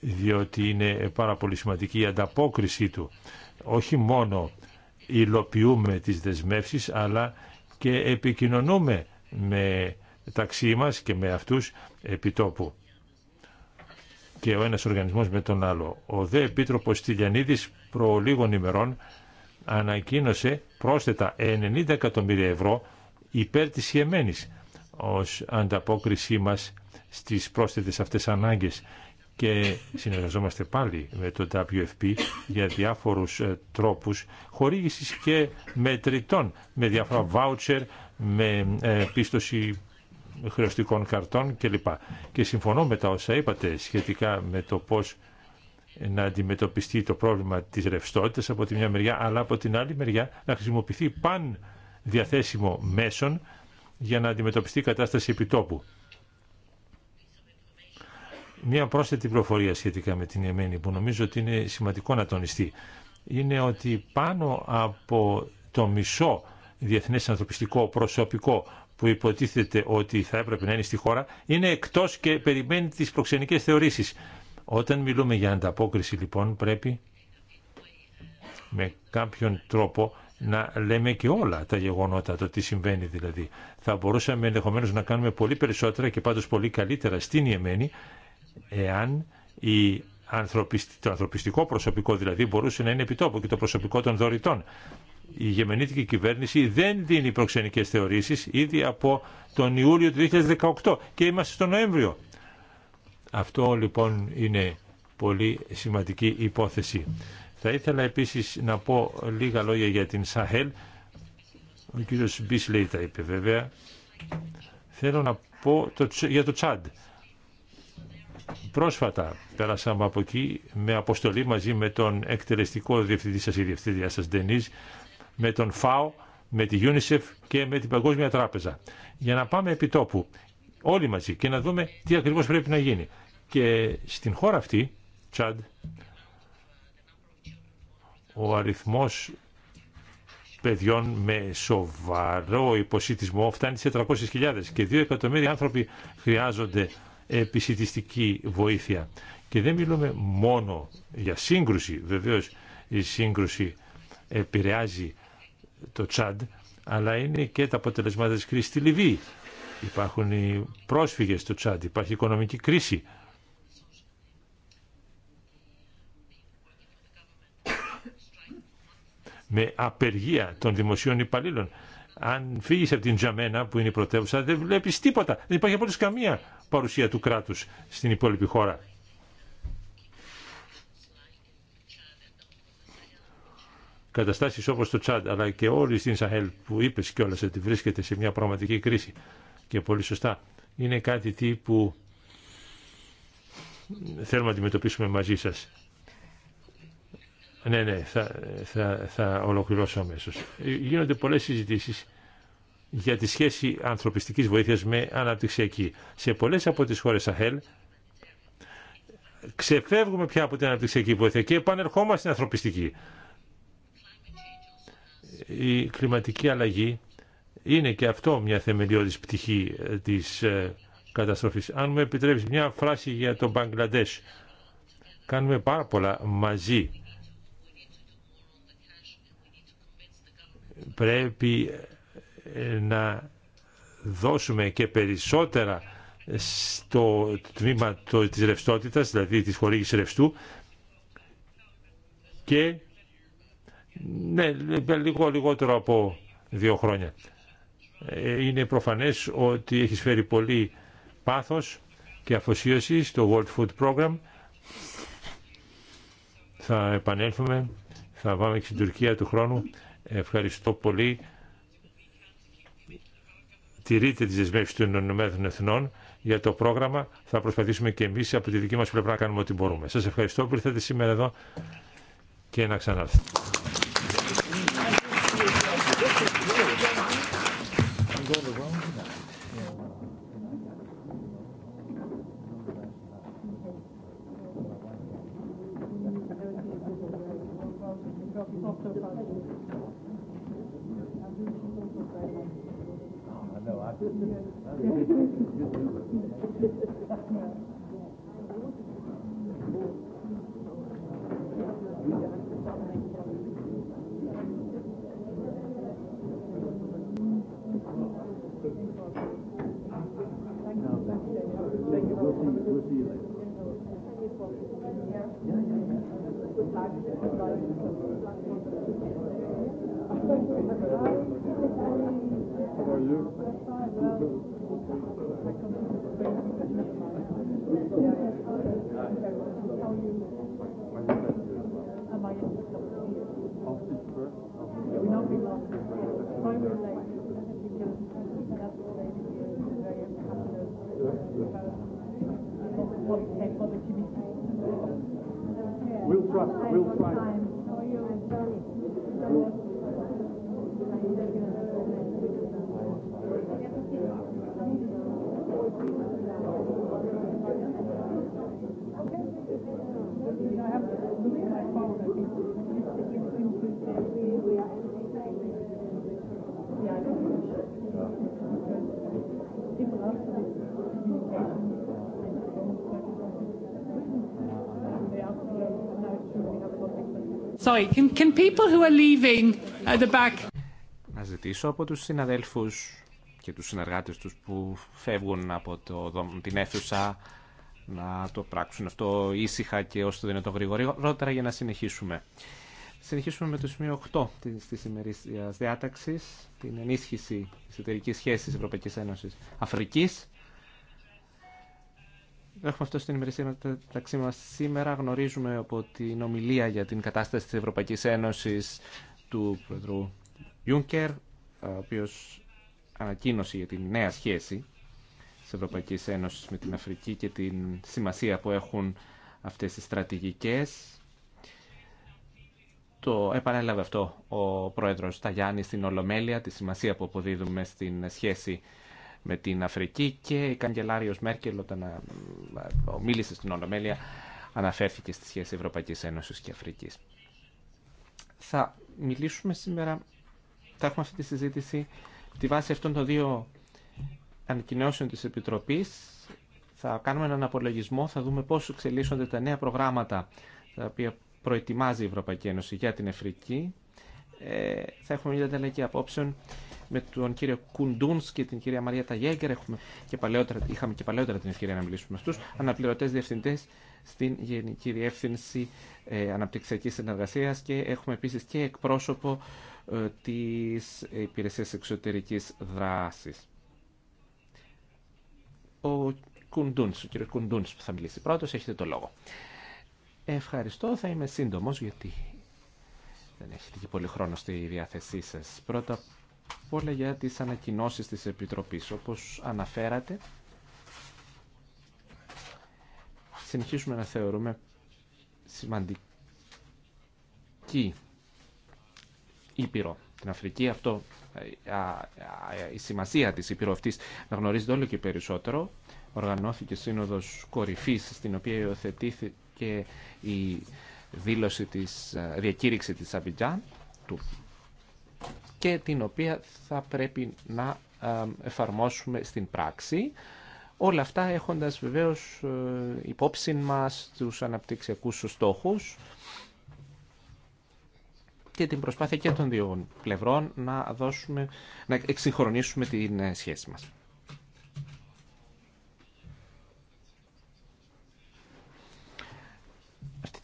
B: διότι είναι πάρα πολύ σημαντική η ανταπόκριση του. Όχι μόνο υλοποιούμε τις δεσμεύσεις αλλά και επικοινωνούμε με ταξί μας και με αυτούς επιτόπου και ο ένας οργανισμός με τον άλλο. Ο δε Επίτροπος Τηλιανίδης προ λίγων ημερών ανακοίνωσε πρόσθετα 90 εκατομμύρια ευρώ υπέρ της Ιεμένης ως ανταπόκρισή μας στις πρόσθετες αυτές ανάγκες και συνεργαζόμαστε πάλι με το WFP για διάφορους ε, τρόπους χορήγησης και μετρητών με διάφορα βάουτσερ, με ε, πίστοση χρεωστικών καρτών κλπ. Και συμφωνώ με τα όσα είπατε σχετικά με το πώς να αντιμετωπιστεί το πρόβλημα της ρευστότητας από τη μια μεριά, αλλά από την άλλη μεριά να χρησιμοποιηθεί παν διαθέσιμο μέσον για να αντιμετωπιστεί η κατάσταση επιτόπου. Μία πρόσθετη προφορία σχετικά με την Εμένη που νομίζω ότι είναι σημαντικό να τονιστεί είναι ότι πάνω από το μισό διεθνές ανθρωπιστικό προσωπικό που υποτίθεται ότι θα έπρεπε να είναι στη χώρα είναι εκτός και περιμένει τις προξενικές θεωρήσεις. Όταν μιλούμε για ανταπόκριση λοιπόν πρέπει με κάποιον τρόπο να λέμε και όλα τα γεγονότα, το τι συμβαίνει δηλαδή. Θα μπορούσαμε ενδεχομένω να κάνουμε πολύ περισσότερα και πάντως πολύ καλύτερα στην Ιεμένη εάν η το ανθρωπιστικό προσωπικό δηλαδή μπορούσε να είναι επιτόπου και το προσωπικό των δωρητών. Η γεμενήτικη κυβέρνηση δεν δίνει προξενικές θεωρήσεις ήδη από τον Ιούλιο του 2018 και είμαστε στο Νοέμβριο. Αυτό λοιπόν είναι πολύ σημαντική υπόθεση. Θα ήθελα επίσης να πω λίγα λόγια για την Σαχέλ. Ο κύριος Μπίσλεϊ τα είπε βέβαια. Θέλω να πω για το Τσάντ. Πρόσφατα πέρασαμε από εκεί με αποστολή μαζί με τον εκτελεστικό διευθυντή σας ή διευθυντή σας Ντενής, με τον ΦΑΟ, με τη UNICEF και με την Παγκόσμια Τράπεζα. Για να πάμε επί τόπου όλοι μαζί και να δούμε τι ακριβώς πρέπει να γίνει. Και στην χώρα αυτή, Τσάντ, ο αριθμός παιδιών με σοβαρό υποσυτισμό φτάνει σε 300.000 και 2 εκατομμύρια άνθρωποι χρειάζονται επισυτιστική βοήθεια. Και δεν μιλούμε μόνο για σύγκρουση, βεβαίως η σύγκρουση επηρεάζει το Τσάντ, αλλά είναι και τα αποτελεσμάτα της κρίσης στη Λιβύη Υπάρχουν οι πρόσφυγες στο Τσάντ, υπάρχει οικονομική κρίση. Με απεργία των δημοσίων υπαλλήλων. Αν φύγει από την Τζαμένα που είναι η πρωτεύουσα δεν βλέπει τίποτα. Δεν υπάρχει απολύτω καμία παρουσία του κράτους στην υπόλοιπη χώρα. καταστάσεις όπως το Τσάντ αλλά και όλη στην Σαχέλ που είπε κιόλα ότι βρίσκεται σε μια πραγματική κρίση και πολύ σωστά. Είναι κάτι τι που θέλουμε να αντιμετωπίσουμε μαζί σας. Ναι, ναι, θα, θα, θα ολοκληρώσω αμέσως. Γίνονται πολλές συζητήσεις για τη σχέση ανθρωπιστικής βοήθειας με αναπτυξιακή. Σε πολλές από τις χώρες ΑΧΕΛ ξεφεύγουμε πια από την αναπτυξιακή βοήθεια και επανερχόμαστε στην ανθρωπιστική. Η κλιματική αλλαγή είναι και αυτό μια θεμελιώδης πτυχή της καταστροφής. Αν μου επιτρέψει μια φράση για τον Μπαγκλαντές. Κάνουμε πάρα πολλά μαζί. Πρέπει να δώσουμε και περισσότερα στο τμήμα της ρευστότητα, δηλαδή της χορήγησης ρευστού και ναι, λίγο λιγότερο από δύο χρόνια. Ε, είναι προφανές ότι έχει φέρει πολύ πάθος και αφοσίωση στο World Food Program. Θα επανέλθουμε, θα πάμε και στην Τουρκία του χρόνου. Ευχαριστώ πολύ. Τηρείτε τις δεσμεύσεις των Εθνών για το πρόγραμμα. Θα προσπαθήσουμε και εμείς από τη δική μας πλευρά να κάνουμε ό,τι μπορούμε. Σας ευχαριστώ που ήρθατε σήμερα εδώ και να ξανάρθετε.
D: δεν
A: Sorry, can, can people who are leaving at uh, the back...
C: Να ζητήσω από τους συναδέλφους και τους συνεργάτες τους που φεύγουν από το, την αίθουσα να το πράξουν αυτό ήσυχα και όσο το δυνατόν γρηγορότερα για να συνεχίσουμε. Συνεχίσουμε με το σημείο 8 της σημερινής διάταξης, την ενίσχυση τη εταιρική σχέση Ευρωπαϊκή Ένωση Αφρική. Έχουμε αυτό στην ημερησία μεταξύ μα σήμερα. Γνωρίζουμε από την ομιλία για την κατάσταση της Ευρωπαϊκής Ένωσης του Πρόεδρου Juncker, ο οποίος ανακοίνωσε για την νέα σχέση τη ευρωπαϊκή ένωση με την Αφρική και την σημασία που έχουν αυτέ οι στρατηγικές. Το επανέλαβε αυτό ο Πρόεδρος Ταγιάννη στην Ολομέλεια, τη σημασία που αποδίδουμε στην σχέση με την Αφρική και η καγκελάριο Μέρκελ όταν μίλησε στην Ολομέλεια αναφέρθηκε στη σχέση Ευρωπαϊκής Ένωσης και Αφρικής. Θα μιλήσουμε σήμερα, θα έχουμε αυτή τη συζήτηση τη βάση αυτών των δύο ανακοινώσεων της Επιτροπής. Θα κάνουμε έναν απολογισμό, θα δούμε πώς εξελίσσονται τα νέα προγράμματα τα οποία προετοιμάζει η Ευρωπαϊκή Ένωση για την Αφρική. Ε, θα έχουμε μια ανταλλαγή απόψεων με τον κύριο Κουντούν και την κυρία Μαρία Ταγέγκερ. Έχουμε και παλαιότερα, είχαμε και παλαιότερα την ευκαιρία να μιλήσουμε με αυτού. Αναπληρωτέ διευθυντέ στην Γενική Διεύθυνση ε, Αναπτυξιακή Συνεργασία και έχουμε επίση και εκπρόσωπο ε, τη Υπηρεσία Εξωτερική Δράση. Ο Κουντούνς, ο κύριος Κουντούνς που θα μιλήσει πρώτος, έχετε το λόγο. Ευχαριστώ, θα είμαι σύντομος γιατί δεν έχετε και πολύ χρόνο στη διάθεσή σας. Πρώτα όλα για τις ανακοινώσεις της Επιτροπής. Όπως αναφέρατε, συνεχίσουμε να θεωρούμε σημαντική ήπειρο την Αφρική. Αυτό, ε, ε, η σημασία της ήπειρο αυτής να γνωρίζεται όλο και περισσότερο. Οργανώθηκε σύνοδος κορυφής στην οποία υιοθετήθηκε η δήλωση της ε, διακήρυξη της Αμπιτζάν του και την οποία θα πρέπει να εφαρμόσουμε στην πράξη. Όλα αυτά έχοντας βεβαίως ε, υπόψη μας τους αναπτυξιακούς στόχους και την προσπάθεια και των δύο πλευρών να, δώσουμε, να εξυγχρονίσουμε την ε, σχέση μας.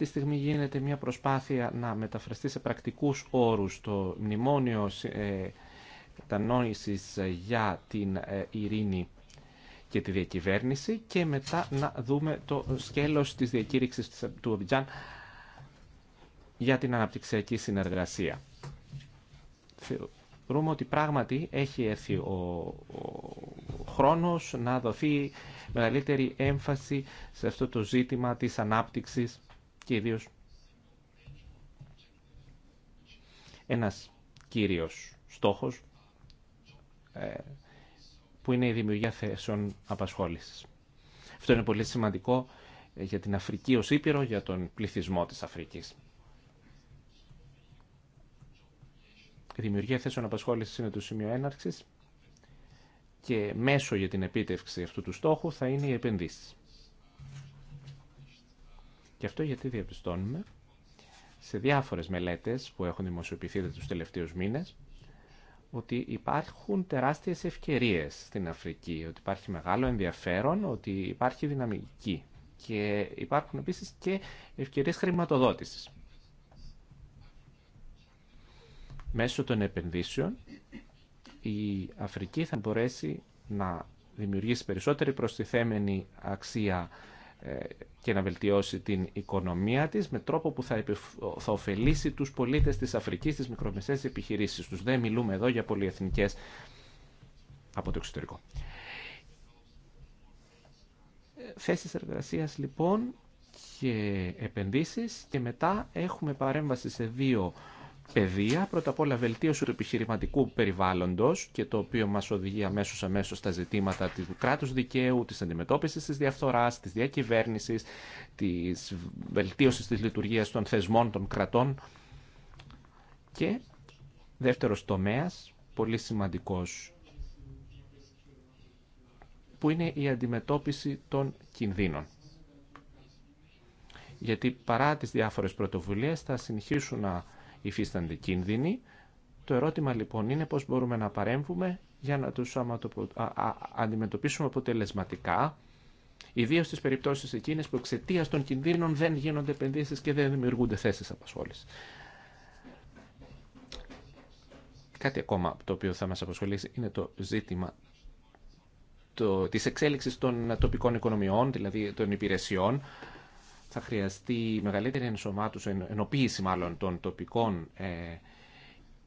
C: τη στιγμή γίνεται μια προσπάθεια να μεταφραστεί σε πρακτικούς όρους το μνημόνιο κατανόησης ε, για την ε, ειρήνη και τη διακυβέρνηση και μετά να δούμε το σκέλος της διακήρυξης του Αμπιτζάν για την αναπτυξιακή συνεργασία. Θεωρούμε ότι πράγματι έχει έρθει ο, χρόνος να δοθεί μεγαλύτερη έμφαση σε αυτό το ζήτημα της ανάπτυξης και ιδίω ένας κύριος στόχος ε, που είναι η δημιουργία θέσεων απασχόλησης. Αυτό είναι πολύ σημαντικό για την Αφρική ως Ήπειρο, για τον πληθυσμό της Αφρικής. Η δημιουργία θέσεων απασχόλησης είναι το σημείο έναρξης και μέσο για την επίτευξη αυτού του στόχου θα είναι οι επενδύσεις. Και αυτό γιατί διαπιστώνουμε σε διάφορες μελέτες που έχουν δημοσιοποιηθεί τους τελευταίους μήνες ότι υπάρχουν τεράστιες ευκαιρίες στην Αφρική, ότι υπάρχει μεγάλο ενδιαφέρον, ότι υπάρχει δυναμική και υπάρχουν επίσης και ευκαιρίες χρηματοδότησης. Μέσω των επενδύσεων η Αφρική θα μπορέσει να δημιουργήσει περισσότερη προστιθέμενη αξία ε, και να βελτιώσει την οικονομία της με τρόπο που θα, θα ωφελήσει τους πολίτες της Αφρικής, τις μικρομεσαίες επιχειρήσεις τους. Δεν μιλούμε εδώ για πολυεθνικές από το εξωτερικό. Θέσεις εργασίας λοιπόν και επενδύσεις και μετά έχουμε παρέμβαση σε δύο παιδεία, πρώτα απ' όλα βελτίωση του επιχειρηματικού περιβάλλοντος και το οποίο μας οδηγεί αμέσω αμέσως στα ζητήματα του κράτου δικαίου, της αντιμετώπισης της διαφθοράς, της διακυβέρνησης, της βελτίωσης της λειτουργίας των θεσμών των κρατών και δεύτερο τομέα, πολύ σημαντικό, που είναι η αντιμετώπιση των κινδύνων γιατί παρά τις διάφορες πρωτοβουλίες θα συνεχίσουν να υφίστανται κίνδυνοι. Το ερώτημα λοιπόν είναι πώς μπορούμε να παρέμβουμε για να τους αντιμετωπίσουμε αποτελεσματικά, ιδίω στις περιπτώσεις εκείνες που εξαιτία των κινδύνων δεν γίνονται επενδύσεις και δεν δημιουργούνται θέσεις απασχόλησης. Κάτι ακόμα το οποίο θα μας απασχολήσει είναι το ζήτημα το, της εξέλιξης των τοπικών οικονομιών, δηλαδή των υπηρεσιών θα χρειαστεί μεγαλύτερη ενσωμάτωση, ενοποίηση μάλλον των τοπικών ε,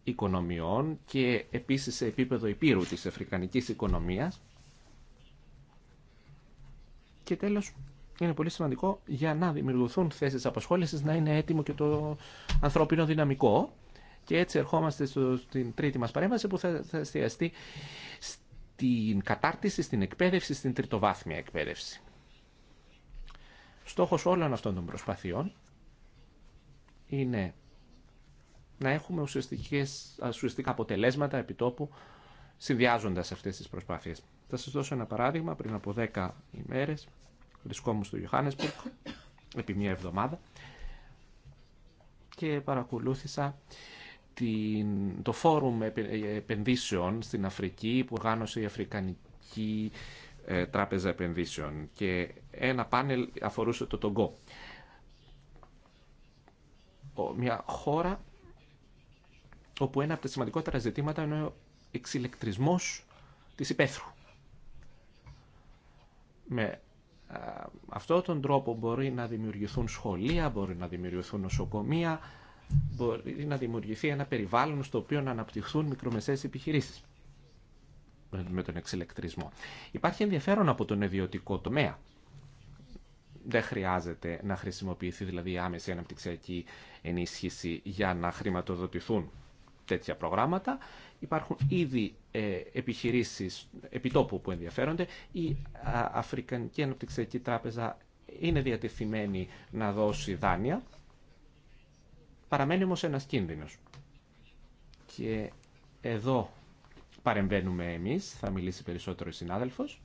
C: οικονομιών και επίσης σε επίπεδο υπήρου της αφρικανικής οικονομίας. Και τέλος, είναι πολύ σημαντικό για να δημιουργηθούν θέσεις απασχόλησης να είναι έτοιμο και το ανθρώπινο δυναμικό. Και έτσι ερχόμαστε στο, στην τρίτη μας παρέμβαση που θα, θα εστιαστεί στην κατάρτιση, στην εκπαίδευση, στην τριτοβάθμια εκπαίδευση. Στόχος όλων αυτών των προσπαθειών είναι να έχουμε ουσιαστικά αποτελέσματα επιτόπου συνδυάζοντας αυτές τις προσπάθειες. Θα σας δώσω ένα παράδειγμα. Πριν από 10 ημέρες βρισκόμουν στο Ιωάννεσπουργκ επί μια εβδομάδα και παρακολούθησα την, το φόρουμ επενδύσεων στην Αφρική που οργάνωσε η Αφρικανική ε, τράπεζα Επενδύσεων και ένα πάνελ αφορούσε το Τογκό. Μια χώρα όπου ένα από τα σημαντικότερα ζητήματα είναι ο εξηλεκτρισμός της υπαίθρου. Με αυτόν τον τρόπο μπορεί να δημιουργηθούν σχολεία, μπορεί να δημιουργηθούν νοσοκομεία, μπορεί να δημιουργηθεί ένα περιβάλλον στο οποίο να αναπτυχθούν μικρομεσαίες επιχειρήσεις με τον εξηλεκτρισμό. Υπάρχει ενδιαφέρον από τον ιδιωτικό τομέα. Δεν χρειάζεται να χρησιμοποιηθεί δηλαδή η άμεση αναπτυξιακή ενίσχυση για να χρηματοδοτηθούν τέτοια προγράμματα. Υπάρχουν ήδη ε, επιχειρήσεις επιτόπου που ενδιαφέρονται. Η Αφρικανική Αναπτυξιακή Τράπεζα είναι διατεθειμένη να δώσει δάνεια. Παραμένει όμως ένας κίνδυνος. Και εδώ παρεμβαίνουμε εμείς, θα μιλήσει περισσότερο η συνάδελφος.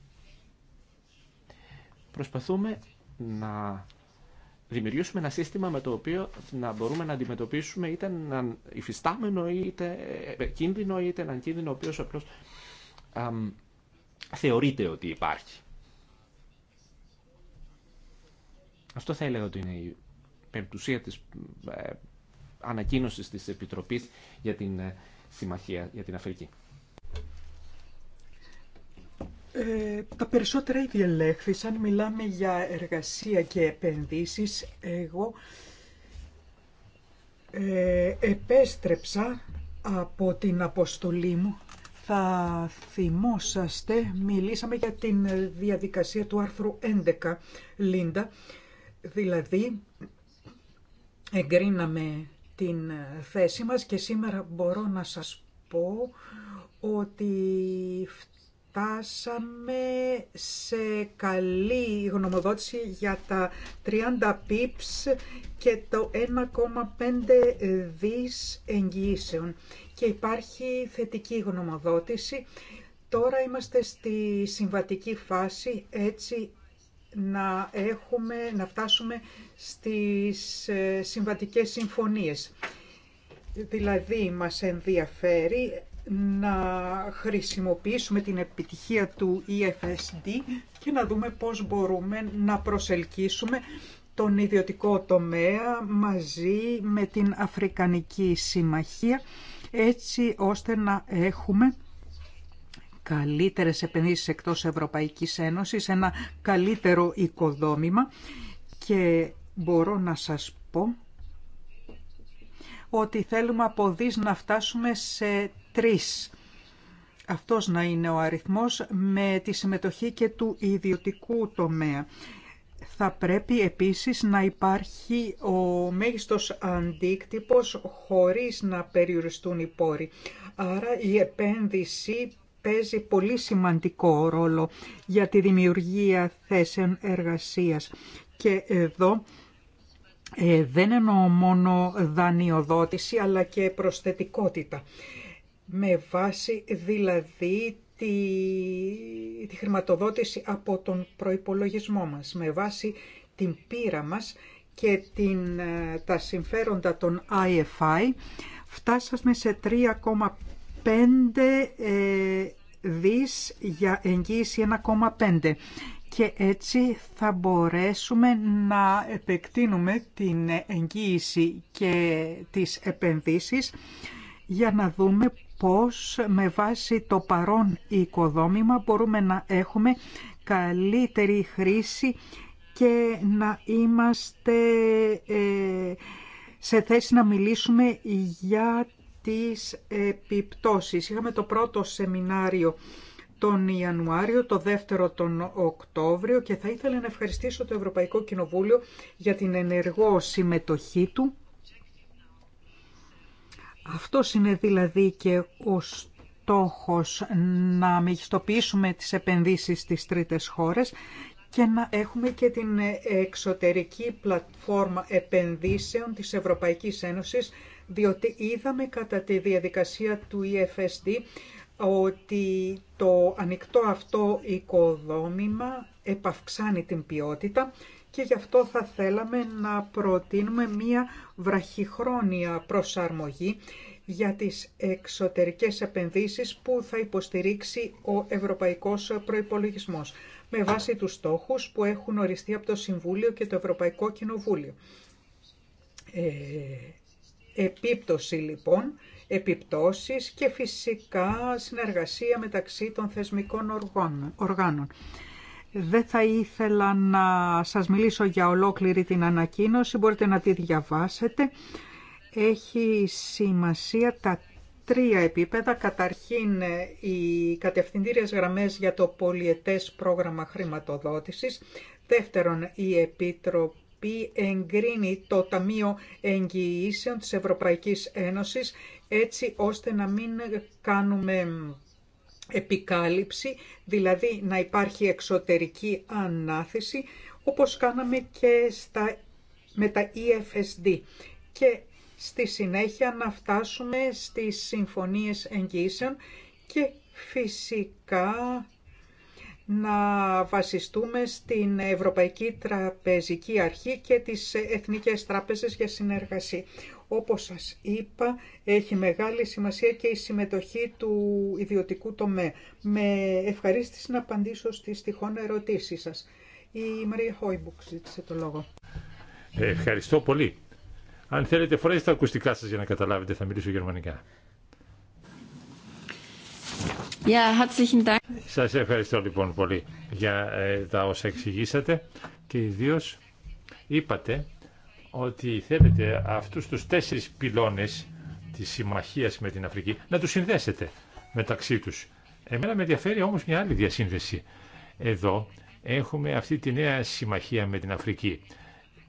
C: Προσπαθούμε να δημιουργήσουμε ένα σύστημα με το οποίο να μπορούμε να αντιμετωπίσουμε είτε έναν υφιστάμενο είτε ε, κίνδυνο είτε έναν κίνδυνο ο οποίος απλώς θεωρείται ότι υπάρχει. Αυτό θα έλεγα ότι είναι η περιπτουσία της ε, ανακοίνωσης της Επιτροπής για την ε, για την Αφρική.
A: Ε, τα περισσότερα ήδη ελέγχθησαν. Μιλάμε για εργασία και επενδύσεις. Εγώ ε, επέστρεψα από την αποστολή μου. Θα θυμόσαστε, μιλήσαμε για την διαδικασία του άρθρου 11, Λίντα. Δηλαδή, εγκρίναμε την θέση μας και σήμερα μπορώ να σας πω ότι φτάσαμε σε καλή γνωμοδότηση για τα 30 pips και το 1,5 δις εγγυήσεων. Και υπάρχει θετική γνωμοδότηση. Τώρα είμαστε στη συμβατική φάση έτσι να, έχουμε, να φτάσουμε στις ε, συμβατικές συμφωνίες. Δηλαδή μας ενδιαφέρει να χρησιμοποιήσουμε την επιτυχία του EFSD και να δούμε πώς μπορούμε να προσελκύσουμε τον ιδιωτικό τομέα μαζί με την Αφρικανική Συμμαχία έτσι ώστε να έχουμε καλύτερες επενδύσεις εκτός Ευρωπαϊκής Ένωσης, ένα καλύτερο οικοδόμημα και μπορώ να σας πω ότι θέλουμε από δις να φτάσουμε σε τρεις. Αυτός να είναι ο αριθμός με τη συμμετοχή και του ιδιωτικού τομέα. Θα πρέπει επίσης να υπάρχει ο μέγιστος αντίκτυπος χωρίς να περιοριστούν οι πόροι. Άρα η επένδυση παίζει πολύ σημαντικό ρόλο για τη δημιουργία θέσεων εργασίας. Και εδώ ε, δεν εννοώ μόνο δανειοδότηση αλλά και προσθετικότητα με βάση δηλαδή τη, χρηματοδότηση από τον προϋπολογισμό μας, με βάση την πείρα μας και την, ε, τα συμφέροντα των IFI, φτάσαμε σε 3,5 ε, δις για εγγύηση 1,5 και έτσι θα μπορέσουμε να επεκτείνουμε την εγγύηση και τις επενδύσεις για να δούμε πώς με βάση το παρόν οικοδόμημα μπορούμε να έχουμε καλύτερη χρήση και να είμαστε ε, σε θέση να μιλήσουμε για τις επιπτώσεις. Είχαμε το πρώτο σεμινάριο τον Ιανουάριο, το δεύτερο τον Οκτώβριο και θα ήθελα να ευχαριστήσω το Ευρωπαϊκό Κοινοβούλιο για την ενεργό συμμετοχή του αυτό είναι δηλαδή και ο στόχος να μεγιστοποιήσουμε τις επενδύσεις στις τρίτες χώρες και να έχουμε και την εξωτερική πλατφόρμα επενδύσεων της Ευρωπαϊκής Ένωσης, διότι είδαμε κατά τη διαδικασία του EFSD ότι το ανοιχτό αυτό οικοδόμημα επαυξάνει την ποιότητα και γι' αυτό θα θέλαμε να προτείνουμε μία βραχυχρόνια προσαρμογή για τις εξωτερικές επενδύσεις που θα υποστηρίξει ο Ευρωπαϊκός Προϋπολογισμός με βάση τους στόχους που έχουν οριστεί από το Συμβούλιο και το Ευρωπαϊκό Κοινοβούλιο. Ε, επίπτωση λοιπόν, επιπτώσεις και φυσικά συνεργασία μεταξύ των θεσμικών οργάνων. Δεν θα ήθελα να σας μιλήσω για ολόκληρη την ανακοίνωση, μπορείτε να τη διαβάσετε. Έχει σημασία τα τρία επίπεδα. Καταρχήν, οι κατευθυντήριες γραμμές για το πολιετές πρόγραμμα χρηματοδότησης. Δεύτερον, η Επίτροπη εγκρίνει το Ταμείο Εγγυήσεων της Ευρωπαϊκής Ένωσης έτσι ώστε να μην κάνουμε επικάλυψη, δηλαδή να υπάρχει εξωτερική ανάθεση, όπως κάναμε και στα, με τα EFSD. Και στη συνέχεια να φτάσουμε στις συμφωνίες εγγύσεων και φυσικά να βασιστούμε στην Ευρωπαϊκή Τραπεζική Αρχή και τις Εθνικές Τράπεζες για συνεργασία. Όπως σας είπα, έχει μεγάλη σημασία και η συμμετοχή του ιδιωτικού τομέα. Με ευχαρίστηση να απαντήσω στις τυχόν ερωτήσεις σας. Η Μαρία Χόιμπουκ ζήτησε το λόγο.
B: Ευχαριστώ πολύ. Αν θέλετε φορέστε τα ακουστικά σας για να καταλάβετε, θα μιλήσω γερμανικά.
D: Yeah,
B: σας ευχαριστώ λοιπόν πολύ για ε, τα όσα εξηγήσατε και ιδίως είπατε ότι θέλετε αυτούς τους τέσσερις πυλώνες της συμμαχίας με την Αφρική να τους συνδέσετε μεταξύ τους. Εμένα με ενδιαφέρει όμως μια άλλη διασύνδεση. Εδώ έχουμε αυτή τη νέα συμμαχία με την Αφρική.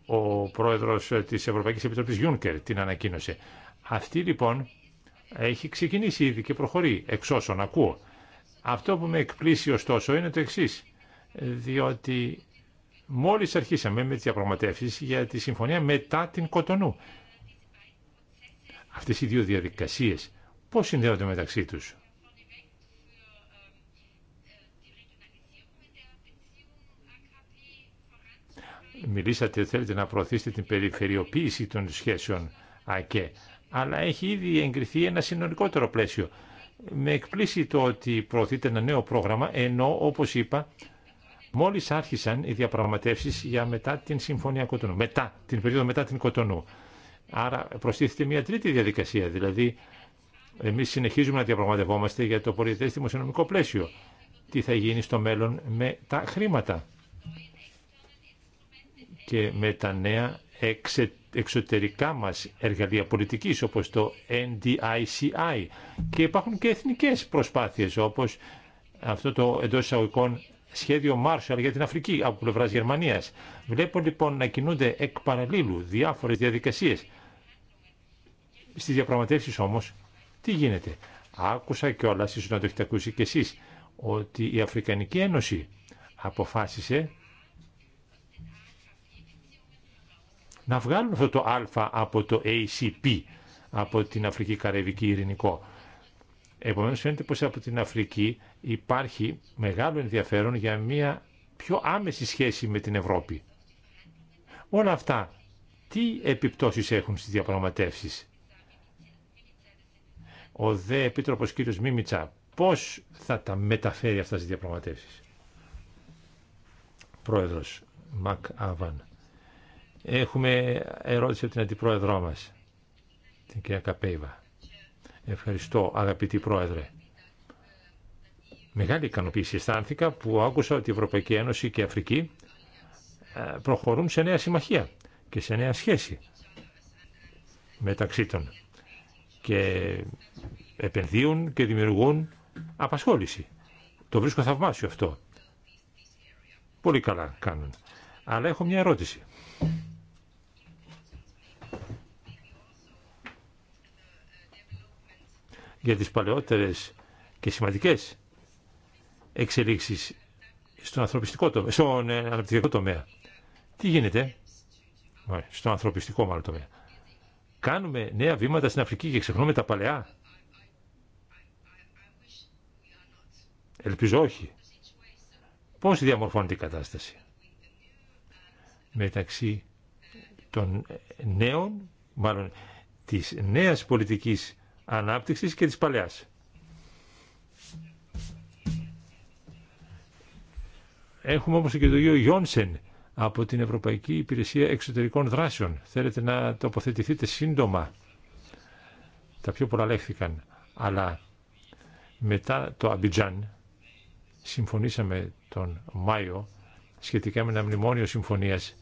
B: Ο πρόεδρος της Ευρωπαϊκής Επιτροπής Γιούνκερ την ανακοίνωσε. Αυτή λοιπόν έχει ξεκινήσει ήδη και προχωρεί εξ όσων ακούω. Αυτό που με εκπλήσει ωστόσο είναι το εξής, διότι Μόλις αρχίσαμε με τις διαπραγματεύσεις για τη συμφωνία μετά την Κοτονού. Αυτές οι δύο διαδικασίες πώς συνδέονται μεταξύ τους. Μιλήσατε, ότι θέλετε να προωθήσετε την περιφερειοποίηση των σχέσεων ΑΚΕ, αλλά έχει ήδη εγκριθεί ένα συνολικότερο πλαίσιο. Με εκπλήσει το ότι προωθείτε ένα νέο πρόγραμμα, ενώ όπως είπα Μόλις άρχισαν οι διαπραγματεύσεις για μετά την Συμφωνία Κοτονού, μετά την περίοδο μετά την Κοτονού. Άρα προστίθεται μια τρίτη διαδικασία, δηλαδή εμείς συνεχίζουμε να διαπραγματευόμαστε για το πολιτές δημοσιονομικό πλαίσιο. Τι θα γίνει στο μέλλον με τα χρήματα και με τα νέα εξωτερικά μας εργαλεία πολιτικής όπως το NDICI και υπάρχουν και εθνικές προσπάθειες όπως αυτό το εντό εισαγωγικών σχέδιο Marshall για την Αφρική από πλευρά Γερμανία. Βλέπω λοιπόν να κινούνται εκ παραλίλου διάφορε διαδικασίε. Στι διαπραγματεύσει όμω, τι γίνεται. Άκουσα κιόλα, ίσω να το έχετε ακούσει κι εσεί, ότι η Αφρικανική Ένωση αποφάσισε να βγάλουν αυτό το α από το ACP, από την Αφρική Καραϊβική Ειρηνικό. Επομένως φαίνεται πως από την Αφρική υπάρχει μεγάλο ενδιαφέρον για μια πιο άμεση σχέση με την Ευρώπη. Όλα αυτά τι επιπτώσεις έχουν στις διαπραγματεύσεις. Ο δε Επίτροπος κ. Μίμητσα πώς θα τα μεταφέρει αυτά στις διαπραγματεύσεις. Πρόεδρος Μακ Άβαν. Έχουμε ερώτηση από την αντιπρόεδρό μας, την κυρία Καπέιβα. Ευχαριστώ αγαπητή Πρόεδρε. Μεγάλη ικανοποίηση αισθάνθηκα που άκουσα ότι η Ευρωπαϊκή Ένωση και η Αφρική ε, προχωρούν σε νέα συμμαχία και σε νέα σχέση μεταξύ των και επενδύουν και δημιουργούν απασχόληση. Το βρίσκω θαυμάσιο αυτό. Πολύ καλά κάνουν. Αλλά έχω μια ερώτηση. για τις παλαιότερες και σημαντικές εξελίξεις στον ανθρωπιστικό τομέα, στον ε, τομέα. Τι γίνεται, στον ανθρωπιστικό μάλλον τομέα. Κάνουμε νέα βήματα στην Αφρική και ξεχνούμε τα παλαιά. Ελπίζω όχι. Πώς διαμορφώνεται η κατάσταση μεταξύ των νέων, μάλλον της νέας πολιτικής ανάπτυξης και της παλαιάς. Έχουμε όμως και το κύριο Γιόνσεν από την Ευρωπαϊκή Υπηρεσία Εξωτερικών Δράσεων. Θέλετε να τοποθετηθείτε σύντομα. Τα πιο πολλά λέχθηκαν. Αλλά μετά το Αμπιτζάν συμφωνήσαμε τον Μάιο σχετικά με ένα μνημόνιο συμφωνίας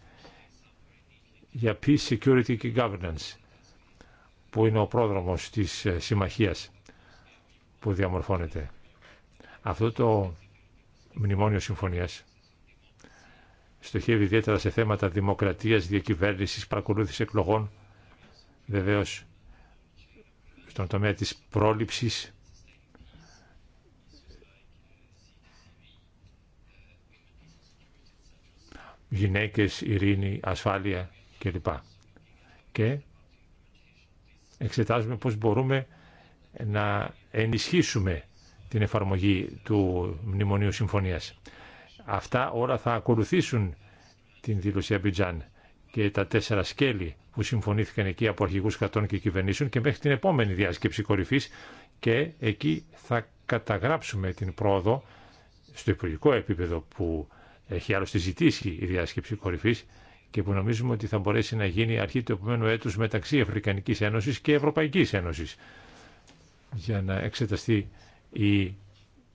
B: για Peace, Security και Governance που είναι ο πρόδρομος της ε, συμμαχίας που διαμορφώνεται. Αυτό το μνημόνιο συμφωνίας στοχεύει ιδιαίτερα σε θέματα δημοκρατίας, διακυβέρνησης, παρακολούθηση εκλογών, βεβαίως στον τομέα της πρόληψης, γυναίκες, ειρήνη, ασφάλεια κλπ. Και εξετάζουμε πώς μπορούμε να ενισχύσουμε την εφαρμογή του Μνημονίου Συμφωνίας. Αυτά όλα θα ακολουθήσουν την δήλωση Αμπιτζάν και τα τέσσερα σκέλη που συμφωνήθηκαν εκεί από αρχηγού κρατών και κυβερνήσεων και μέχρι την επόμενη διάσκεψη κορυφής και εκεί θα καταγράψουμε την πρόοδο στο υπουργικό επίπεδο που έχει άλλωστε ζητήσει η διάσκεψη κορυφής και που νομίζουμε ότι θα μπορέσει να γίνει αρχή του επόμενου έτους μεταξύ Αφρικανικής Ένωσης και Ευρωπαϊκής Ένωσης για να εξεταστεί η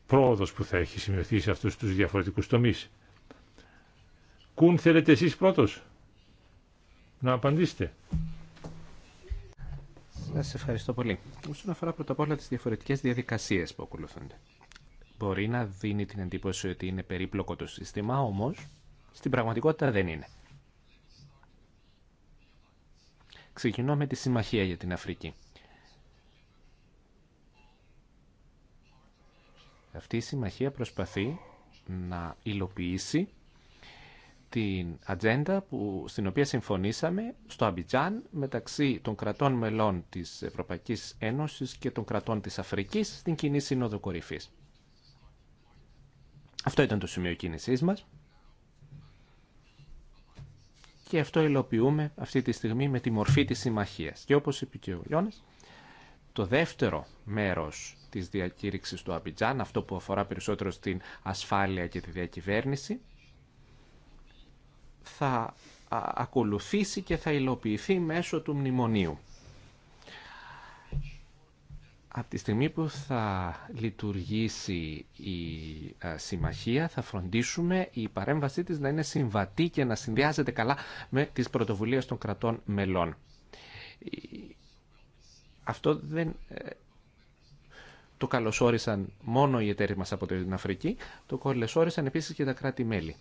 B: πρόοδος που θα έχει σημειωθεί σε αυτούς τους διαφορετικούς τομείς. Κουν θέλετε εσείς πρώτος να απαντήσετε. Σα ευχαριστώ πολύ. Όσον αφορά πρώτα απ' όλα τι διαφορετικέ
C: διαδικασίε που ακολουθούνται. Μπορεί να δίνει την εντύπωση ότι είναι περίπλοκο το σύστημα, όμω, στην πραγματικότητα δεν είναι. Ξεκινώ με τη Συμμαχία για την Αφρική. Αυτή η συμμαχία προσπαθεί να υλοποιήσει την ατζέντα που, στην οποία συμφωνήσαμε στο Αμπιτζάν μεταξύ των κρατών μελών της Ευρωπαϊκής Ένωσης και των κρατών της Αφρικής στην κοινή Σύνοδο Κορυφής. Αυτό ήταν το σημείο κίνησής μας και αυτό υλοποιούμε αυτή τη στιγμή με τη μορφή της συμμαχίας. Και όπως είπε και ο το δεύτερο μέρος της διακήρυξης του Αμπιτζάν, αυτό που αφορά περισσότερο στην ασφάλεια και τη διακυβέρνηση, θα ακολουθήσει και θα υλοποιηθεί μέσω του μνημονίου. Από τη στιγμή που θα λειτουργήσει η ε, συμμαχία θα φροντίσουμε η παρέμβασή της να είναι συμβατή και να συνδυάζεται καλά με τις πρωτοβουλίες των κρατών μελών. Αυτό δεν ε, το καλωσόρισαν μόνο οι εταίροι μας από την Αφρική, το καλωσόρισαν επίσης και τα κράτη-μέλη.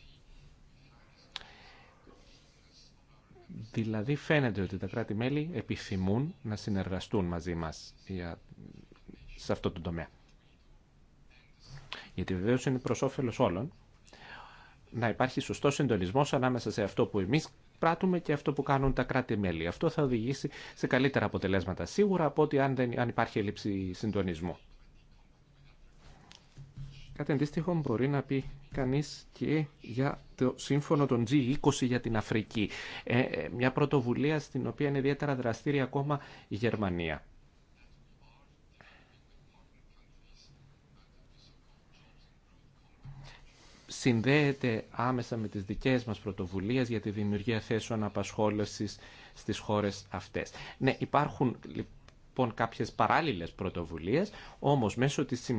C: Δηλαδή φαίνεται ότι τα κράτη-μέλη επιθυμούν να συνεργαστούν μαζί μας για σε αυτό το τομέα. Γιατί βεβαίω είναι προ όφελο όλων να υπάρχει σωστό συντονισμό ανάμεσα σε αυτό που εμεί πράττουμε και αυτό που κάνουν τα κράτη-μέλη. Αυτό θα οδηγήσει σε καλύτερα αποτελέσματα σίγουρα από ότι αν, δεν, αν υπάρχει έλλειψη συντονισμού. Κάτι αντίστοιχο μπορεί να πει κανείς και για το σύμφωνο των G20 για την Αφρική. Ε, ε μια πρωτοβουλία στην οποία είναι ιδιαίτερα δραστήρια ακόμα η Γερμανία. συνδέεται άμεσα με τις δικές μας πρωτοβουλίες για τη δημιουργία θέσεων απασχόλησης στις χώρες αυτές. Ναι, υπάρχουν λοιπόν κάποιες παράλληλες πρωτοβουλίες, όμως μέσω της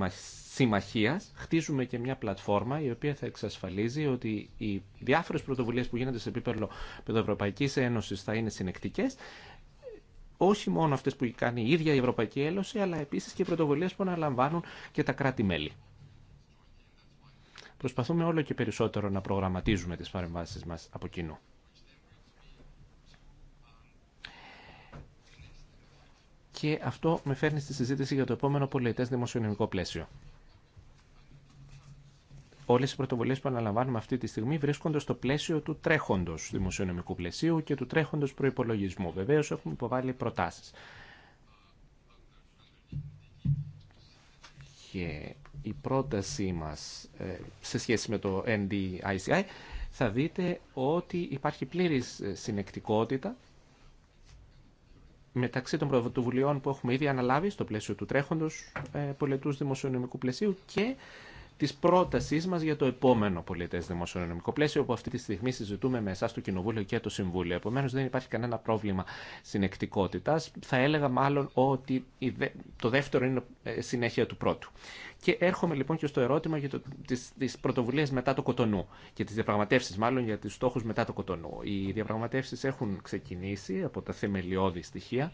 C: συμμαχίας χτίζουμε και μια πλατφόρμα η οποία θα εξασφαλίζει ότι οι διάφορες πρωτοβουλίες που γίνονται σε επίπεδο Ευρωπαϊκής Ένωσης θα είναι συνεκτικές, όχι μόνο αυτές που κάνει η ίδια η Ευρωπαϊκή Ένωση, αλλά επίσης και οι πρωτοβουλίες που αναλαμβάνουν και τα κράτη-μέλη προσπαθούμε όλο και περισσότερο να προγραμματίζουμε τις παρεμβάσεις μας από κοινού. Και αυτό με φέρνει στη συζήτηση για το επόμενο πολιτές δημοσιονομικό πλαίσιο. Όλες οι πρωτοβουλίες που αναλαμβάνουμε αυτή τη στιγμή βρίσκονται στο πλαίσιο του τρέχοντος δημοσιονομικού πλαισίου και του τρέχοντος προϋπολογισμού. Βεβαίως έχουμε υποβάλει προτάσεις. και η πρότασή μας ε, σε σχέση με το NDICI θα δείτε ότι υπάρχει πλήρης ε, συνεκτικότητα μεταξύ των πρωτοβουλειών που έχουμε ήδη αναλάβει στο πλαίσιο του τρέχοντος ε, πολιτούς δημοσιονομικού πλαισίου και Τη πρότασή μα για το επόμενο πολιτέ δημοσιονομικό πλαίσιο που αυτή τη στιγμή συζητούμε με εσά το Κοινοβούλιο και το Συμβούλιο. Επομένω, δεν υπάρχει κανένα πρόβλημα συνεκτικότητα, Θα έλεγα μάλλον ότι το δεύτερο είναι ε, συνέχεια του πρώτου. Και έρχομαι λοιπόν και στο ερώτημα για τι τις, μετά το Κοτονού και τι διαπραγματεύσει, μάλλον για του στόχου μετά το Κοτονού. Οι διαπραγματεύσει έχουν ξεκινήσει από τα θεμελιώδη στοιχεία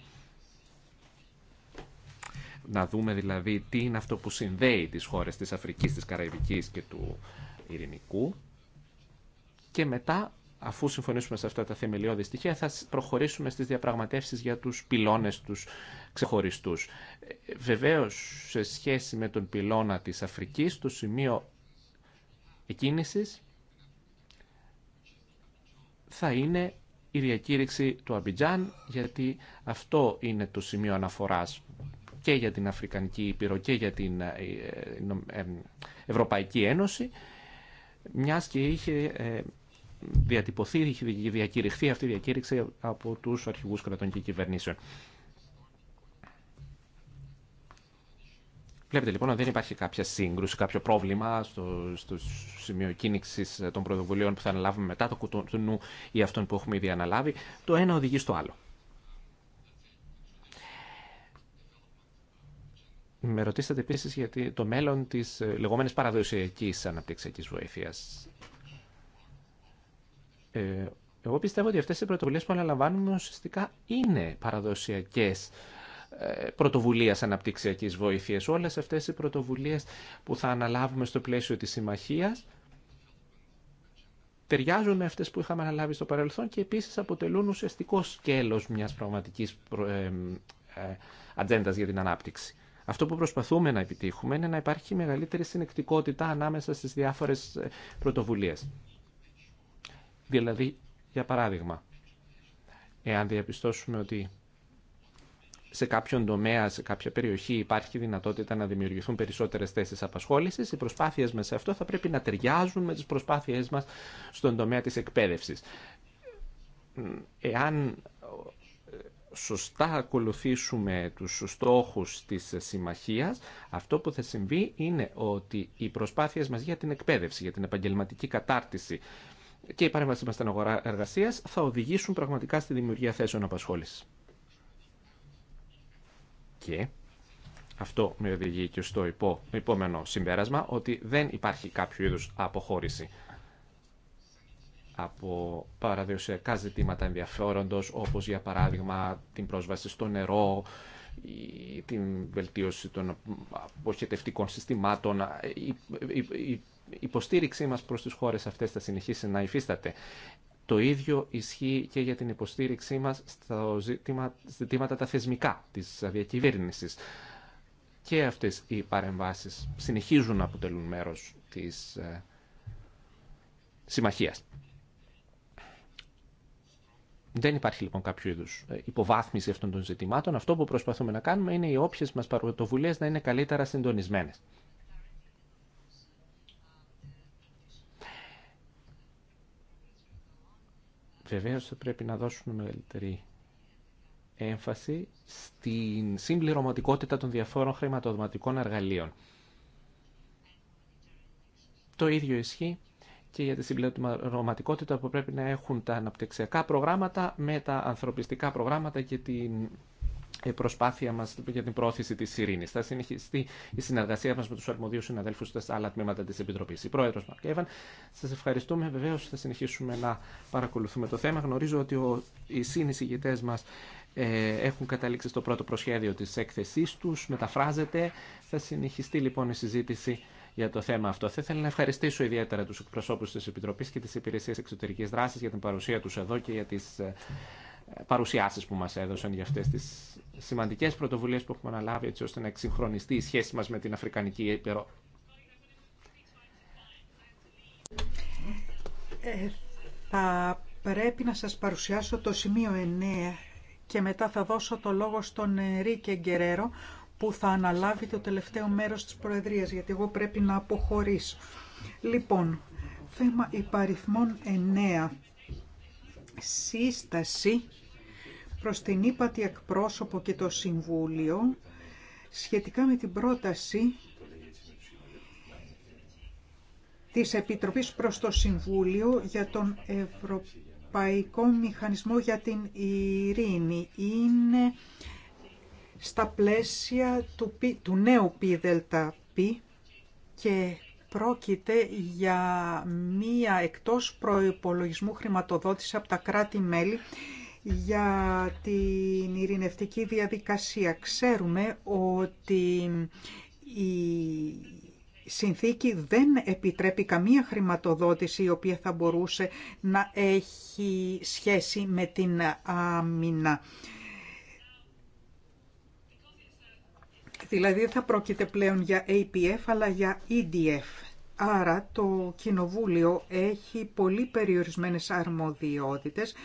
C: να δούμε δηλαδή τι είναι αυτό που συνδέει τις χώρες της Αφρικής, της Καραϊβικής και του Ειρηνικού και μετά αφού συμφωνήσουμε σε αυτά τα θεμελιώδη στοιχεία, θα προχωρήσουμε στις διαπραγματεύσεις για τους πυλώνες τους ξεχωριστούς. Ε, βεβαίως, σε σχέση με τον πυλώνα της Αφρικής, το σημείο εκκίνησης θα είναι η διακήρυξη του Αμπιτζάν, γιατί αυτό είναι το σημείο αναφοράς και για την Αφρικανική Ήπειρο και για την ε, ε, ε, Ευρωπαϊκή Ένωση, μιας και είχε διατυπωθεί, είχε διακηρυχθεί αυτή η διακήρυξη από τους αρχηγούς κρατών και κυβερνήσεων. Βλέπετε λοιπόν ότι δεν υπάρχει κάποια σύγκρουση, κάποιο πρόβλημα στο, στο σημείο κίνηση των πρωτοβουλίων που θα αναλάβουμε μετά το κουτουνού ή αυτών που έχουμε ήδη αναλάβει. Το ένα οδηγεί στο άλλο. Με ρωτήσατε επίση για το μέλλον τη ε, λεγόμενη παραδοσιακή αναπτυξιακή βοήθεια. Ε, εγώ πιστεύω ότι αυτέ οι πρωτοβουλίε που αναλαμβάνουμε ουσιαστικά είναι παραδοσιακέ ε, πρωτοβουλίες αναπτυξιακής βοήθειας. Όλες αυτές οι πρωτοβουλίες που θα αναλάβουμε στο πλαίσιο της συμμαχίας ταιριάζουν με αυτές που είχαμε αναλάβει στο παρελθόν και επίσης αποτελούν ουσιαστικό σκέλος μιας πραγματικής ατζέντα για την ανάπτυξη. Αυτό που προσπαθούμε να επιτύχουμε είναι να υπάρχει μεγαλύτερη συνεκτικότητα ανάμεσα στις διάφορες ε, πρωτοβουλίες. Δηλαδή, για παράδειγμα, εάν διαπιστώσουμε ότι σε κάποιον τομέα, σε κάποια περιοχή υπάρχει δυνατότητα να δημιουργηθούν περισσότερες θέσεις απασχόλησης, οι προσπάθειες μας σε αυτό θα πρέπει να ταιριάζουν με τις προσπάθειές μας στον τομέα της εκπαίδευσης. Εάν σωστά ακολουθήσουμε τους στόχους της συμμαχίας, αυτό που θα συμβεί είναι ότι οι προσπάθειες μας για την εκπαίδευση, για την επαγγελματική κατάρτιση και η παρέμβασή μας στην αγορά εργασίας θα οδηγήσουν πραγματικά στη δημιουργία θέσεων απασχόλησης. Και αυτό με οδηγεί και στο υπό, επόμενο συμπέρασμα, ότι δεν υπάρχει κάποιο είδους αποχώρηση από παραδοσιακά ζητήματα ενδιαφέροντος, όπως για παράδειγμα την πρόσβαση στο νερό, την βελτίωση των αποχετευτικών συστημάτων. Η υποστήριξή μας προς τις χώρες αυτές θα συνεχίσει να υφίσταται. Το ίδιο ισχύει και για την υποστήριξή μας στα ζητήματα, ζητήματα τα θεσμικά της διακυβέρνησης. Και αυτές οι παρεμβάσεις συνεχίζουν να αποτελούν μέρος της ε, συμμαχίας. Δεν υπάρχει λοιπόν κάποιο είδου ε, υποβάθμιση αυτών των ζητημάτων. Αυτό που προσπαθούμε να κάνουμε είναι οι όποιε μα πρωτοβουλίε να είναι καλύτερα συντονισμένε. Βεβαίω θα πρέπει να δώσουμε μεγαλύτερη έμφαση στην συμπληρωματικότητα των διαφόρων χρηματοδοματικών εργαλείων. Το ίδιο ισχύει και για τη συμπληρωματικότητα που πρέπει να έχουν τα αναπτυξιακά προγράμματα με τα ανθρωπιστικά προγράμματα και την ε, προσπάθεια μας για την πρόθεση της ειρήνης. Θα συνεχιστεί η συνεργασία μας με τους αρμοδίους συναδέλφους στα άλλα τμήματα της Επιτροπής. Η Πρόεδρος Μαρκέβαν, σας ευχαριστούμε. Βεβαίως θα συνεχίσουμε να παρακολουθούμε το θέμα. Γνωρίζω ότι οι συνεισηγητές μας ε, έχουν καταλήξει στο πρώτο προσχέδιο της έκθεσής τους, μεταφράζεται. Θα συνεχιστεί λοιπόν η συζήτηση για το θέμα αυτό. Θα ήθελα να ευχαριστήσω ιδιαίτερα του εκπροσώπου τη Επιτροπή και τη Υπηρεσία Εξωτερική Δράση για την παρουσία του εδώ και για τι ε, παρουσιάσει που μα έδωσαν για αυτέ τι σημαντικέ πρωτοβουλίε που έχουμε αναλάβει έτσι ώστε να εξυγχρονιστεί η σχέση μα με την Αφρικανική Ήπειρο.
A: Ε, θα πρέπει να σας παρουσιάσω το σημείο 9 και μετά θα δώσω το λόγο στον Ρίκε Γκερέρο, που θα αναλάβει το τελευταίο μέρος της Προεδρίας, γιατί εγώ πρέπει να αποχωρήσω. Λοιπόν, θέμα υπαριθμών 9. Σύσταση προς την ύπατη εκπρόσωπο και το Συμβούλιο σχετικά με την πρόταση της Επιτροπής προς το Συμβούλιο για τον Ευρωπαϊκό Μηχανισμό για την Ειρήνη. Είναι στα πλαίσια του, του νέου ΠΔΠ και πρόκειται για μία εκτός προϋπολογισμού χρηματοδότηση από τα κράτη-μέλη για την ειρηνευτική διαδικασία. Ξέρουμε ότι η συνθήκη δεν επιτρέπει καμία χρηματοδότηση η οποία θα μπορούσε να έχει σχέση με την άμυνα. Δηλαδή δεν θα πρόκειται πλέον για APF αλλά για EDF. Άρα το Κοινοβούλιο έχει πολύ περιορισμένες αρμοδιότητες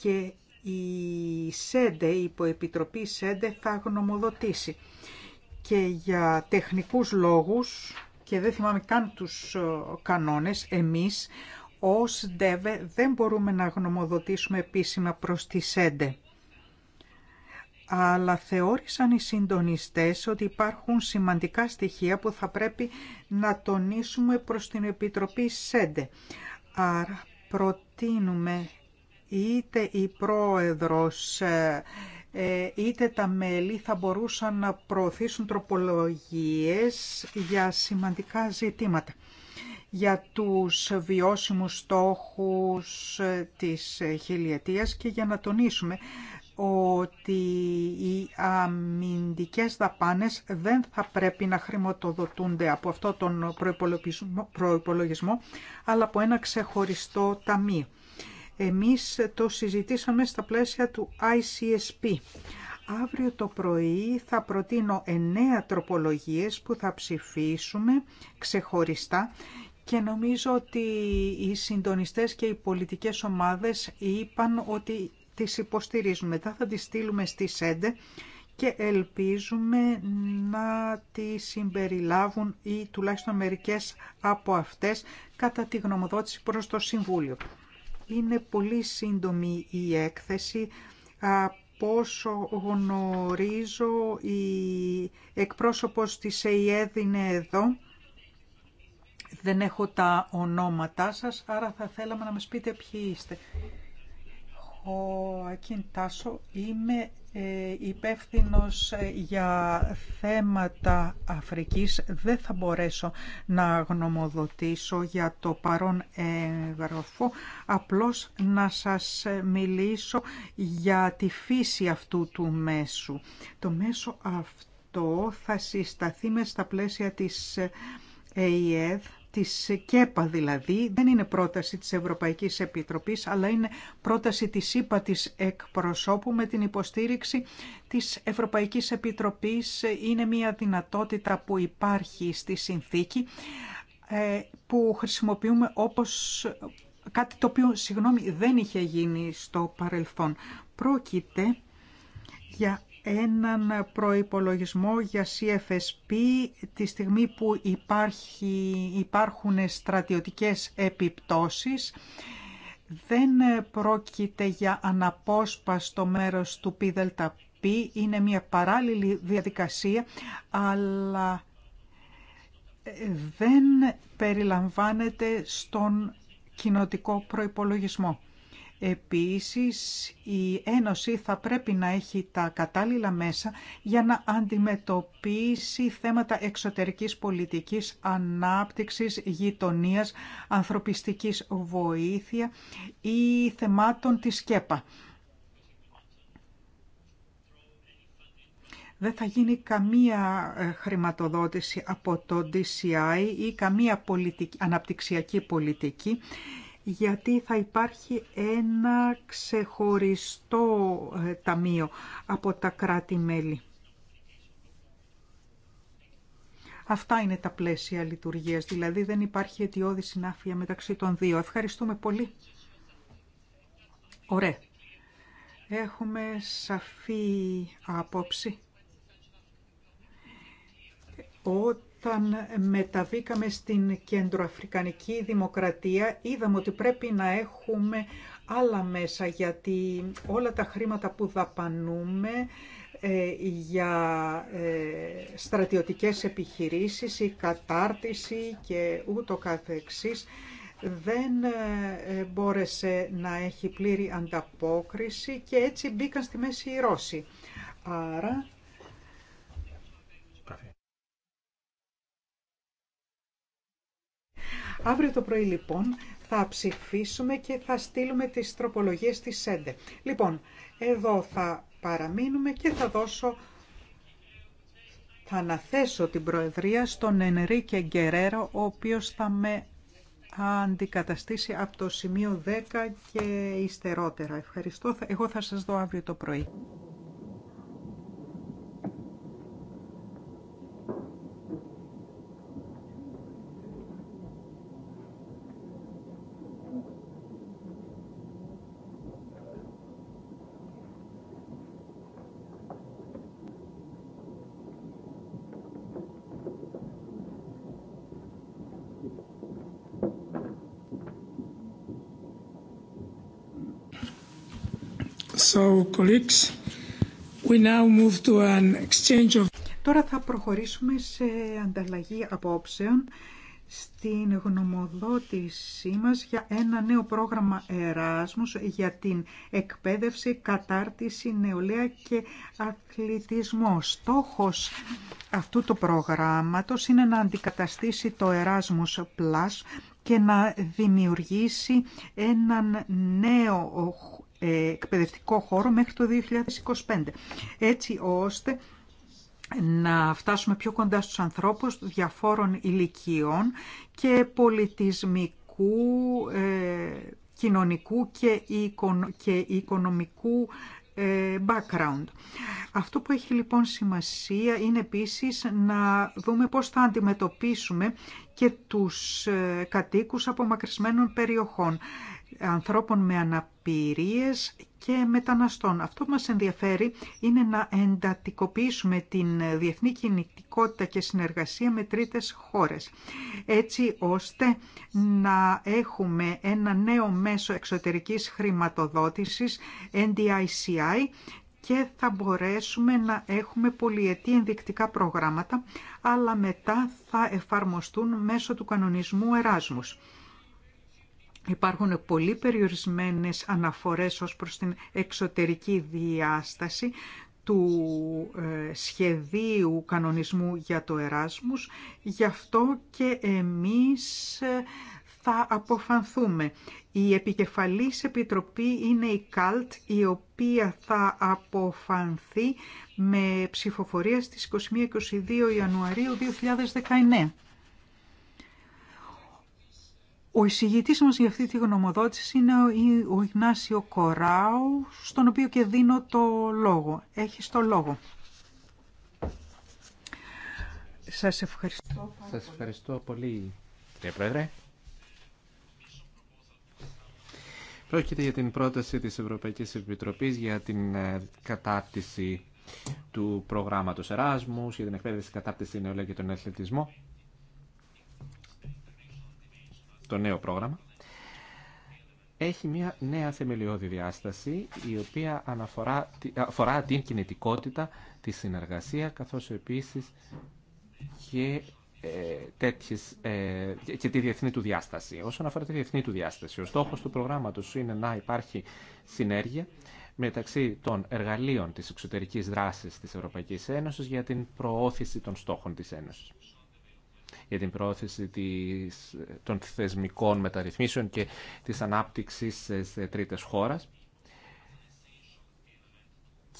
A: και η ΣΕΝΤΕ, η υποεπιτροπή ΣΕΝΤΕ θα γνωμοδοτήσει. Και για τεχνικούς λόγους, και δεν θυμάμαι καν τους ε, κανόνες, εμείς ως ΔΕΒΕ δεν μπορούμε να γνωμοδοτήσουμε επίσημα προς τη ΣΕΝΤΕ αλλά θεώρησαν οι συντονιστές ότι υπάρχουν σημαντικά στοιχεία που θα πρέπει να τονίσουμε προς την Επιτροπή ΣΕΝΤΕ. Άρα προτείνουμε είτε η πρόεδρος ε, ε, είτε τα μέλη θα μπορούσαν να προωθήσουν τροπολογίες για σημαντικά ζητήματα για τους βιώσιμους στόχους ε, της χιλιετίας και για να τονίσουμε ότι οι αμυντικές δαπάνες δεν θα πρέπει να χρηματοδοτούνται από αυτό τον προϋπολογισμό, αλλά από ένα ξεχωριστό ταμείο. Εμείς το συζητήσαμε στα πλαίσια του ICSP. Αύριο το πρωί θα προτείνω εννέα τροπολογίες που θα ψηφίσουμε ξεχωριστά και νομίζω ότι οι συντονιστές και οι πολιτικές ομάδες είπαν ότι τις υποστηρίζουμε. Μετά θα τις στείλουμε στη ΣΕΝΤΕ και ελπίζουμε να τις συμπεριλάβουν ή τουλάχιστον μερικές από αυτές κατά τη γνωμοδότηση προς το Συμβούλιο. Είναι πολύ σύντομη η έκθεση. Από όσο γνωρίζω, η εκπρόσωπος της ΕΙΕΔ είναι εδώ. Δεν έχω τα ονόματά σας, άρα θα θέλαμε να μας πείτε ποιοι είστε. Ο Ακίν Τάσο είμαι ε, υπεύθυνος ε, για θέματα Αφρικής. Δεν θα μπορέσω να γνωμοδοτήσω για το παρόν έγγραφο, απλώς να σας ε, μιλήσω για τη φύση αυτού του μέσου. Το μέσο αυτό θα συσταθεί με στα πλαίσια της ΕΙΕΔ της ΚΕΠΑ δηλαδή, δεν είναι πρόταση της Ευρωπαϊκής Επιτροπής, αλλά είναι πρόταση της ΥΠΑ της εκπροσώπου με την υποστήριξη της Ευρωπαϊκής Επιτροπής. Είναι μια δυνατότητα που υπάρχει στη συνθήκη ε, που χρησιμοποιούμε όπως κάτι το οποίο, συγγνώμη, δεν είχε γίνει στο παρελθόν. Πρόκειται για έναν προϋπολογισμό για CFSP τη στιγμή που υπάρχει, υπάρχουν στρατιωτικές επιπτώσεις. Δεν πρόκειται για αναπόσπαστο μέρος του ΠΔΠ, είναι μια παράλληλη διαδικασία, αλλά δεν περιλαμβάνεται στον κοινοτικό προϋπολογισμό. Επίσης, η Ένωση θα πρέπει να έχει τα κατάλληλα μέσα για να αντιμετωπίσει θέματα εξωτερικής πολιτικής, ανάπτυξης, γειτονίας, ανθρωπιστικής βοήθεια ή θεμάτων της ΚΕΠΑ. δεν θα γίνει καμία ε, χρηματοδότηση από το DCI ή καμία αναπτυξιακή πολιτική γιατί θα υπάρχει ένα ξεχωριστό ε, ταμείο από τα κράτη-μέλη. Αυτά είναι τα πλαίσια λειτουργίας, δηλαδή δεν υπάρχει αιτιώδη συνάφεια μεταξύ των δύο. Ευχαριστούμε πολύ. Ωραία. Έχουμε σαφή άποψη ότι όταν μεταβήκαμε στην κεντροαφρικανική δημοκρατία είδαμε ότι πρέπει να έχουμε άλλα μέσα γιατί όλα τα χρήματα που δαπανούμε ε, για ε, στρατιωτικές επιχειρήσεις, η κατάρτιση και ούτω καθεξής δεν ε, μπόρεσε να έχει πλήρη ανταπόκριση και έτσι μπήκαν στη μέση οι Ρώσοι. Άρα Αύριο το πρωί λοιπόν θα ψηφίσουμε και θα στείλουμε τις τροπολογίες της ΣΕΝΤΕ. Λοιπόν, εδώ θα παραμείνουμε και θα δώσω... Θα αναθέσω την Προεδρία στον Ενρίκε Γκερέρο, ο οποίος θα με αντικαταστήσει από το σημείο 10 και υστερότερα. Ευχαριστώ. Εγώ θα σας δω αύριο το πρωί. Τώρα θα προχωρήσουμε σε ανταλλαγή απόψεων στην γνωμοδότησή μας για ένα νέο πρόγραμμα Εράσμους για την εκπαίδευση, κατάρτιση, νεολαία και αθλητισμό. Στόχος αυτού του προγράμματος είναι να αντικαταστήσει το Εράσμους Plus και να δημιουργήσει έναν νέο εκπαιδευτικό χώρο μέχρι το 2025, έτσι ώστε να φτάσουμε πιο κοντά στους ανθρώπους διαφόρων ηλικιών και πολιτισμικού, ε, κοινωνικού και οικονομικού ε, background. Αυτό που έχει λοιπόν σημασία είναι επίσης να δούμε πώς θα αντιμετωπίσουμε και τους ε, κατοίκους απομακρυσμένων περιοχών ανθρώπων με αναπηρίες και μεταναστών. Αυτό που μας ενδιαφέρει είναι να εντατικοποιήσουμε την διεθνή κινητικότητα και συνεργασία με τρίτες χώρες, έτσι ώστε να έχουμε ένα νέο μέσο εξωτερικής χρηματοδότησης, NDICI, και θα μπορέσουμε να έχουμε πολυετή ενδεικτικά προγράμματα, αλλά μετά θα εφαρμοστούν μέσω του κανονισμού Εράσμους. Υπάρχουν πολύ περιορισμένες αναφορές ως προς την εξωτερική διάσταση του ε, σχεδίου κανονισμού για το Εράσμους, γι' αυτό και εμείς ε, θα αποφανθούμε. Η επικεφαλής επιτροπή είναι η ΚΑΛΤ, η οποία θα αποφανθεί με ψηφοφορία στις 21-22 Ιανουαρίου 2019. Ο εισηγητή μα για αυτή τη γνωμοδότηση είναι ο Ιγνάσιο Κοράου, στον οποίο και δίνω το λόγο. Έχει το λόγο. Σας ευχαριστώ. Σας ευχαριστώ πολύ,
C: κύριε Πρόεδρε. Πρόκειται για την πρόταση της Ευρωπαϊκής Επιτροπής για την ε, κατάρτιση του προγράμματος Εράσμου, για την εκπαίδευση κατάρτιση νεολαία και τον αθλητισμό το νέο πρόγραμμα, έχει μια νέα θεμελιώδη διάσταση η οποία αναφορά, αφορά την κινητικότητα, τη συνεργασία καθώς επίσης και, ε, τέτοιες, ε, και τη διεθνή του διάσταση. Όσον αφορά τη διεθνή του διάσταση, ο στόχος του προγράμματος είναι να υπάρχει συνέργεια μεταξύ των εργαλείων της εξωτερικής δράσης της Ευρωπαϊκής Ένωσης για την προώθηση των στόχων της Ένωσης για την προώθηση των θεσμικών μεταρρυθμίσεων και της ανάπτυξης σε τρίτες χώρες.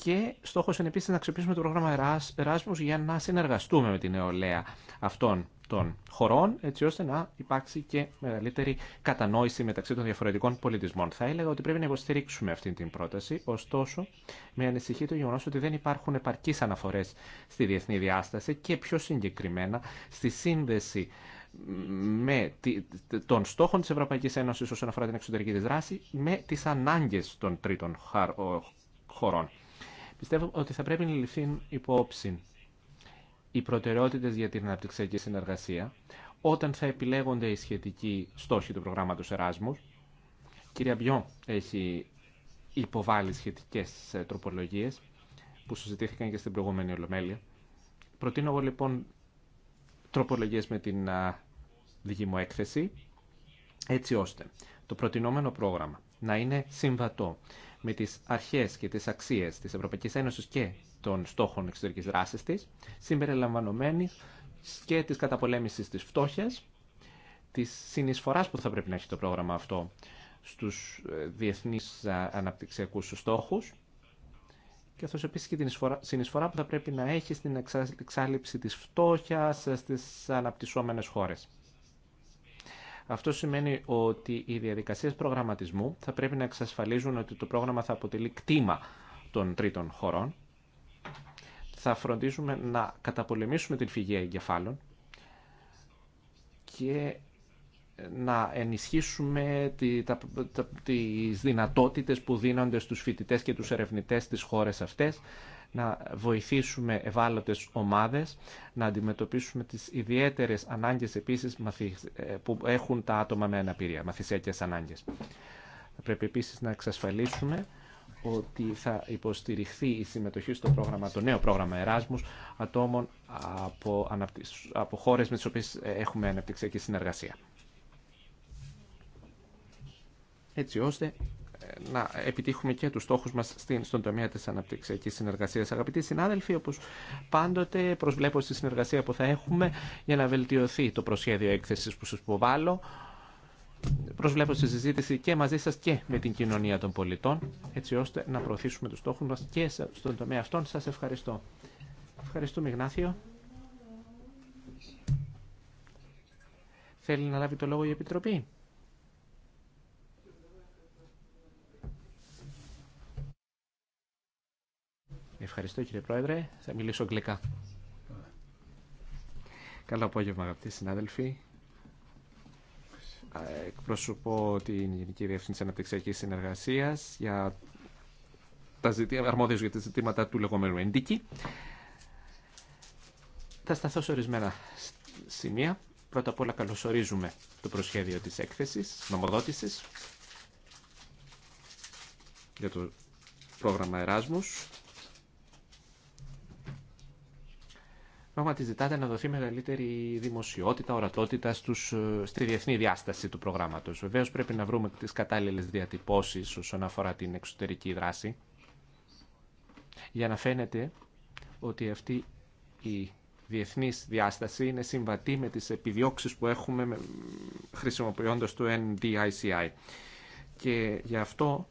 C: Και στόχο είναι επίση να αξιοποιήσουμε το πρόγραμμα Erasmus για να συνεργαστούμε με την νεολαία αυτών των χωρών, έτσι ώστε να υπάρξει και μεγαλύτερη κατανόηση μεταξύ των διαφορετικών πολιτισμών. Θα έλεγα ότι πρέπει να υποστηρίξουμε αυτή την πρόταση, ωστόσο με ανησυχεί το γεγονό ότι δεν υπάρχουν επαρκεί αναφορέ στη διεθνή διάσταση και πιο συγκεκριμένα στη σύνδεση με των στόχων της Ευρωπαϊκής Ένωσης όσον αφορά την εξωτερική δράση με τις ανάγκες των τρίτων χωρών. Πιστεύω ότι θα πρέπει να ληφθεί υπόψη οι προτεραιότητε για την αναπτυξιακή συνεργασία όταν θα επιλέγονται οι σχετικοί στόχοι του προγράμματο Εράσμου. Η κυρία Μπιό έχει υποβάλει σχετικές ε, τροπολογίε που συζητήθηκαν και στην προηγούμενη Ολομέλεια. Προτείνω εγώ λοιπόν τροπολογίες με την δική μου έκθεση, έτσι ώστε το προτινόμενο πρόγραμμα να είναι συμβατό με τις αρχές και τις αξίες της Ευρωπαϊκής Ένωσης και των στόχων εξωτερικής δράσης της, συμπεριλαμβανομένη και της καταπολέμησης της φτώχειας, της συνεισφοράς που θα πρέπει να έχει το πρόγραμμα αυτό στους ε, διεθνείς αναπτυξιακούς στόχους, καθώς επίσης και την συνεισφορά που θα πρέπει να έχει στην εξάλληψη της φτώχειας ε, στις αναπτυσσόμενες χώρες. Αυτό σημαίνει ότι οι διαδικασίες προγραμματισμού θα πρέπει να εξασφαλίζουν ότι το πρόγραμμα θα αποτελεί κτήμα των τρίτων χωρών. Θα φροντίζουμε να καταπολεμήσουμε την φυγή εγκεφάλων και να ενισχύσουμε τι τις δυνατότητες που δίνονται στους φοιτητές και τους ερευνητές στις χώρες αυτές να βοηθήσουμε ευάλωτες ομάδες, να αντιμετωπίσουμε τις ιδιαίτερες ανάγκες επίσης ε, που έχουν τα άτομα με αναπηρία, μαθησιακές ανάγκες. Πρέπει επίσης να εξασφαλίσουμε ότι θα υποστηριχθεί η συμμετοχή στο πρόγραμμα, το νέο πρόγραμμα Εράσμους ατόμων από, από χώρες με τις οποίες ε, έχουμε αναπτυξιακή συνεργασία. Έτσι ώστε να επιτύχουμε και τους στόχους μας στην, στον τομέα της αναπτυξιακής συνεργασίας. Αγαπητοί συνάδελφοι, όπως πάντοτε προσβλέπω στη συνεργασία που θα έχουμε για να βελτιωθεί το προσχέδιο έκθεσης που σας υποβάλλω. Προσβλέπω στη συζήτηση και μαζί σας και με την κοινωνία των πολιτών, έτσι ώστε να προωθήσουμε τους στόχους μας και στον τομέα αυτών. Σας ευχαριστώ. Ευχαριστούμε, Γνάθιο. Θέλει να λάβει το λόγο η Επιτροπή. Ευχαριστώ κύριε Πρόεδρε. Θα μιλήσω αγγλικά. Καλό απόγευμα αγαπητοί συνάδελφοι. Εκπροσωπώ την Γενική Διεύθυνση Αναπτυξιακή Συνεργασία για τα ζητήματα, για τα ζητήματα του λεγόμενου εντίκη. Θα σταθώ σε ορισμένα σημεία. Πρώτα απ' όλα καλωσορίζουμε το προσχέδιο της έκθεσης, νομοδότησης για το πρόγραμμα Εράσμους πράγματι ζητάτε να δοθεί μεγαλύτερη δημοσιότητα, ορατότητα στους, ε, στη διεθνή διάσταση του προγράμματος. Βεβαίω πρέπει να βρούμε τις κατάλληλες διατυπώσει όσον αφορά την εξωτερική δράση για να φαίνεται ότι αυτή η διεθνή διάσταση είναι συμβατή με τις επιδιώξει που έχουμε χρησιμοποιώντας το NDICI. Και γι' αυτό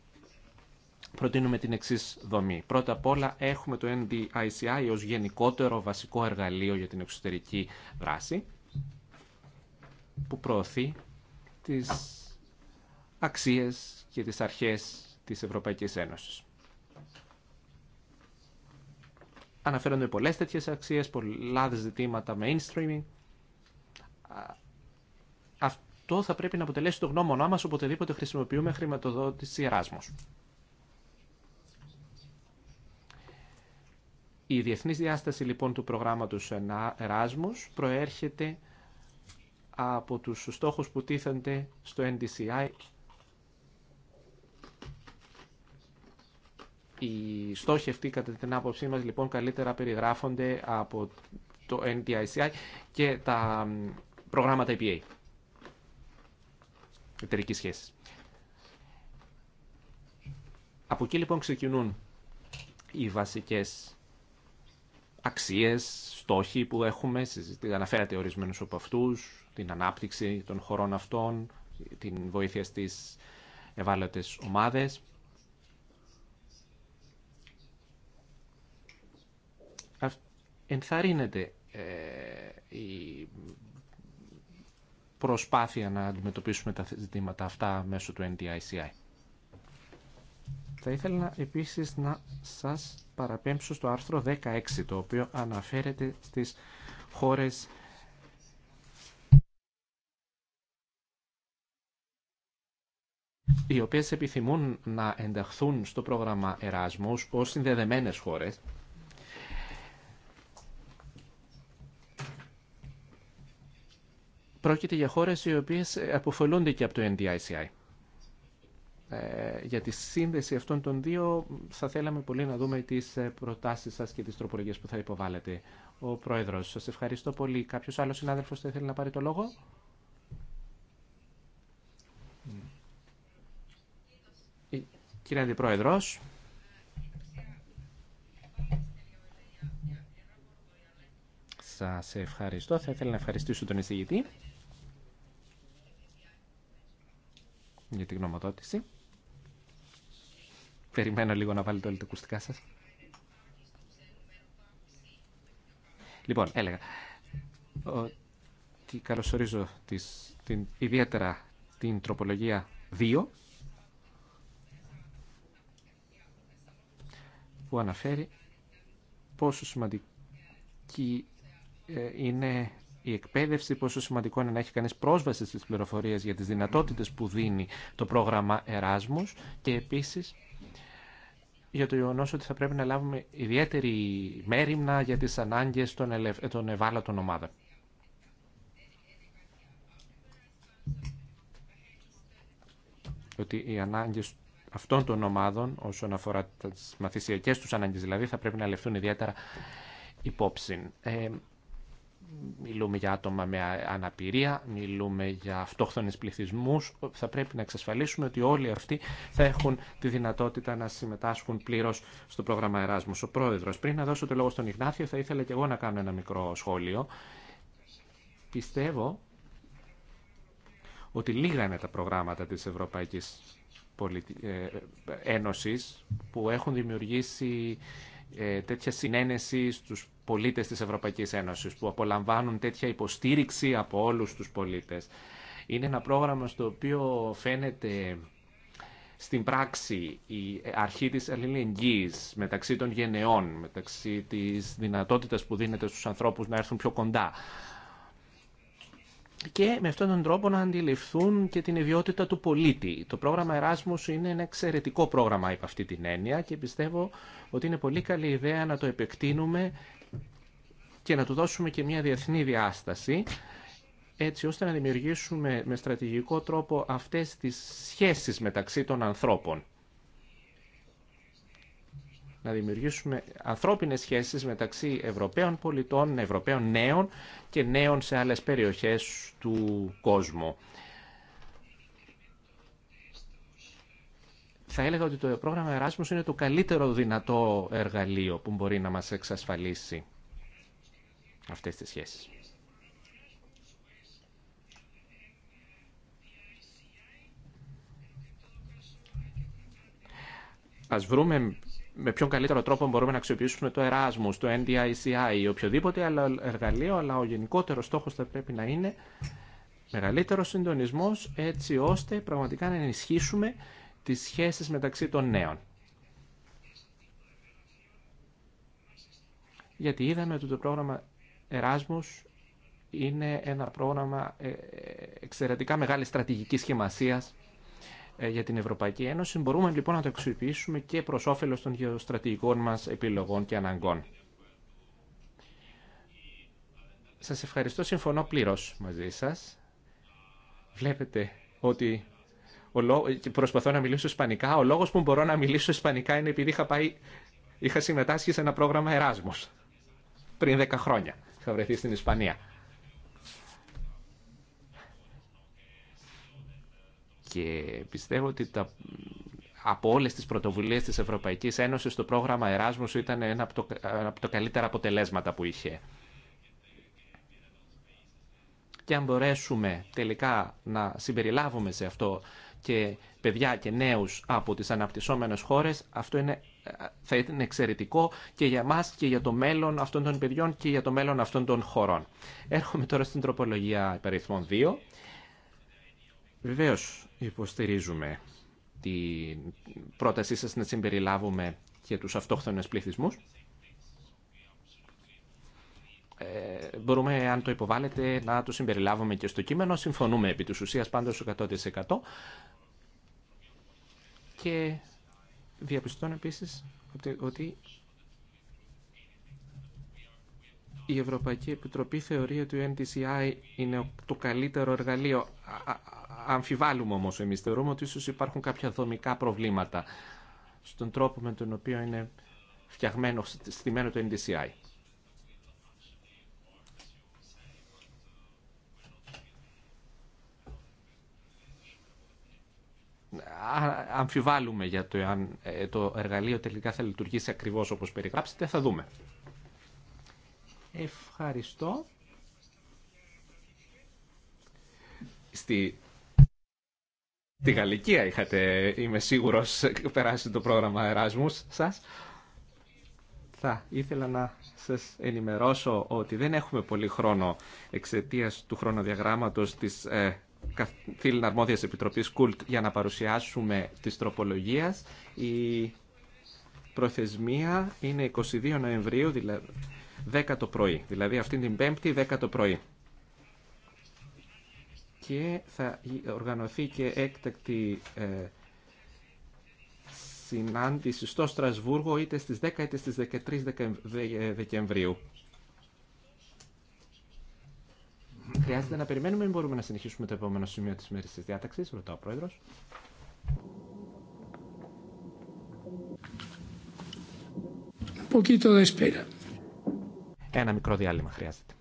C: προτείνουμε την εξή δομή. Πρώτα απ' όλα έχουμε το NDICI ως γενικότερο βασικό εργαλείο για την εξωτερική δράση που προωθεί τις αξίες και τις αρχές της Ευρωπαϊκής Ένωσης. Αναφέρονται πολλές τέτοιες αξίες, πολλά ζητήματα mainstreaming. Αυτό θα πρέπει να αποτελέσει το γνώμονά μας οποτεδήποτε χρησιμοποιούμε χρηματοδότηση Εράσμου. Η διεθνή διάσταση λοιπόν του προγράμματος Εράσμου προέρχεται από τους στόχους που τίθενται στο NDCI. Οι στόχοι αυτοί κατά την άποψή μας λοιπόν καλύτερα περιγράφονται από το NDICI και τα προγράμματα EPA. Εταιρική σχέση. Από εκεί λοιπόν ξεκινούν οι βασικές αξίες, στόχοι που έχουμε, αναφέρατε ορισμένου από αυτού, την ανάπτυξη των χωρών αυτών, την βοήθεια στι ευάλωτε ομάδες. Ενθαρρύνεται ε, η προσπάθεια να αντιμετωπίσουμε τα ζητήματα αυτά μέσω του NDICI. Θα ήθελα επίσης να σας παραπέμψω στο άρθρο 16, το οποίο αναφέρεται στις χώρες οι οποίες επιθυμούν να ενταχθούν στο πρόγραμμα Εράσμους ως συνδεδεμένες χώρες. Πρόκειται για χώρες οι οποίες αποφελούνται και από το NDICI. Ε, για τη σύνδεση αυτών των δύο θα θέλαμε πολύ να δούμε τις ε, προτάσεις σας και τις τροπολογίες που θα υποβάλλετε. Ο Πρόεδρος, σας ευχαριστώ πολύ. Κάποιος άλλος συνάδελφος θα ήθελε να πάρει το λόγο. Κύριε Αντιπρόεδρος. Σας ευχαριστώ. Θα ήθελα να ευχαριστήσω τον εισηγητή για την γνωμοδότηση. Περιμένω λίγο να βάλετε όλοι τα ακουστικά σας. Λοιπόν, έλεγα ότι καλωσορίζω την, ιδιαίτερα την τροπολογία 2 που αναφέρει πόσο σημαντική ε, είναι η εκπαίδευση, πόσο σημαντικό είναι να έχει κανείς πρόσβαση στις πληροφορίες για τις δυνατότητες που δίνει το πρόγραμμα Εράσμους και επίσης για το γεγονό ότι θα πρέπει να λάβουμε ιδιαίτερη μέρημνα για τις ανάγκες των, ελευ... των ευάλωτων ομάδων. Ότι οι ανάγκες αυτών των ομάδων, όσον αφορά τις μαθησιακές τους ανάγκες δηλαδή, θα πρέπει να λεφθούν ιδιαίτερα υπόψη. Ε, Μιλούμε για άτομα με αναπηρία, μιλούμε για αυτόχθονες πληθυσμούς. Θα πρέπει να εξασφαλίσουμε ότι όλοι αυτοί θα έχουν τη δυνατότητα να συμμετάσχουν πλήρως στο πρόγραμμα Εράσμους. Ο πρόεδρος, πριν να δώσω το λόγο στον Ιγνάθιο, θα ήθελα και εγώ να κάνω ένα μικρό σχόλιο. Πιστεύω ότι λίγα είναι τα προγράμματα της Ευρωπαϊκής ε, Ένωσης που έχουν δημιουργήσει ε, τέτοια συνένεση στους Πολίτε τη Ευρωπαϊκή Ένωση που απολαμβάνουν τέτοια υποστήριξη από όλου του πολίτε. Είναι ένα πρόγραμμα στο οποίο φαίνεται στην πράξη η αρχή της αλληλεγγύης μεταξύ των γενεών, μεταξύ της δυνατότητας που δίνεται στους ανθρώπους να έρθουν πιο κοντά και με αυτόν τον τρόπο να αντιληφθούν και την ιδιότητα του πολίτη. Το πρόγραμμα Εράσμου είναι ένα εξαιρετικό πρόγραμμα υπ' αυτή την έννοια και πιστεύω ότι είναι πολύ καλή ιδέα να το επεκτείνουμε και να του δώσουμε και μια διεθνή διάσταση έτσι ώστε να δημιουργήσουμε με στρατηγικό τρόπο αυτές τις σχέσεις μεταξύ των ανθρώπων. Να δημιουργήσουμε ανθρώπινες σχέσεις μεταξύ Ευρωπαίων πολιτών, Ευρωπαίων νέων και νέων σε άλλες περιοχές του κόσμου. θα έλεγα ότι το πρόγραμμα εράσμος είναι το καλύτερο δυνατό εργαλείο που μπορεί να μας εξασφαλίσει αυτές τις σχέσεις. Ας βρούμε με ποιον καλύτερο τρόπο μπορούμε να αξιοποιήσουμε το Erasmus, το NDICI ή οποιοδήποτε άλλο εργαλείο, αλλά ο γενικότερο στόχος θα πρέπει να είναι μεγαλύτερο συντονισμός έτσι ώστε πραγματικά να ενισχύσουμε τις σχέσεις μεταξύ των νέων. Γιατί είδαμε ότι το πρόγραμμα Εράσμους είναι ένα πρόγραμμα ε, εξαιρετικά μεγάλη στρατηγική σχημασία ε, για την Ευρωπαϊκή Ένωση. Μπορούμε λοιπόν να το αξιοποιήσουμε και προ όφελο των γεωστρατηγικών μα επιλογών και αναγκών. Σα ευχαριστώ, συμφωνώ πλήρω μαζί σα. Βλέπετε ότι ο λό... προσπαθώ να μιλήσω ισπανικά. Ο λόγο που μπορώ να μιλήσω ισπανικά είναι επειδή είχα, πάει... είχα συμμετάσχει σε ένα πρόγραμμα Εράσμος πριν 10 χρόνια θα βρεθεί στην Ισπανία. Και πιστεύω ότι τα, από όλες τις πρωτοβουλίες της Ευρωπαϊκής Ένωσης το πρόγραμμα Εράσμους ήταν ένα από, το, τα καλύτερα αποτελέσματα που είχε. Και αν μπορέσουμε τελικά να συμπεριλάβουμε σε αυτό και παιδιά και νέους από τις αναπτυσσόμενες χώρες, αυτό είναι θα ήταν εξαιρετικό και για μας και για το μέλλον αυτών των παιδιών και για το μέλλον αυτών των χωρών. Έρχομαι τώρα στην τροπολογία υπεριθμών 2. Βεβαίως υποστηρίζουμε την πρότασή σας να συμπεριλάβουμε και τους αυτόχθονες πληθυσμούς. Ε, μπορούμε, αν το υποβάλλετε, να το συμπεριλάβουμε και στο κείμενο. Συμφωνούμε επί της ουσίας πάντως 100% και Διαπιστώνω επίσης ότι η Ευρωπαϊκή Επιτροπή θεωρεί ότι ο NDCI είναι το καλύτερο εργαλείο. Αμφιβάλλουμε όμως εμείς θεωρούμε ότι ίσως υπάρχουν κάποια δομικά προβλήματα στον τρόπο με τον οποίο είναι φτιαγμένο, στημένο το NDCI. αμφιβάλλουμε για το αν ε, το εργαλείο τελικά θα λειτουργήσει ακριβώς όπως περιγράψετε. Θα δούμε. Ευχαριστώ. Στη... Στη Γαλλικία είχατε, είμαι σίγουρος, περάσει το πρόγραμμα Erasmus σας. Θα ήθελα να σας ενημερώσω ότι δεν έχουμε πολύ χρόνο εξαιτίας του χρονοδιαγράμματος της ε, καθήλυνα αρμόδια επιτροπή Κουλτ για να παρουσιάσουμε τις τροπολογίες. Η προθεσμία είναι 22 Νοεμβρίου, δηλαδή 10 το πρωί, δηλαδή αυτή την Πέμπτη 10 το πρωί. Και θα οργανωθεί και έκτακτη ε, συνάντηση στο Στρασβούργο είτε στις 10 είτε στις 13 ε, Δεκεμβρίου. Χρειάζεται να περιμένουμε ή μπορούμε να συνεχίσουμε το επόμενο σημείο της μέρη τη διάταξης, ρωτά ο Πρόεδρος. Ένα μικρό διάλειμμα χρειάζεται.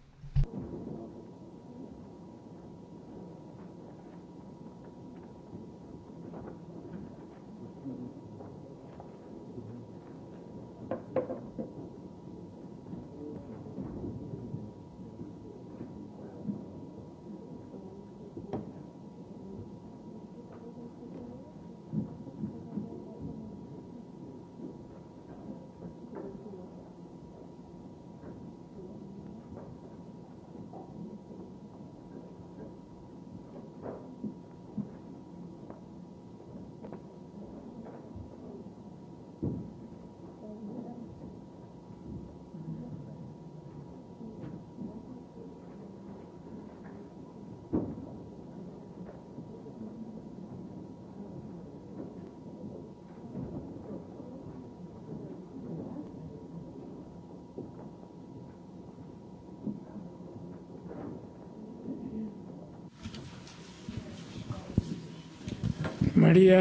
C: María.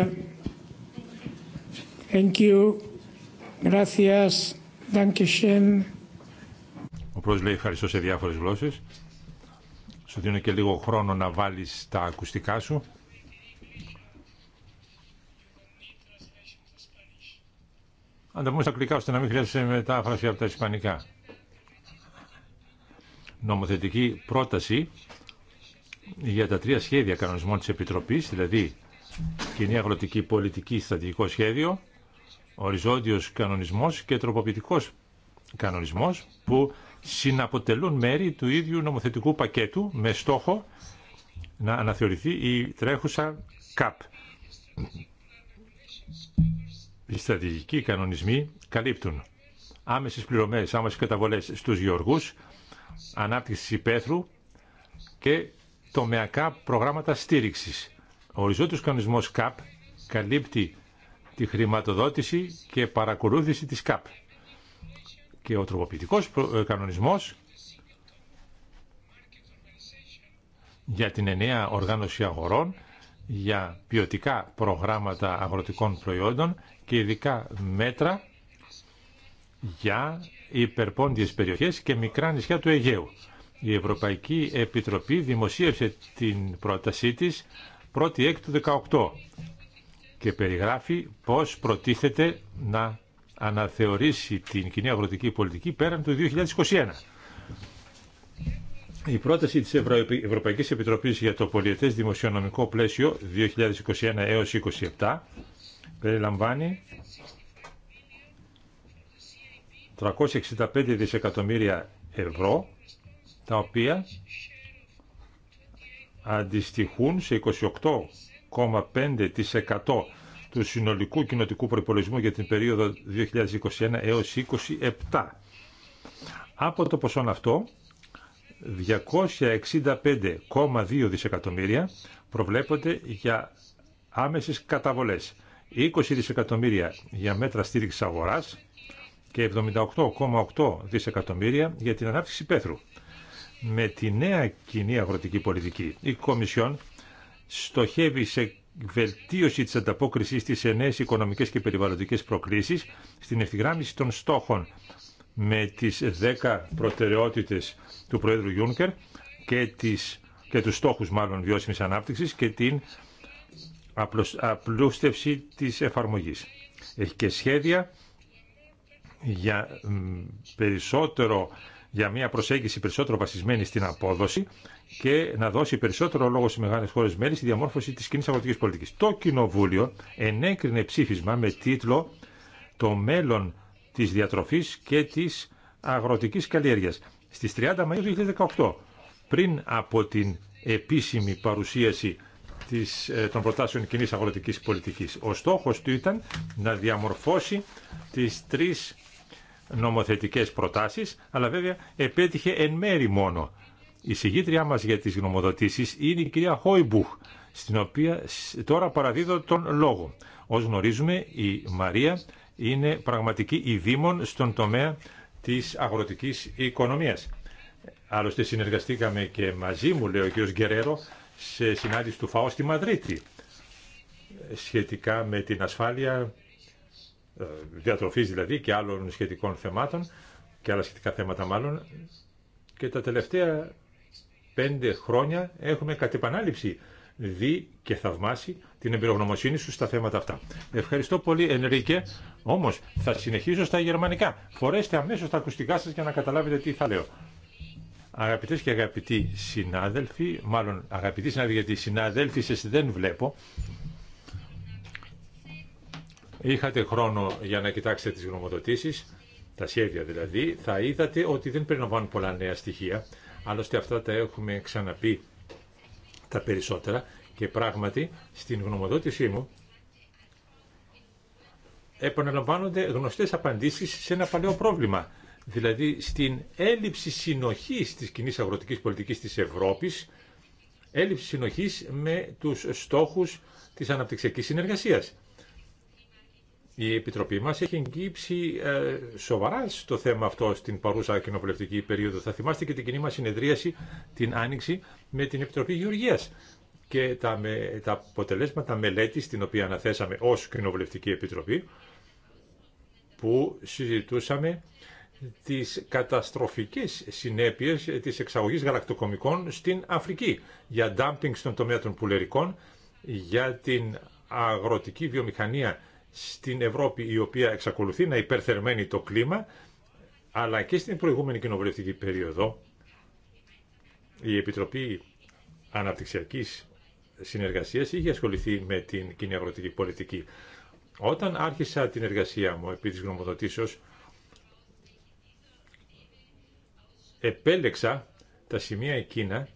C: Thank you. Gracias.
B: Ο πρόεδρος λέει ευχαριστώ σε διάφορες γλώσσες. Σου δίνω και λίγο χρόνο να βάλεις τα ακουστικά σου. Αν τα πούμε στα αγγλικά ώστε να μην χρειάζεται μετάφραση από τα ισπανικά. Νομοθετική πρόταση για τα τρία σχέδια κανονισμών της Επιτροπής, δηλαδή κοινή αγροτική πολιτική στρατηγικό σχέδιο, οριζόντιος κανονισμός και τροποποιητικός κανονισμός που συναποτελούν μέρη του ίδιου νομοθετικού πακέτου με στόχο να αναθεωρηθεί η τρέχουσα ΚΑΠ. Οι στρατηγικοί κανονισμοί καλύπτουν άμεσες πληρωμές, άμεσες καταβολές στους γεωργούς, ανάπτυξη υπαίθρου και τομεακά προγράμματα στήριξης. Ο οριζόντιος κανονισμός ΚΑΠ καλύπτει τη χρηματοδότηση και παρακολούθηση της ΚΑΠ. Και ο τροποποιητικός ε, κανονισμός για την ενιαία οργάνωση αγορών για ποιοτικά προγράμματα αγροτικών προϊόντων και ειδικά μέτρα για υπερπόντιες περιοχές και μικρά νησιά του Αιγαίου. Η Ευρωπαϊκή Επιτροπή δημοσίευσε την πρότασή της πρώτη η του 18 και περιγράφει πώς προτίθεται να αναθεωρήσει την κοινή αγροτική πολιτική πέραν του 2021. Η πρόταση της Ευρωπαϊκής Επιτροπής για το πολιετές δημοσιονομικό πλαίσιο 2021 έως 2027 περιλαμβάνει 365 δισεκατομμύρια ευρώ τα οποία αντιστοιχούν σε 28,5% του συνολικού κοινοτικού προϋπολογισμού για την περίοδο 2021 έως 2027. Από το ποσό αυτό, 265,2 δισεκατομμύρια προβλέπονται για άμεσες καταβολές, 20 δισεκατομμύρια για μέτρα στήριξης αγοράς και 78,8 δισεκατομμύρια για την ανάπτυξη πέθρου με τη νέα κοινή αγροτική πολιτική. Η Κομισιόν στοχεύει σε βελτίωση της ανταπόκρισης στις νέες οικονομικές και περιβαλλοντικές προκλήσεις, στην ευθυγράμμιση των στόχων με τις 10 προτεραιότητες του Πρόεδρου Γιούνκερ και, τις, και τους στόχους μάλλον βιώσιμης ανάπτυξης και την απλούστευση της εφαρμογής. Έχει και σχέδια για περισσότερο για μια προσέγγιση περισσότερο βασισμένη στην απόδοση και να δώσει περισσότερο λόγο σε μεγάλε χώρε μέλη στη διαμόρφωση τη κοινή αγροτική πολιτική. Το Κοινοβούλιο ενέκρινε ψήφισμα με τίτλο Το μέλλον τη διατροφή και τη αγροτική καλλιέργεια στι 30 Μαου 2018, πριν από την επίσημη παρουσίαση της, ε, των προτάσεων κοινή αγροτική πολιτική. Ο στόχο του ήταν να διαμορφώσει τι τρει νομοθετικές προτάσεις, αλλά βέβαια επέτυχε εν μέρη μόνο. Η συγγήτριά μας για τις γνωμοδοτήσεις είναι η κυρία Χόιμπουχ, στην οποία τώρα παραδίδω τον λόγο. Ως γνωρίζουμε, η Μαρία είναι πραγματική ειδήμων στον τομέα της αγροτικής οικονομίας. Άλλωστε συνεργαστήκαμε και μαζί μου, λέει ο κ. Γκερέρο, σε συνάντηση του ΦΑΟ στη Μαδρίτη σχετικά με την ασφάλεια ε, διατροφής δηλαδή και άλλων σχετικών θεμάτων και άλλα σχετικά θέματα μάλλον και τα τελευταία πέντε χρόνια έχουμε κατ' επανάληψη δει και θαυμάσει την εμπειρογνωμοσύνη σου στα θέματα αυτά. Ευχαριστώ πολύ, Ενρίκε. Όμω θα συνεχίσω στα γερμανικά. Φορέστε αμέσω τα ακουστικά σα για να καταλάβετε τι θα λέω. Αγαπητέ και αγαπητοί συνάδελφοι, μάλλον αγαπητοί συνάδελφοι, γιατί σας δεν βλέπω, είχατε χρόνο για να κοιτάξετε τις γνωμοδοτήσεις, τα σχέδια δηλαδή, θα είδατε ότι δεν περιλαμβάνουν πολλά νέα στοιχεία, άλλωστε αυτά τα έχουμε ξαναπεί τα περισσότερα και πράγματι στην γνωμοδότησή μου επαναλαμβάνονται γνωστές απαντήσεις σε ένα παλαιό πρόβλημα, δηλαδή στην έλλειψη συνοχής της κοινή αγροτικής πολιτικής της Ευρώπης, έλλειψη συνοχής με τους στόχους της αναπτυξιακής συνεργασίας. Η Επιτροπή μας έχει εγγύψει ε, σοβαρά στο θέμα αυτό στην παρούσα κοινοβουλευτική περίοδο. Θα θυμάστε και την κοινή μας συνεδρίαση την Άνοιξη με την Επιτροπή Γεωργίας και τα, με, τα αποτελέσματα μελέτης την οποία αναθέσαμε ως κοινοβουλευτική επιτροπή που συζητούσαμε τις καταστροφικές συνέπειες της εξαγωγής γαλακτοκομικών στην Αφρική για ντάμπινγκ στον τομέα των πουλερικών, για την αγροτική βιομηχανία στην Ευρώπη η οποία εξακολουθεί να υπερθερμαίνει το κλίμα, αλλά και στην προηγούμενη κοινοβουλευτική περίοδο η Επιτροπή Αναπτυξιακής Συνεργασίας είχε ασχοληθεί με την κοινή αγροτική πολιτική. Όταν άρχισα την εργασία μου επί της γνωμοδοτήσεως, επέλεξα τα σημεία εκείνα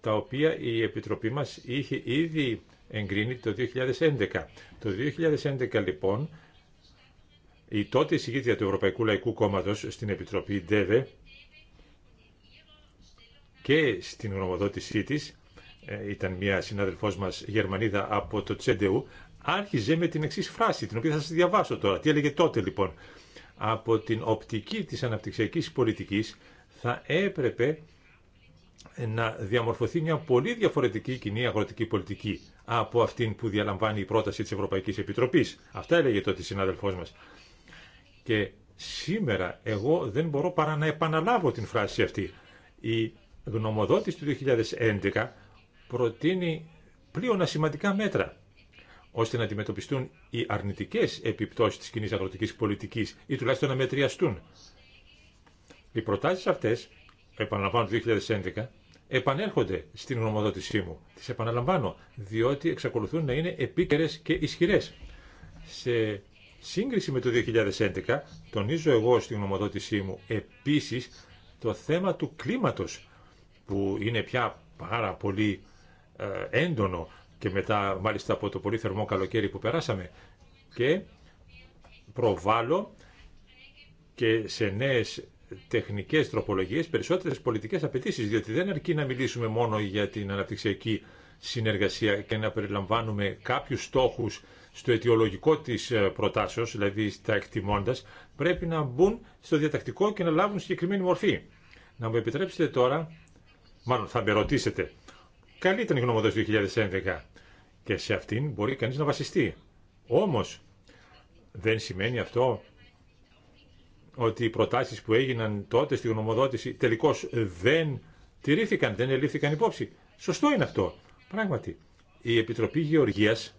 B: τα οποία η Επιτροπή μας είχε ήδη εγκρίνει το 2011. Το 2011 λοιπόν η τότε εισηγήτρια του Ευρωπαϊκού Λαϊκού Κόμματος στην Επιτροπή ΔΕΒΕ και στην γνωμοδότησή της ε, ήταν μια συνάδελφός μας Γερμανίδα από το Τσέντεου άρχιζε με την εξής φράση την οποία θα σας διαβάσω τώρα. Τι έλεγε τότε λοιπόν. Από την οπτική της αναπτυξιακής πολιτικής θα έπρεπε να διαμορφωθεί μια πολύ διαφορετική κοινή αγροτική πολιτική από αυτήν που διαλαμβάνει η πρόταση της Ευρωπαϊκής Επιτροπής. Αυτά έλεγε τότε η συνάδελφός μας. Και σήμερα εγώ δεν μπορώ παρά να επαναλάβω την φράση αυτή. Η γνωμοδότης του 2011 προτείνει πλέον σημαντικά μέτρα ώστε να αντιμετωπιστούν οι αρνητικές επιπτώσεις της κοινή αγροτικής πολιτικής ή τουλάχιστον να μετριαστούν. Οι προτάσεις αυτές, επαναλαμβάνω το 2011, επανέρχονται στην γνωμοδότησή μου. Τις επαναλαμβάνω, διότι εξακολουθούν να είναι επίκαιρε και ισχυρές. Σε σύγκριση με το 2011, τονίζω εγώ στην γνωμοδότησή μου επίσης το θέμα του κλίματος, που είναι πια πάρα πολύ ε, έντονο και μετά μάλιστα από το πολύ θερμό καλοκαίρι που περάσαμε και προβάλλω και σε νέες τεχνικές τροπολογίες, περισσότερες πολιτικές απαιτήσει, διότι δεν αρκεί να μιλήσουμε μόνο για την αναπτυξιακή συνεργασία και να περιλαμβάνουμε κάποιους στόχους στο αιτιολογικό της ε, προτάσεως, δηλαδή στα εκτιμώντας, πρέπει να μπουν στο διατακτικό και να λάβουν συγκεκριμένη μορφή. Να μου επιτρέψετε τώρα, μάλλον θα με ρωτήσετε, καλή ήταν η γνώμοδος 2011 και σε αυτήν μπορεί κανείς να βασιστεί. Όμως, δεν σημαίνει αυτό ότι οι προτάσεις που έγιναν τότε στη γνωμοδότηση τελικώς δεν τηρήθηκαν, δεν ελήφθηκαν υπόψη. Σωστό είναι αυτό. Πράγματι, η Επιτροπή Γεωργίας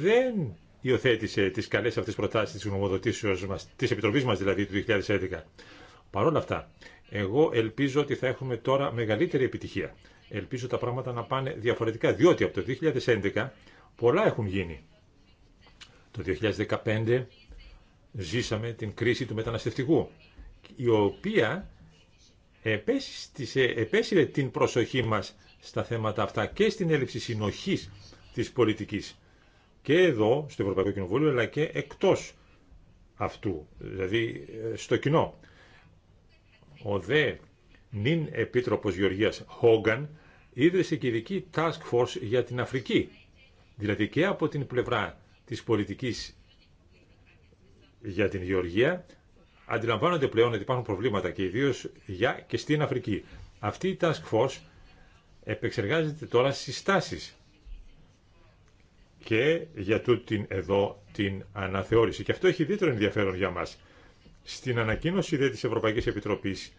B: δεν υιοθέτησε τις καλές αυτές προτάσεις της γνωμοδοτήσεως μας, της Επιτροπής μας δηλαδή του 2011. Παρ' όλα αυτά, εγώ ελπίζω ότι θα έχουμε τώρα μεγαλύτερη επιτυχία. Ελπίζω τα πράγματα να πάνε διαφορετικά, διότι από το 2011 πολλά έχουν γίνει. Το 2015 ζήσαμε την κρίση του μεταναστευτικού, η οποία ε, επέσυρε την προσοχή μας στα θέματα αυτά και στην έλλειψη συνοχής της πολιτικής και εδώ στο Ευρωπαϊκό Κοινοβούλιο αλλά και εκτός αυτού, δηλαδή ε, στο κοινό. Ο δε νυν Επίτροπος Γεωργίας Χόγκαν ίδρυσε και ειδική task force για την Αφρική. Δηλαδή και από την πλευρά της πολιτικής για την γεωργία αντιλαμβάνονται πλέον ότι υπάρχουν προβλήματα και ιδίω για και στην Αφρική. Αυτή η Task Force επεξεργάζεται τώρα συστάσεις και για τούτην εδώ την αναθεώρηση. Και αυτό έχει ιδιαίτερο ενδιαφέρον για μας. Στην ανακοίνωση δε της Ευρωπαϊκής Επιτροπής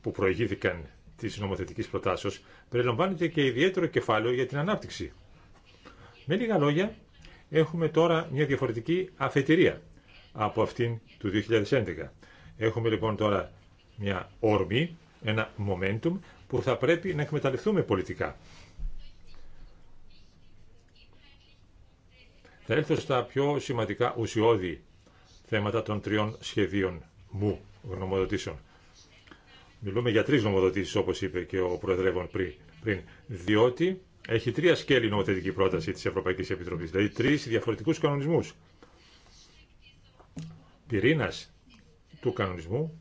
B: που προηγήθηκαν της νομοθετικής προτάσεως περιλαμβάνεται και ιδιαίτερο κεφάλαιο για την ανάπτυξη. Με λίγα λόγια, Έχουμε τώρα μια διαφορετική αφετηρία από αυτήν του 2011. Έχουμε λοιπόν τώρα μια όρμη, ένα momentum που θα πρέπει να εκμεταλλευτούμε πολιτικά. Θα έλθω στα πιο σημαντικά ουσιώδη θέματα των τριών σχεδίων μου γνωμοδοτήσεων. Μιλούμε για τρεις γνωμοδοτήσεις όπως είπε και ο Προεδρεύων πριν, διότι έχει τρία σκέλη νομοθετική πρόταση της Ευρωπαϊκής Επιτροπής, δηλαδή τρεις διαφορετικούς κανονισμούς. Πυρήνας του κανονισμού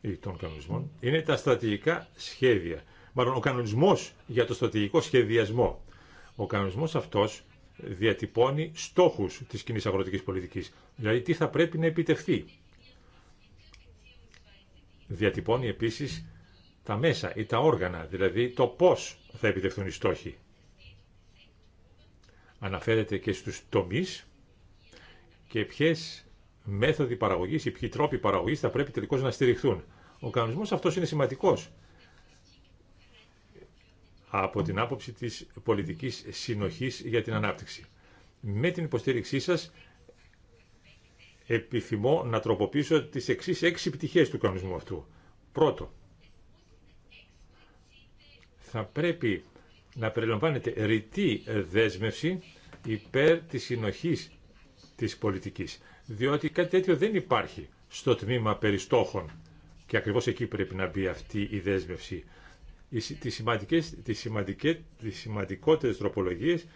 B: ή των κανονισμών είναι τα στρατηγικά σχέδια. Μάλλον ο κανονισμός για το στρατηγικό σχεδιασμό. Ο κανονισμός αυτός διατυπώνει στόχους της κοινή αγροτικής πολιτικής, δηλαδή τι θα πρέπει να επιτευχθεί. Διατυπώνει επίσης τα μέσα ή τα όργανα, δηλαδή το πώς θα επιτευχθούν οι στόχοι. Αναφέρεται και στους τομείς και ποιες μέθοδοι παραγωγής ή ποιοι τρόποι παραγωγής θα πρέπει τελικώς να στηριχθούν. Ο κανονισμός αυτός είναι σημαντικός από την άποψη της πολιτικής συνοχής για την ανάπτυξη. Με την υποστήριξή σας επιθυμώ να τροποποιήσω τις εξής έξι πτυχές του κανονισμού αυτού. Πρώτο, θα πρέπει να περιλαμβάνεται ρητή δέσμευση υπέρ της συνοχής της πολιτικής. Διότι κάτι τέτοιο δεν υπάρχει στο τμήμα περιστόχων και ακριβώς εκεί πρέπει να μπει αυτή η δέσμευση. Τις, σημαντικές, τις, σημαντικές, τις σημαντικότερες τροπολογίες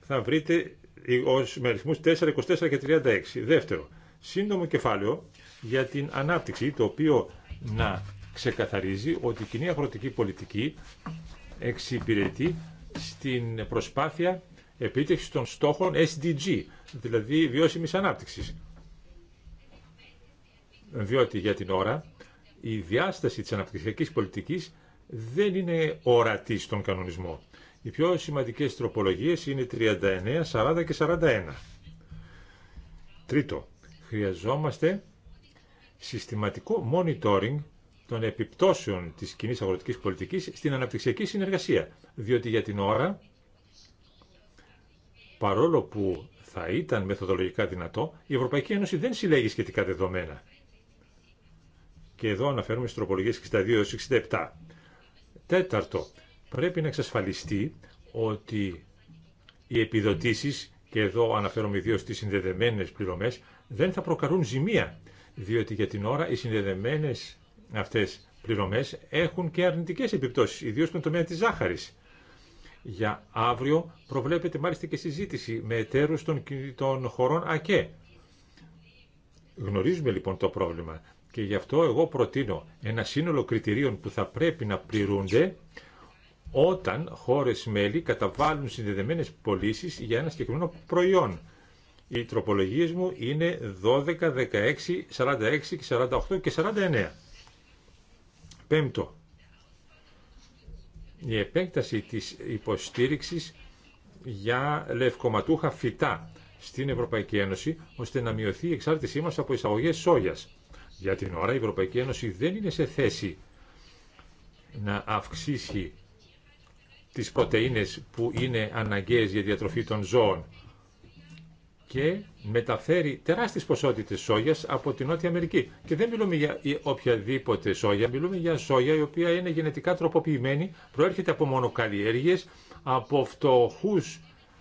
B: θα βρείτε ως, με αριθμούς 4, 24 και 36. Δεύτερο, σύντομο κεφάλαιο για την ανάπτυξη, το οποίο να ξεκαθαρίζει ότι η κοινή αγροτική πολιτική εξυπηρετεί στην προσπάθεια επίτευξη των στόχων SDG, δηλαδή βιώσιμης ανάπτυξης. Διότι για την ώρα η διάσταση της αναπτυξιακής πολιτικής δεν είναι ορατή στον κανονισμό. Οι πιο σημαντικές τροπολογίες είναι 39, 40 και 41. Τρίτο, χρειαζόμαστε συστηματικό monitoring των επιπτώσεων της κοινή αγροτικής πολιτικής στην αναπτυξιακή συνεργασία. Διότι για την ώρα, παρόλο που θα ήταν μεθοδολογικά δυνατό, η Ευρωπαϊκή Ένωση δεν συλλέγει σχετικά δεδομένα. Και εδώ αναφέρουμε στις τροπολογίες 62-67. Τέταρτο, πρέπει να εξασφαλιστεί ότι οι επιδοτήσεις, και εδώ αναφέρομαι ιδίω στις συνδεδεμένες πληρωμές, δεν θα προκαλούν ζημία, διότι για την ώρα οι συνδεδεμένες αυτές πληρωμέ έχουν και αρνητικέ επιπτώσει, ιδίω στον τομέα τη ζάχαρη. Για αύριο προβλέπεται μάλιστα και συζήτηση με εταίρου των, των χωρών ΑΚΕ. Γνωρίζουμε λοιπόν το πρόβλημα και γι' αυτό εγώ προτείνω ένα σύνολο κριτηρίων που θα πρέπει να πληρούνται όταν χώρες μέλη καταβάλουν συνδεδεμένες πωλήσει για ένα συγκεκριμένο προϊόν. Οι τροπολογίες μου είναι 12, 16, 46 48 και 49. Πέμπτο, η επέκταση της υποστήριξης για λευκοματούχα φυτά στην Ευρωπαϊκή Ένωση, ώστε να μειωθεί η εξάρτησή μας από εισαγωγές σόγιας. Για την ώρα η Ευρωπαϊκή Ένωση δεν είναι σε θέση να αυξήσει τις πρωτεΐνες που είναι αναγκαίες για διατροφή των ζώων και μεταφέρει τεράστιες ποσότητες σόγιας από την Νότια Αμερική. Και δεν μιλούμε για οποιαδήποτε σόγια, μιλούμε για σόγια η οποία είναι γενετικά τροποποιημένη, προέρχεται από μονοκαλλιέργειες, από φτωχού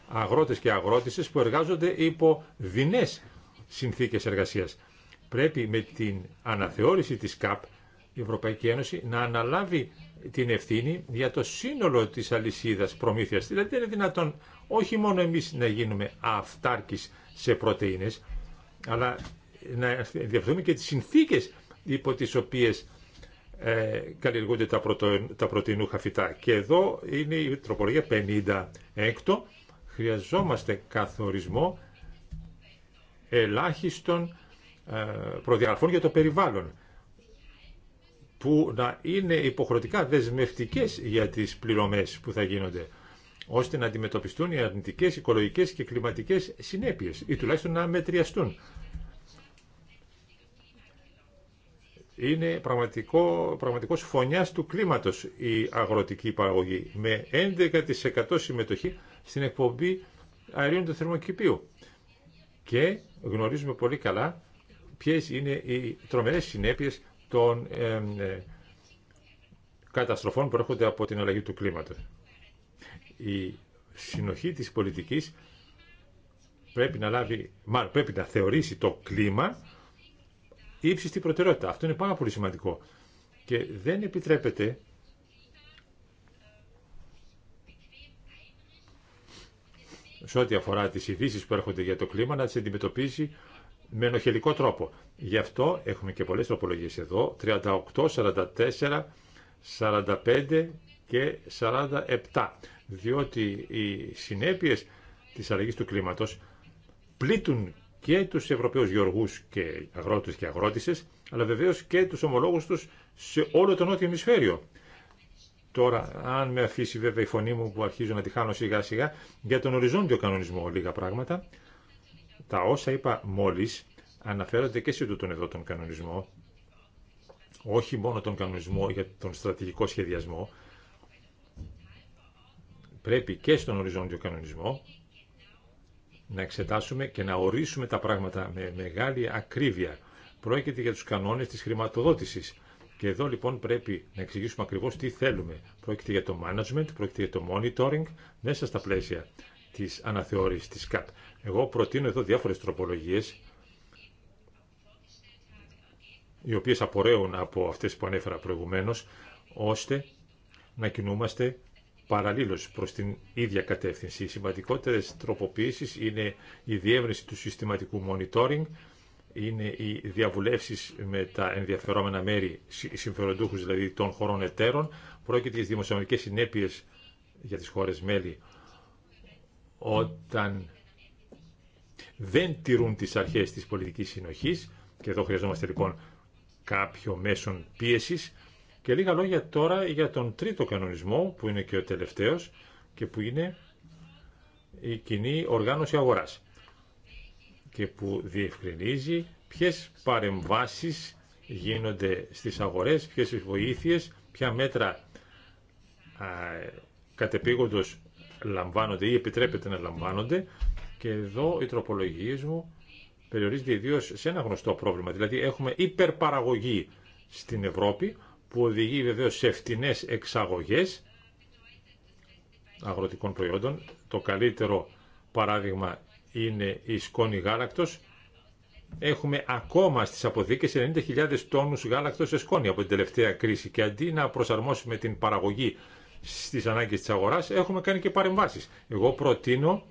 B: αγρότες και αγρότησες που εργάζονται υπό δεινές συνθήκες εργασίας. Πρέπει με την αναθεώρηση της ΚΑΠ η Ευρωπαϊκή Ένωση να αναλάβει την ευθύνη για το σύνολο της αλυσίδας προμήθειας. Δηλαδή δεν είναι δυνατόν όχι μόνο εμείς να γίνουμε αυτάρκης σε πρωτεΐνες, αλλά να διαφορούμε και τις συνθήκες υπό τις οποίες ε, καλλιεργούνται τα, πρωτο, τα πρωτεϊνούχα φυτά. Και εδώ είναι η τροπολογία 50 Χρειαζόμαστε καθορισμό ελάχιστων ε, προδιαγραφών για το περιβάλλον που να είναι υποχρεωτικά δεσμευτικές για τις πληρωμές που θα γίνονται ώστε να αντιμετωπιστούν οι αρνητικέ, οικολογικές και κλιματικές συνέπειες ή τουλάχιστον να μετριαστούν. Είναι πραγματικό, πραγματικός φωνιάς του κλίματος η αγροτική παραγωγή με 11% συμμετοχή στην εκπομπή αερίων του θερμοκηπίου. Και γνωρίζουμε πολύ καλά ποιες είναι οι τρομερές συνέπειες των ε, ε, καταστροφών που έρχονται από την αλλαγή του κλίματος η συνοχή της πολιτικής πρέπει να, λάβει, μάλλον, πρέπει να θεωρήσει το κλίμα ύψιστη προτεραιότητα. Αυτό είναι πάρα πολύ σημαντικό. Και δεν επιτρέπεται σε ό,τι αφορά τις ειδήσει που έρχονται για το κλίμα να τις αντιμετωπίσει με ενοχελικό τρόπο. Γι' αυτό έχουμε και πολλές τροπολογίες εδώ, 38, 44, 45 και 47 διότι οι συνέπειες της αλλαγής του κλίματος πλήττουν και τους Ευρωπαίους γεωργούς και αγρότες και αγρότησες, αλλά βεβαίως και τους ομολόγους τους σε όλο το νότιο ημισφαίριο. Τώρα, αν με αφήσει βέβαια η φωνή μου που αρχίζω να τη χάνω σιγά σιγά, για τον οριζόντιο κανονισμό λίγα πράγματα, τα όσα είπα μόλις αναφέρονται και σε τον εδώ τον κανονισμό, όχι μόνο τον κανονισμό για τον στρατηγικό σχεδιασμό, πρέπει και στον οριζόντιο κανονισμό να εξετάσουμε και να ορίσουμε τα πράγματα με μεγάλη ακρίβεια. Πρόκειται για τους κανόνες της χρηματοδότησης. Και εδώ λοιπόν πρέπει να εξηγήσουμε ακριβώς τι θέλουμε. Πρόκειται για το management, πρόκειται για το monitoring, μέσα στα πλαίσια της αναθεώρησης της ΚΑΠ. Εγώ προτείνω εδώ διάφορες τροπολογίες, οι οποίες απορρέουν από αυτές που ανέφερα προηγουμένως, ώστε να κινούμαστε παραλλήλως προς την ίδια κατεύθυνση. Οι σημαντικότερες τροποποίησεις είναι η διεύρυνση του συστηματικού monitoring, είναι οι διαβουλεύσεις με τα ενδιαφερόμενα μέρη, συμφεροντούχους δηλαδή των χωρών εταίρων, πρόκειται για τις δημοσιονομικές συνέπειες για τις χώρες μέλη όταν δεν τηρούν τις αρχές της πολιτικής συνοχής και εδώ χρειαζόμαστε λοιπόν κάποιο μέσον πίεσης και λίγα λόγια τώρα για τον τρίτο κανονισμό, που είναι και ο τελευταίος και που είναι η κοινή οργάνωση αγοράς και που διευκρινίζει ποιες παρεμβάσεις γίνονται στις αγορές, ποιες βοήθειες, ποια μέτρα α, κατεπήγοντος λαμβάνονται ή επιτρέπεται να λαμβάνονται και εδώ οι τροπολογίε μου περιορίζονται ιδίω σε ένα γνωστό πρόβλημα. Δηλαδή έχουμε υπερπαραγωγή στην Ευρώπη που οδηγεί βεβαίως σε φτηνές εξαγωγές αγροτικών προϊόντων. Το καλύτερο παράδειγμα είναι η σκόνη γάλακτος. Έχουμε ακόμα στις αποθήκες 90.000 τόνους γάλακτος σε σκόνη από την τελευταία κρίση και αντί να προσαρμόσουμε την παραγωγή στις ανάγκες της αγοράς έχουμε κάνει και παρεμβάσεις. Εγώ προτείνω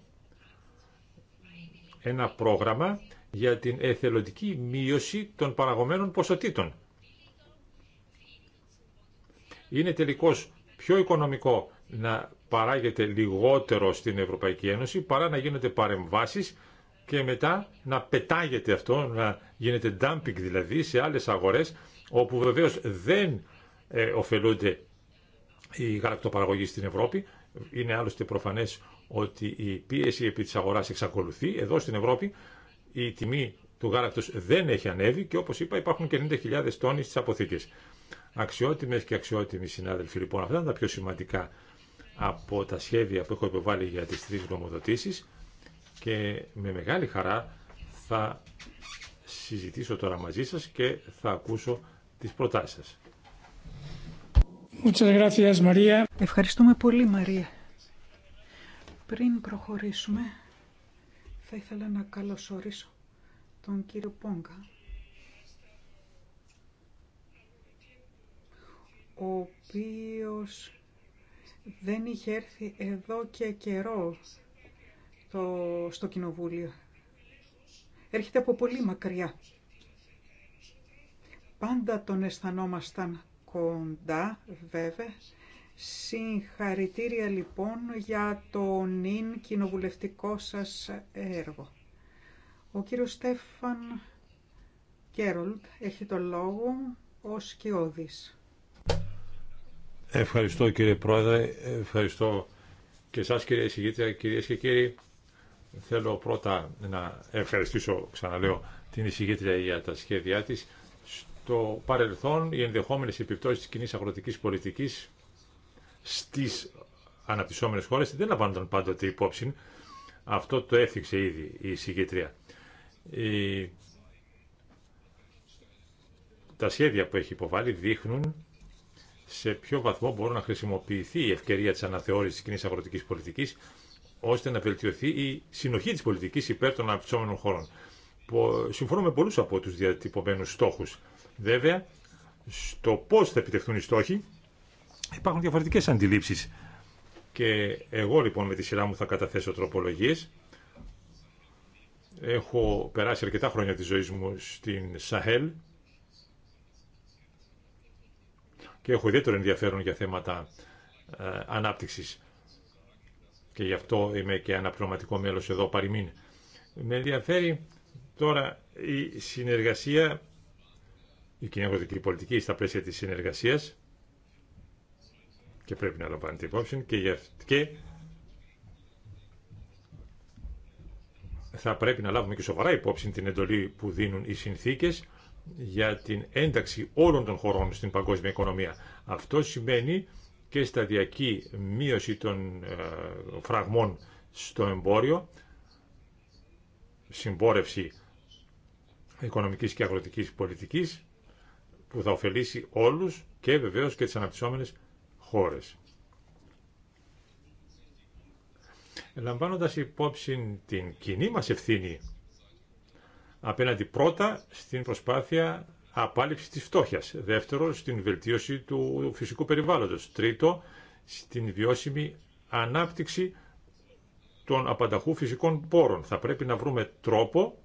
B: ένα πρόγραμμα για την εθελοντική μείωση των παραγωμένων ποσοτήτων είναι τελικώς πιο οικονομικό να παράγεται λιγότερο στην Ευρωπαϊκή Ένωση παρά να γίνονται παρεμβάσεις και μετά να πετάγεται αυτό, να γίνεται dumping δηλαδή σε άλλες αγορές όπου βεβαίως δεν ε, ωφελούνται οι γαλακτοπαραγωγοί στην Ευρώπη. Είναι άλλωστε προφανές ότι η πίεση επί της αγοράς εξακολουθεί. Εδώ στην Ευρώπη η τιμή του γάλακτος δεν έχει ανέβει και όπως είπα υπάρχουν και 90.000 τόνοι στις αποθήκες. Αξιότιμες και αξιότιμοι συνάδελφοι, λοιπόν, αυτά είναι τα πιο σημαντικά από τα σχέδια που έχω υποβάλει για τις τρεις γνωμοδοτήσεις και με μεγάλη χαρά θα συζητήσω τώρα μαζί σας και θα ακούσω τις προτάσεις σας.
A: Ευχαριστούμε πολύ Μαρία. Πριν προχωρήσουμε θα ήθελα να καλωσορίσω τον κύριο Πόγκα ο οποίος δεν είχε έρθει εδώ και καιρό στο Κοινοβούλιο. Έρχεται από πολύ μακριά. Πάντα τον αισθανόμασταν κοντά, βέβαια. Συγχαρητήρια λοιπόν για το νυν κοινοβουλευτικό σας έργο. Ο κύριος Στέφαν Κέρολτ έχει το λόγο ως κοιόδης.
B: Ευχαριστώ κύριε Πρόεδρε, ευχαριστώ και εσάς κύριε Συγήτρια, κυρίες και κύριοι. Θέλω πρώτα να ευχαριστήσω, ξαναλέω, την εισηγήτρια για τα σχέδιά της. Στο παρελθόν, οι ενδεχόμενες επιπτώσεις της κοινή αγροτικής πολιτικής στις αναπτυσσόμενες χώρες δεν λαμβάνονταν πάντοτε υπόψη. Αυτό το έφτιαξε ήδη η εισηγήτρια. Τα σχέδια που έχει υποβάλει δείχνουν σε ποιο βαθμό μπορεί να χρησιμοποιηθεί η ευκαιρία τη αναθεώρησης τη κοινή αγροτική πολιτικής ώστε να βελτιωθεί η συνοχή της πολιτικής υπέρ των αναπτυσσόμενων χώρων. Συμφωνώ με πολλού από τους διατυπωμένους στόχους. Βέβαια, στο πώς θα επιτευχθούν οι στόχοι υπάρχουν διαφορετικές αντιλήψεις. Και εγώ λοιπόν με τη σειρά μου θα καταθέσω τροπολογίε. Έχω περάσει αρκετά χρόνια τη ζωή μου στην Σαχέλ, και έχω ιδιαίτερο ενδιαφέρον για θέματα ε, ανάπτυξης και γι' αυτό είμαι και αναπληρωματικό μέλος εδώ παροιμήν. Με ενδιαφέρει τώρα η συνεργασία, η κοινωνική πολιτική στα πλαίσια της συνεργασίας και πρέπει να λαμβάνετε υπόψη και, και θα πρέπει να λάβουμε και σοβαρά υπόψη την εντολή που δίνουν οι συνθήκες για την ένταξη όλων των χωρών στην παγκόσμια οικονομία. Αυτό σημαίνει και σταδιακή μείωση των ε, φραγμών στο εμπόριο, συμπόρευση οικονομικής και αγροτικής πολιτικής που θα ωφελήσει όλους και βεβαίως και τις αναπτυσσόμενες χώρες. Λαμβάνοντας υπόψη την κοινή μας ευθύνη απέναντι πρώτα στην προσπάθεια απάλληψη της φτώχειας, δεύτερο στην βελτίωση του φυσικού περιβάλλοντος, τρίτο στην βιώσιμη ανάπτυξη των απανταχού φυσικών πόρων. Θα πρέπει να βρούμε τρόπο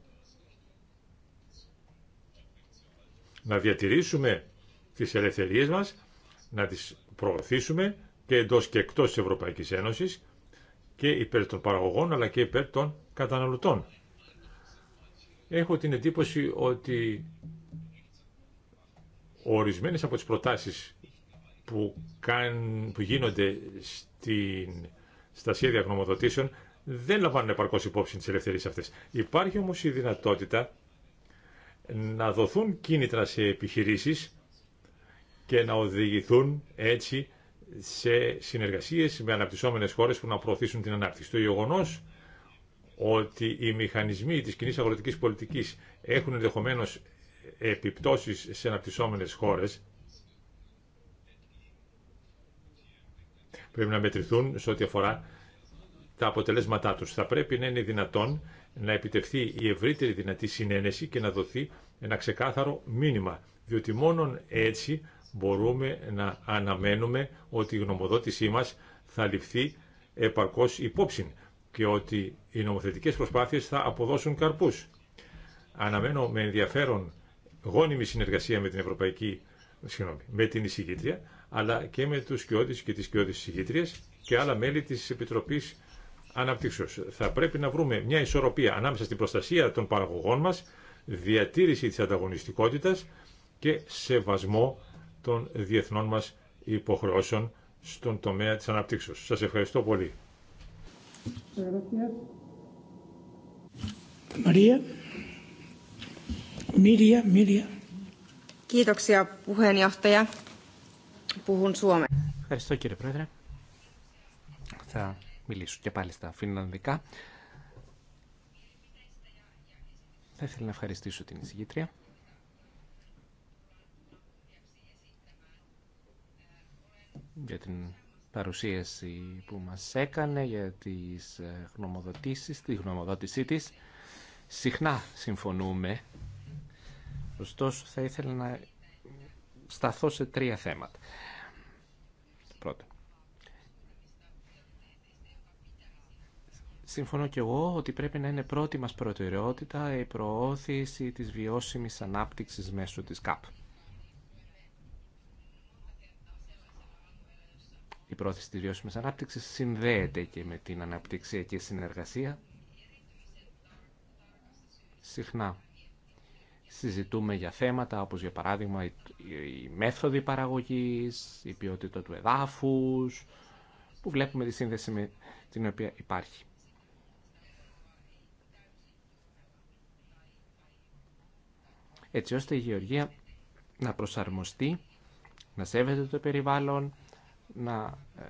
B: να διατηρήσουμε τις ελευθερίες μας, να τις προωθήσουμε και εντός και εκτός της Ευρωπαϊκής Ένωσης και υπέρ των παραγωγών αλλά και υπέρ των καταναλωτών έχω την εντύπωση ότι ορισμένες από τις προτάσεις που, καν, που γίνονται στην, στα σχέδια γνωμοδοτήσεων δεν λαμβάνουν επαρκώς υπόψη τις ελευθερίες αυτές. Υπάρχει όμως η δυνατότητα να δοθούν κίνητρα σε επιχειρήσεις και να οδηγηθούν έτσι σε συνεργασίες με αναπτυσσόμενες χώρες που να προωθήσουν την ανάπτυξη. Το γεγονό ότι οι μηχανισμοί της κοινή αγροτικής πολιτικής έχουν ενδεχομένως επιπτώσεις σε αναπτυσσόμενες χώρες, πρέπει να μετρηθούν σε ό,τι αφορά τα αποτελέσματά τους. Θα πρέπει να είναι δυνατόν να επιτευχθεί η ευρύτερη δυνατή συνένεση και να δοθεί ένα ξεκάθαρο μήνυμα, διότι μόνον έτσι μπορούμε να αναμένουμε ότι η γνωμοδότησή μας θα ληφθεί επαρκώς υπόψη και ότι οι νομοθετικές προσπάθειες θα αποδώσουν καρπούς. Αναμένω με ενδιαφέρον γόνιμη συνεργασία με την Ευρωπαϊκή συγγνώμη, με την εισηγήτρια, αλλά και με τους σκιώδεις και τις σκιώδεις εισηγήτριες και άλλα μέλη της Επιτροπής Αναπτύξεως. Θα πρέπει να βρούμε μια ισορροπία ανάμεσα στην προστασία των παραγωγών μας, διατήρηση της ανταγωνιστικότητας και σεβασμό των διεθνών μας υποχρεώσεων στον τομέα της αναπτύξεως. Σας ευχαριστώ πολύ.
A: Maria. Kiitoksia
C: Ευχαριστώ κύριε Πρόεδρε. Θα μιλήσω και πάλι στα φινλανδικά. Θα ήθελα να ευχαριστήσω την εισηγήτρια. για την παρουσίαση που μας έκανε για τις ε, γνωμοδοτήσεις, τη γνωμοδότησή της. Συχνά συμφωνούμε. Ωστόσο θα ήθελα να σταθώ σε τρία θέματα. Πρώτον, Συμφωνώ και εγώ ότι πρέπει να είναι πρώτη μας προτεραιότητα η προώθηση της βιώσιμης ανάπτυξης μέσω της ΚΑΠ. η πρόθεση της βιώσιμης ανάπτυξης συνδέεται και με την αναπτυξιακή συνεργασία. Συχνά συζητούμε για θέματα όπως για παράδειγμα η μέθοδη παραγωγής, η ποιότητα του εδάφους, που βλέπουμε τη σύνδεση με την οποία υπάρχει. Έτσι ώστε η γεωργία να προσαρμοστεί, να σέβεται το περιβάλλον, να ε,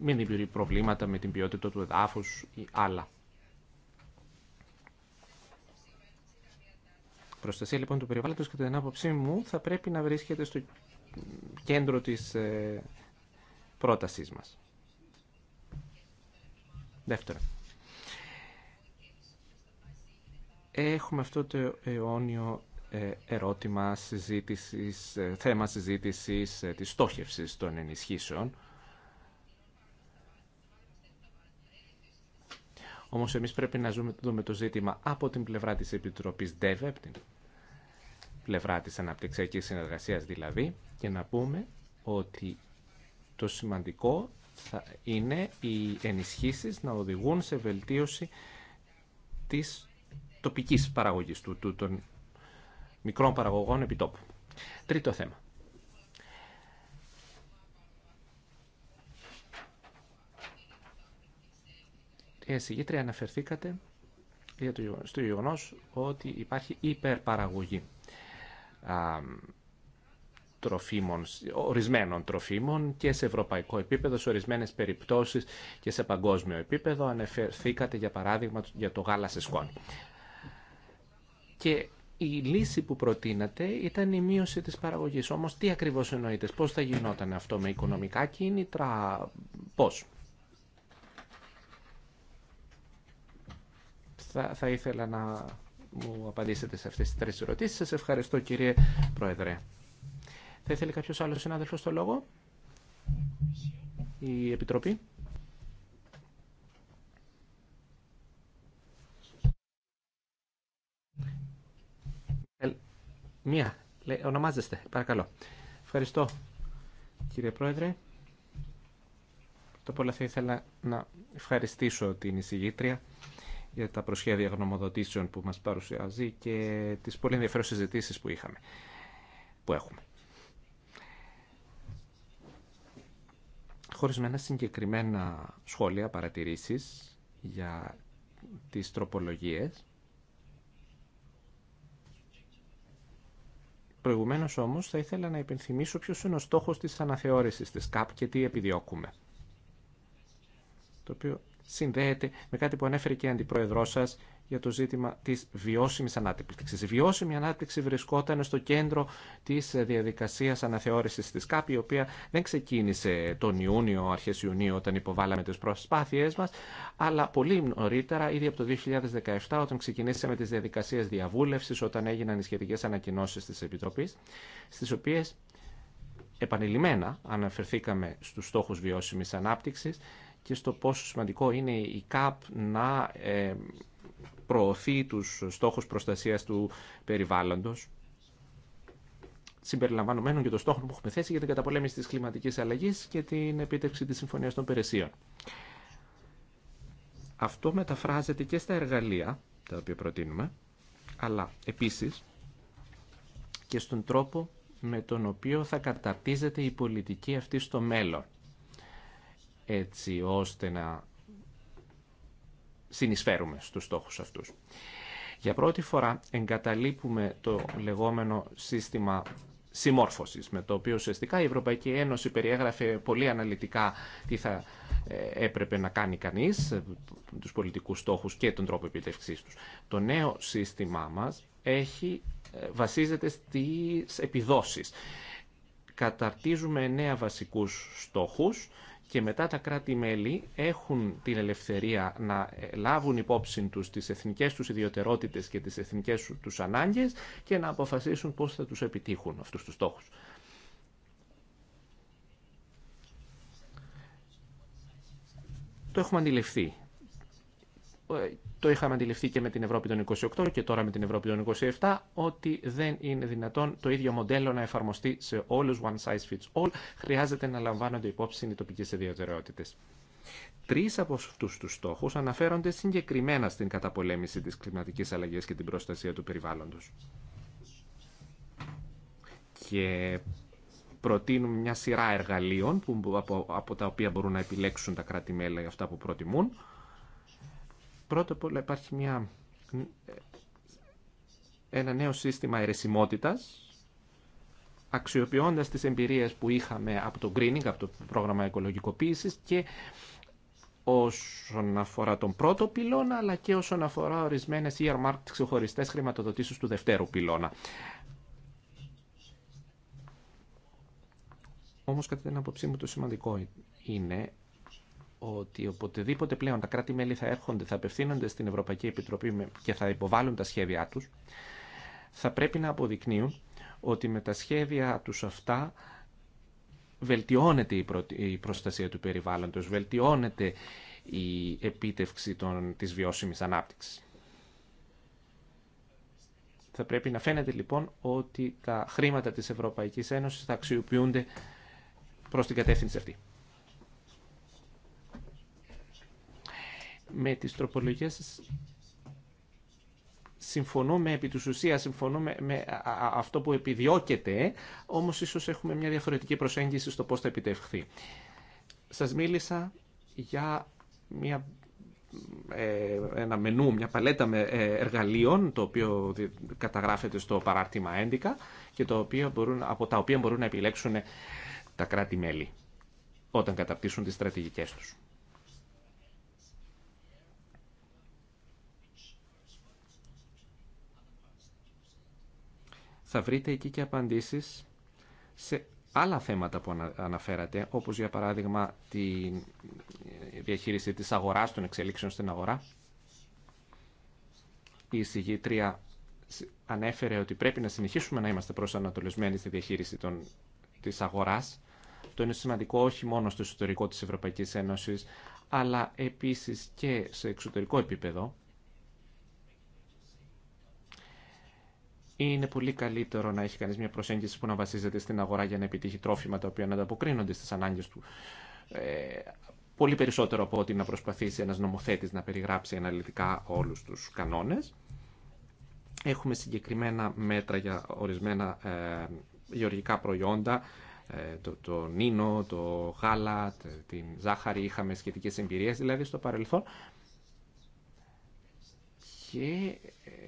C: μην δημιουργεί προβλήματα με την ποιότητα του εδάφους ή άλλα. Προστασία λοιπόν του περιβάλλοντος κατά την άποψή μου θα πρέπει να βρίσκεται στο κέντρο της ε, πρότασής μας. Δεύτερον, έχουμε αυτό το αιώνιο ε, ερώτημα συζήτησης, ε, θέμα συζήτησης ε, της στόχευσης των ενισχύσεων. Όμως εμείς πρέπει να δούμε το ζήτημα από την πλευρά της Επιτροπής ΔΕΒΕ, την πλευρά της αναπτυξιακής συνεργασίας δηλαδή, και να πούμε ότι το σημαντικό θα είναι οι ενισχύσεις να οδηγούν σε βελτίωση της τοπικής παραγωγής του, του των μικρών παραγωγών επιτόπου. Τρίτο θέμα. Εσυγήτρια αναφερθήκατε στο γεγονό ότι υπάρχει υπερπαραγωγή τροφίμων, ορισμένων τροφίμων και σε ευρωπαϊκό επίπεδο, σε ορισμένες περιπτώσεις και σε παγκόσμιο επίπεδο. Αναφερθήκατε για παράδειγμα για το γάλα σε σκόνη. Και η λύση που προτείνατε ήταν η μείωση της παραγωγής. Όμως τι ακριβώς εννοείτε, πώς θα γινόταν αυτό με οικονομικά κίνητρα, πώς. Θα, θα ήθελα να μου απαντήσετε σε αυτές τις τρεις ερωτήσεις. Σας ευχαριστώ κύριε Πρόεδρε. Θα ήθελε κάποιος άλλος συνάδελφος το λόγο. Η Επιτροπή. Μία. Λε, ονομάζεστε, παρακαλώ. Ευχαριστώ, κύριε Πρόεδρε. Το πολλά θα ήθελα να ευχαριστήσω την εισηγήτρια για τα προσχέδια γνωμοδοτήσεων που μας παρουσιάζει και τις πολύ ενδιαφέρουσες συζητήσεις που είχαμε, που έχουμε. Χωρισμένα συγκεκριμένα σχόλια, παρατηρήσεις για τις τροπολογίες Προηγουμένω όμως θα ήθελα να υπενθυμίσω ποιο είναι ο στόχος της αναθεώρησης της ΚΑΠ και τι επιδιώκουμε. Το οποίο συνδέεται με κάτι που ανέφερε και η αντιπρόεδρό σα για το ζήτημα τη βιώσιμη ανάπτυξη. Η βιώσιμη ανάπτυξη βρισκόταν στο κέντρο τη διαδικασία αναθεώρηση τη ΚΑΠ, η οποία δεν ξεκίνησε τον Ιούνιο, αρχέ Ιουνίου, όταν υποβάλαμε τι προσπάθειέ μα, αλλά πολύ νωρίτερα, ήδη από το 2017, όταν ξεκινήσαμε τι διαδικασίε διαβούλευση, όταν έγιναν οι σχετικέ ανακοινώσει τη Επιτροπή, στι οποίε επανειλημμένα αναφερθήκαμε στους στόχους βιώσιμης ανάπτυξης και στο πόσο σημαντικό είναι η ΚΑΠ να ε, προωθεί τους στόχους προστασίας του περιβάλλοντος συμπεριλαμβανομένων και των στόχων που έχουμε θέσει για την καταπολέμηση της κλιματικής αλλαγής και την επίτευξη της Συμφωνίας των Περαισίων. Αυτό μεταφράζεται και στα εργαλεία τα οποία προτείνουμε, αλλά επίσης και στον τρόπο με τον οποίο θα καταρτίζεται η πολιτική αυτή στο μέλλον έτσι ώστε να συνεισφέρουμε στους στόχους αυτούς. Για πρώτη φορά εγκαταλείπουμε το λεγόμενο σύστημα συμμόρφωσης, με το οποίο ουσιαστικά η Ευρωπαϊκή Ένωση περιέγραφε πολύ αναλυτικά τι θα ε, έπρεπε να κάνει κανείς, ε, τους πολιτικούς στόχους και τον τρόπο επιτευξής τους. Το νέο σύστημά μας έχει, ε, βασίζεται στις επιδόσεις. Καταρτίζουμε εννέα βασικούς στόχους, και μετά τα κράτη-μέλη έχουν την ελευθερία να ε, λάβουν υπόψη τους τις εθνικές τους ιδιωτερότητες και τις εθνικές τους ανάγκες και να αποφασίσουν πώς θα τους επιτύχουν αυτούς τους στόχους. Το έχουμε αντιληφθεί ε, το είχαμε αντιληφθεί και με την Ευρώπη των 28 και τώρα με την Ευρώπη των 27, ότι δεν είναι δυνατόν το ίδιο μοντέλο να εφαρμοστεί σε όλους one size fits all. Χρειάζεται να λαμβάνονται υπόψη οι τοπικές ιδιαιτερότητες. Τρει από αυτού τους στόχου αναφέρονται συγκεκριμένα στην καταπολέμηση της κλιματικής αλλαγή και την προστασία του περιβάλλοντος. Και προτείνουν μια σειρά εργαλείων από, από τα οποία μπορούν να επιλέξουν τα κράτη-μέλη αυτά που προτιμούν Πρώτα απ' όλα υπάρχει μια, ένα νέο σύστημα αιρεσιμότητας, αξιοποιώντας τις εμπειρίες που είχαμε από το greening, από το πρόγραμμα οικολογικοποίησης και όσον αφορά τον πρώτο πυλώνα, αλλά και όσον αφορά ορισμένες earmarked ξεχωριστές χρηματοδοτήσεις του δευτέρου πυλώνα. Όμως κατά την άποψή μου το σημαντικό είναι ότι οποτεδήποτε πλέον τα κράτη-μέλη θα έρχονται, θα απευθύνονται στην Ευρωπαϊκή Επιτροπή και θα υποβάλουν τα σχέδιά τους, θα πρέπει να αποδεικνύουν ότι με τα σχέδια τους αυτά βελτιώνεται η προστασία του περιβάλλοντος, βελτιώνεται η επίτευξη των, της βιώσιμης ανάπτυξης. Θα πρέπει να φαίνεται λοιπόν ότι τα χρήματα της Ευρωπαϊκής Ένωσης θα αξιοποιούνται προς την κατεύθυνση αυτή. με τις τροπολογίες συμφωνούμε επί της ουσίας, συμφωνούμε με αυτό που επιδιώκεται, όμως ίσως έχουμε μια διαφορετική προσέγγιση στο πώς θα επιτευχθεί. Σας μίλησα για μια, ε, ένα μενού, μια παλέτα με ε, εργαλείων, το οποίο καταγράφεται στο παράρτημα 11 και το οποίο μπορούν, από τα οποία μπορούν να επιλέξουν τα κράτη-μέλη όταν καταπτύσσουν τις στρατηγικές τους. θα βρείτε εκεί και απαντήσεις σε άλλα θέματα που αναφέρατε, όπως για παράδειγμα τη διαχείριση της αγοράς, των εξελίξεων στην αγορά. Η εισηγήτρια ανέφερε ότι πρέπει να συνεχίσουμε να είμαστε προσανατολισμένοι στη διαχείριση των, της αγοράς. Το είναι σημαντικό όχι μόνο στο εσωτερικό της Ευρωπαϊκής Ένωσης, αλλά επίσης και σε εξωτερικό επίπεδο. είναι πολύ καλύτερο να έχει κανεί μια προσέγγιση που να βασίζεται στην αγορά για να επιτύχει τρόφιμα τα οποία να ανταποκρίνονται στι ανάγκε του. Ε, πολύ περισσότερο από ότι να προσπαθήσει ένας νομοθέτης να περιγράψει αναλυτικά όλους τους κανόνες. Έχουμε συγκεκριμένα μέτρα για ορισμένα ε, γεωργικά προϊόντα, ε, το, το νίνο, το γάλα, ε, την ζάχαρη, είχαμε σχετικές εμπειρίες δηλαδή στο παρελθόν. Και ε,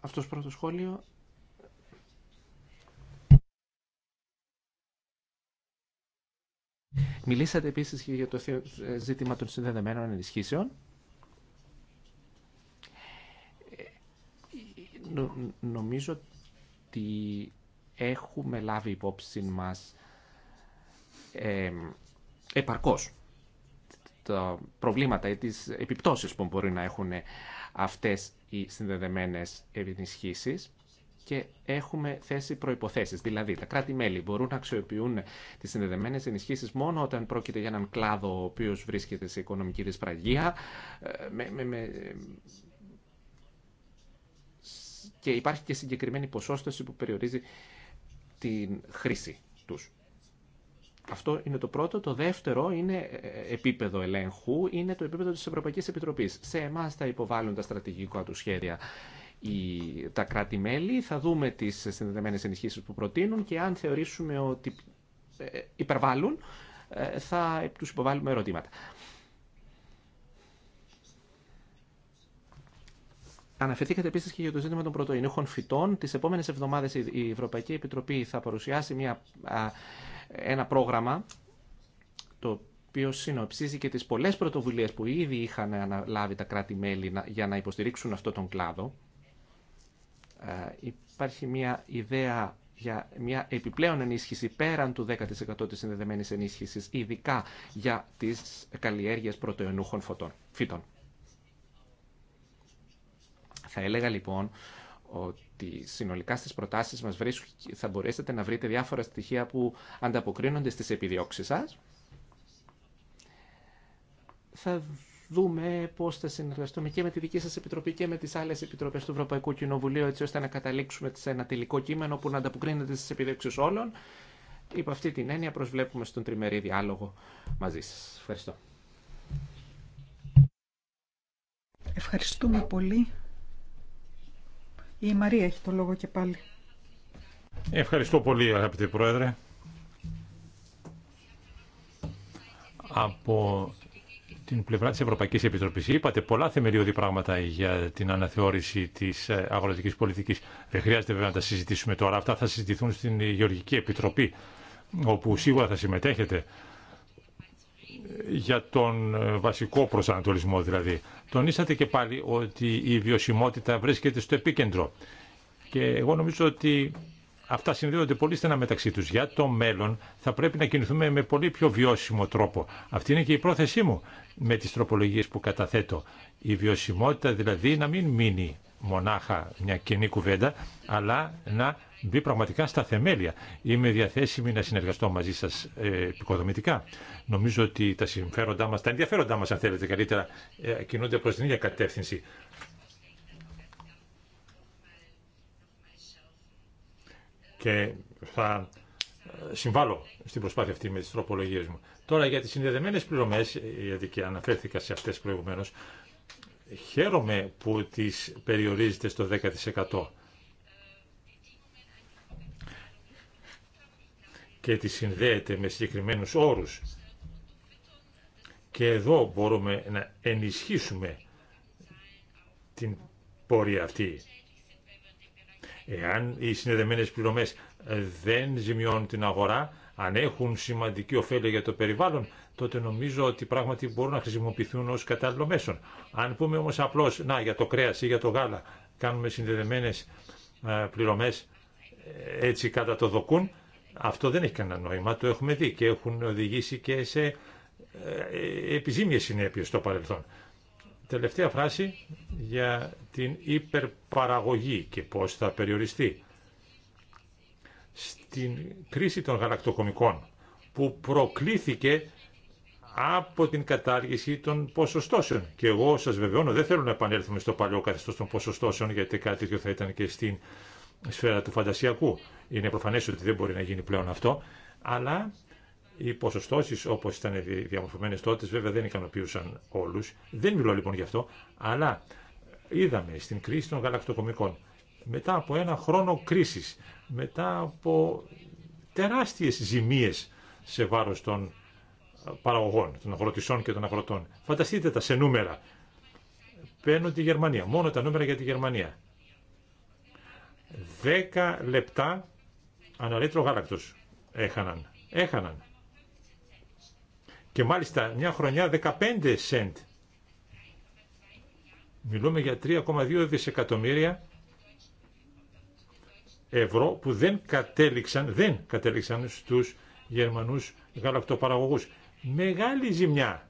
C: Αυτός πρώτο σχόλιο. Μιλήσατε επίσης για το ζήτημα των συνδεδεμένων ενισχύσεων. Ε, νομίζω ότι έχουμε λάβει υπόψη μας ε, επαρκώς τα προβλήματα ή τις επιπτώσεις που μπορεί να έχουν αυτές οι συνδεδεμένες ενισχύσεις και έχουμε θέσει προϋποθέσεις. Δηλαδή, τα κράτη-μέλη μπορούν να αξιοποιούν τις συνδεδεμένες ενισχύσεις μόνο όταν πρόκειται για έναν κλάδο ο οποίος βρίσκεται σε οικονομική δυσπραγία ε, με, με, με, και υπάρχει και συγκεκριμένη ποσόστοση που περιορίζει την χρήση τους. Αυτό είναι το πρώτο. Το δεύτερο είναι ε, ε, επίπεδο ελέγχου, είναι το επίπεδο της Ευρωπαϊκής Επιτροπής. Σε εμάς θα υποβάλλουν τα στρατηγικά του σχέδια τα κράτη-μέλη, θα δούμε τις συνδεδεμένες ενισχύσεις που προτείνουν και αν θεωρήσουμε ότι ε, υπερβάλλουν, θα τους υποβάλουμε ερωτήματα. Αναφερθήκατε επίση και για το ζήτημα των πρωτοεινούχων φυτών. Τι επόμενε εβδομάδε η Ευρωπαϊκή Επιτροπή θα παρουσιάσει μια ένα πρόγραμμα το οποίο συνοψίζει και τις πολλές πρωτοβουλίες που ήδη είχαν αναλάβει τα κράτη-μέλη για να υποστηρίξουν αυτόν τον κλάδο. Ε, υπάρχει μια ιδέα για μια επιπλέον ενίσχυση πέραν του 10% της συνδεδεμένης ενίσχυσης, ειδικά για τις καλλιέργειες πρωτοενούχων φυτών. Θα έλεγα λοιπόν ότι συνολικά στι προτάσεις μας θα μπορέσετε να βρείτε διάφορα στοιχεία που ανταποκρίνονται στι επιδιώξει σα. Θα δούμε πώ θα συνεργαστούμε και με τη δική σα επιτροπή και με τι άλλε επιτροπέ του Ευρωπαϊκού Κοινοβουλίου έτσι ώστε να καταλήξουμε σε ένα τελικό κείμενο που να ανταποκρίνεται στις επιδιώξει όλων. Υπό αυτή την έννοια προσβλέπουμε στον τριμερή διάλογο μαζί σα. Ευχαριστώ.
A: Ευχαριστούμε πολύ. Η Μαρία έχει το λόγο και πάλι.
B: Ευχαριστώ πολύ αγαπητή Πρόεδρε. Από την πλευρά της Ευρωπαϊκής Επιτροπής είπατε πολλά θεμελιώδη πράγματα για την αναθεώρηση της ε, αγροτικής πολιτικής. Δεν χρειάζεται βέβαια να τα συζητήσουμε τώρα. Αυτά θα συζητηθούν στην Γεωργική Επιτροπή όπου σίγουρα θα συμμετέχετε για τον ε, βασικό προσανατολισμό δηλαδή. Τονίσατε και πάλι ότι η βιωσιμότητα βρίσκεται στο επίκεντρο. Και εγώ νομίζω ότι αυτά συνδέονται πολύ στενά μεταξύ τους. Για το μέλλον θα πρέπει να κινηθούμε με πολύ πιο βιώσιμο τρόπο. Αυτή είναι και η πρόθεσή μου με τις τροπολογίες που καταθέτω. Η βιωσιμότητα δηλαδή να μην μείνει μονάχα μια κοινή κουβέντα, αλλά να μπει πραγματικά στα θεμέλια. Είμαι διαθέσιμη να συνεργαστώ μαζί σας ε, επικοδομητικά. Νομίζω ότι τα συμφέροντά μας, τα ενδιαφέροντά μας αν θέλετε καλύτερα, ε, κινούνται προ την ίδια κατεύθυνση. Και θα ε, συμβάλλω στην προσπάθεια αυτή με τι τροπολογίε μου. Τώρα για τις συνδεδεμένε πληρωμές, γιατί και αναφέρθηκα σε αυτέ προηγουμένω, χαίρομαι που τις περιορίζετε στο 10%. και τη συνδέεται με συγκεκριμένους όρους. Και εδώ μπορούμε να ενισχύσουμε την πορεία αυτή. Εάν οι συνδεδεμένες πληρωμές δεν ζημιώνουν την αγορά, αν έχουν σημαντική ωφέλεια για το περιβάλλον, τότε νομίζω ότι πράγματι μπορούν να χρησιμοποιηθούν ως κατάλληλο μέσο. Αν πούμε όμως απλώς, να, για το κρέας ή για το γάλα κάνουμε συνδεδεμένες ε, πληρωμές ε, έτσι κατά το δοκούν, αυτό δεν έχει κανένα νόημα, το έχουμε δει και έχουν οδηγήσει και σε ε, επιζήμιες συνέπειες στο παρελθόν. Τελευταία φράση για την υπερπαραγωγή και πώς θα περιοριστεί. Στην κρίση των γαλακτοκομικών που προκλήθηκε από την κατάργηση των ποσοστώσεων. Και εγώ σας βεβαιώνω δεν θέλω να επανέλθουμε στο παλιό καθεστώς των ποσοστώσεων γιατί κάτι τέτοιο θα ήταν και στην σφαίρα του φαντασιακού. Είναι προφανές ότι δεν μπορεί να γίνει πλέον αυτό, αλλά οι ποσοστώσεις όπως ήταν διαμορφωμένες τότε βέβαια δεν ικανοποιούσαν όλους. Δεν μιλώ λοιπόν γι' αυτό, αλλά είδαμε στην κρίση των γαλακτοκομικών μετά από ένα χρόνο κρίσης, μετά από τεράστιες ζημίες σε βάρος των ε, παραγωγών, των αγροτησών και των αγροτών. Φανταστείτε τα σε νούμερα. παίρνουν τη Γερμανία, μόνο τα νούμερα για τη Γερμανία. 10 λεπτά αναλύτρο γάλακτος έχαναν. Έχαναν. Και μάλιστα μια χρονιά 15 σεντ. Μιλούμε για 3,2 δισεκατομμύρια ευρώ που δεν κατέληξαν, δεν κατέληξαν στους Γερμανούς γαλακτοπαραγωγούς. Μεγάλη ζημιά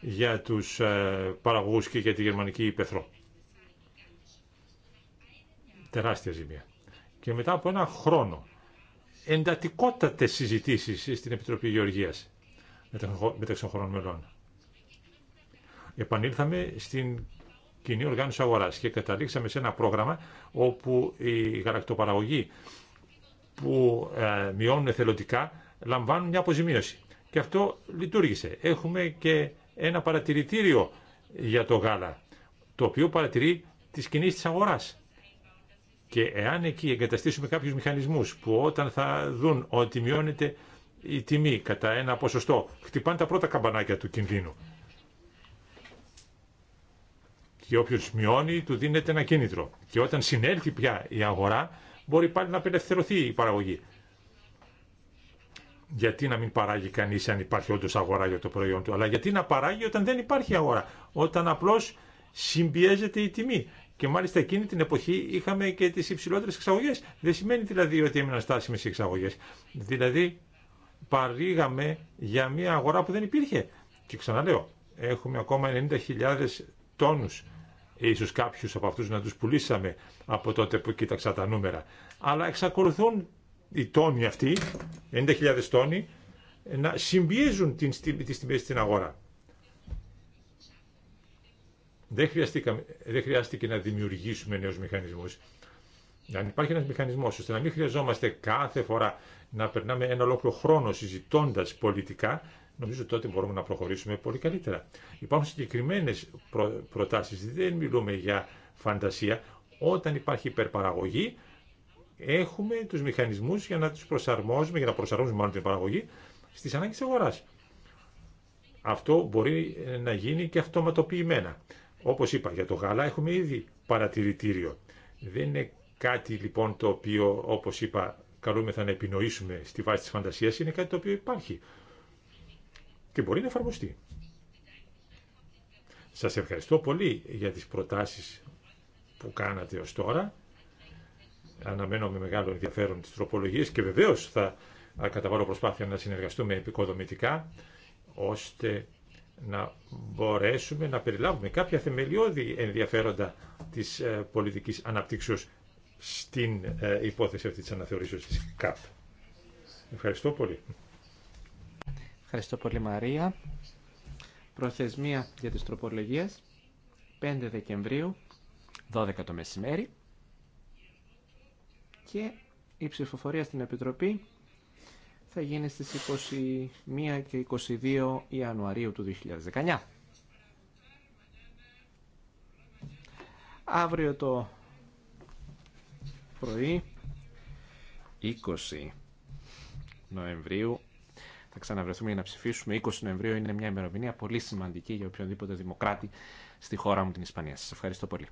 B: για τους ε, παραγωγούς και για τη γερμανική υπεθρό. Τεράστια ζημία. Και μετά από ένα χρόνο εντατικότατε συζητήσεις στην Επιτροπή Γεωργίας μεταξύ των χωρών μελών. Επανήλθαμε στην κοινή οργάνωση αγοράς και καταλήξαμε σε ένα πρόγραμμα όπου οι γαλακτοπαραγωγοί που ε, μειώνουν εθελοντικά λαμβάνουν μια αποζημίωση. Και αυτό λειτουργήσε. Έχουμε και ένα παρατηρητήριο για το γάλα, το οποίο παρατηρεί τις κινήσεις της αγοράς. Και εάν εκεί εγκαταστήσουμε κάποιους μηχανισμούς που όταν θα δουν ότι μειώνεται η τιμή κατά ένα ποσοστό, χτυπάνε τα πρώτα καμπανάκια του κινδύνου. Και όποιο μειώνει του δίνεται ένα κίνητρο. Και όταν συνέλθει πια η αγορά μπορεί πάλι να απελευθερωθεί η παραγωγή. Γιατί να μην παράγει κανεί αν υπάρχει όντω αγορά για το προϊόν του, αλλά γιατί να παράγει όταν δεν υπάρχει αγορά, όταν απλώ συμπιέζεται η τιμή. Και μάλιστα εκείνη την εποχή είχαμε και τις υψηλότερε εξαγωγές. Δεν σημαίνει δηλαδή ότι έμειναν στάσιμε οι εξαγωγές. Δηλαδή παρήγαμε για μια αγορά που δεν υπήρχε. Και ξαναλέω, έχουμε ακόμα 90.000 τόνους. Ίσως κάποιους από αυτούς να τους πουλήσαμε από τότε που κοίταξα τα νούμερα. Αλλά εξακολουθούν οι τόνοι αυτοί, 90.000 τόνοι, να συμπιέζουν τις τιμές στην αγορά. Δεν, δεν χρειάστηκε να δημιουργήσουμε νέους μηχανισμούς. Αν υπάρχει ένας μηχανισμός ώστε να μην χρειαζόμαστε κάθε φορά να περνάμε ένα ολόκληρο χρόνο συζητώντας πολιτικά, νομίζω τότε μπορούμε να προχωρήσουμε πολύ καλύτερα. Υπάρχουν συγκεκριμένες προ, προτάσεις, δεν μιλούμε για φαντασία. Όταν υπάρχει υπερπαραγωγή, έχουμε τους μηχανισμούς για να του προσαρμόζουμε, για να προσαρμόζουμε μάλλον την παραγωγή, στις ανάγκες αγορά. αγοράς. Αυτό μπορεί να γίνει και αυτοματοποιημένα. Όπως είπα, για το γάλα έχουμε ήδη παρατηρητήριο. Δεν είναι κάτι λοιπόν το οποίο, όπως είπα, καλούμεθα να επινοήσουμε στη βάση της φαντασίας, είναι κάτι το οποίο υπάρχει και μπορεί να εφαρμοστεί. Σας ευχαριστώ πολύ για τις προτάσεις που κάνατε ως τώρα. Αναμένω με μεγάλο ενδιαφέρον τις τροπολογίες και βεβαίως θα καταβάλω προσπάθεια να συνεργαστούμε επικοδομητικά, ώστε να μπορέσουμε να περιλάβουμε κάποια θεμελιώδη ενδιαφέροντα της ε, πολιτικής αναπτύξεως στην ε, υπόθεση αυτή της αναθεωρήσεως της ΚΑΠ. Ευχαριστώ πολύ. Ευχαριστώ πολύ
C: Μαρία. Προθεσμία για τις τροπολογίες 5 Δεκεμβρίου 12 το μεσημέρι και η ψηφοφορία στην Επιτροπή θα γίνει στις 21 και 22 Ιανουαρίου του 2019. Αύριο το πρωί, 20 Νοεμβρίου, θα ξαναβρεθούμε για να ψηφίσουμε. 20 Νοεμβρίου είναι μια ημερομηνία πολύ σημαντική για οποιονδήποτε δημοκράτη στη χώρα μου την Ισπανία. Σας ευχαριστώ
D: πολύ.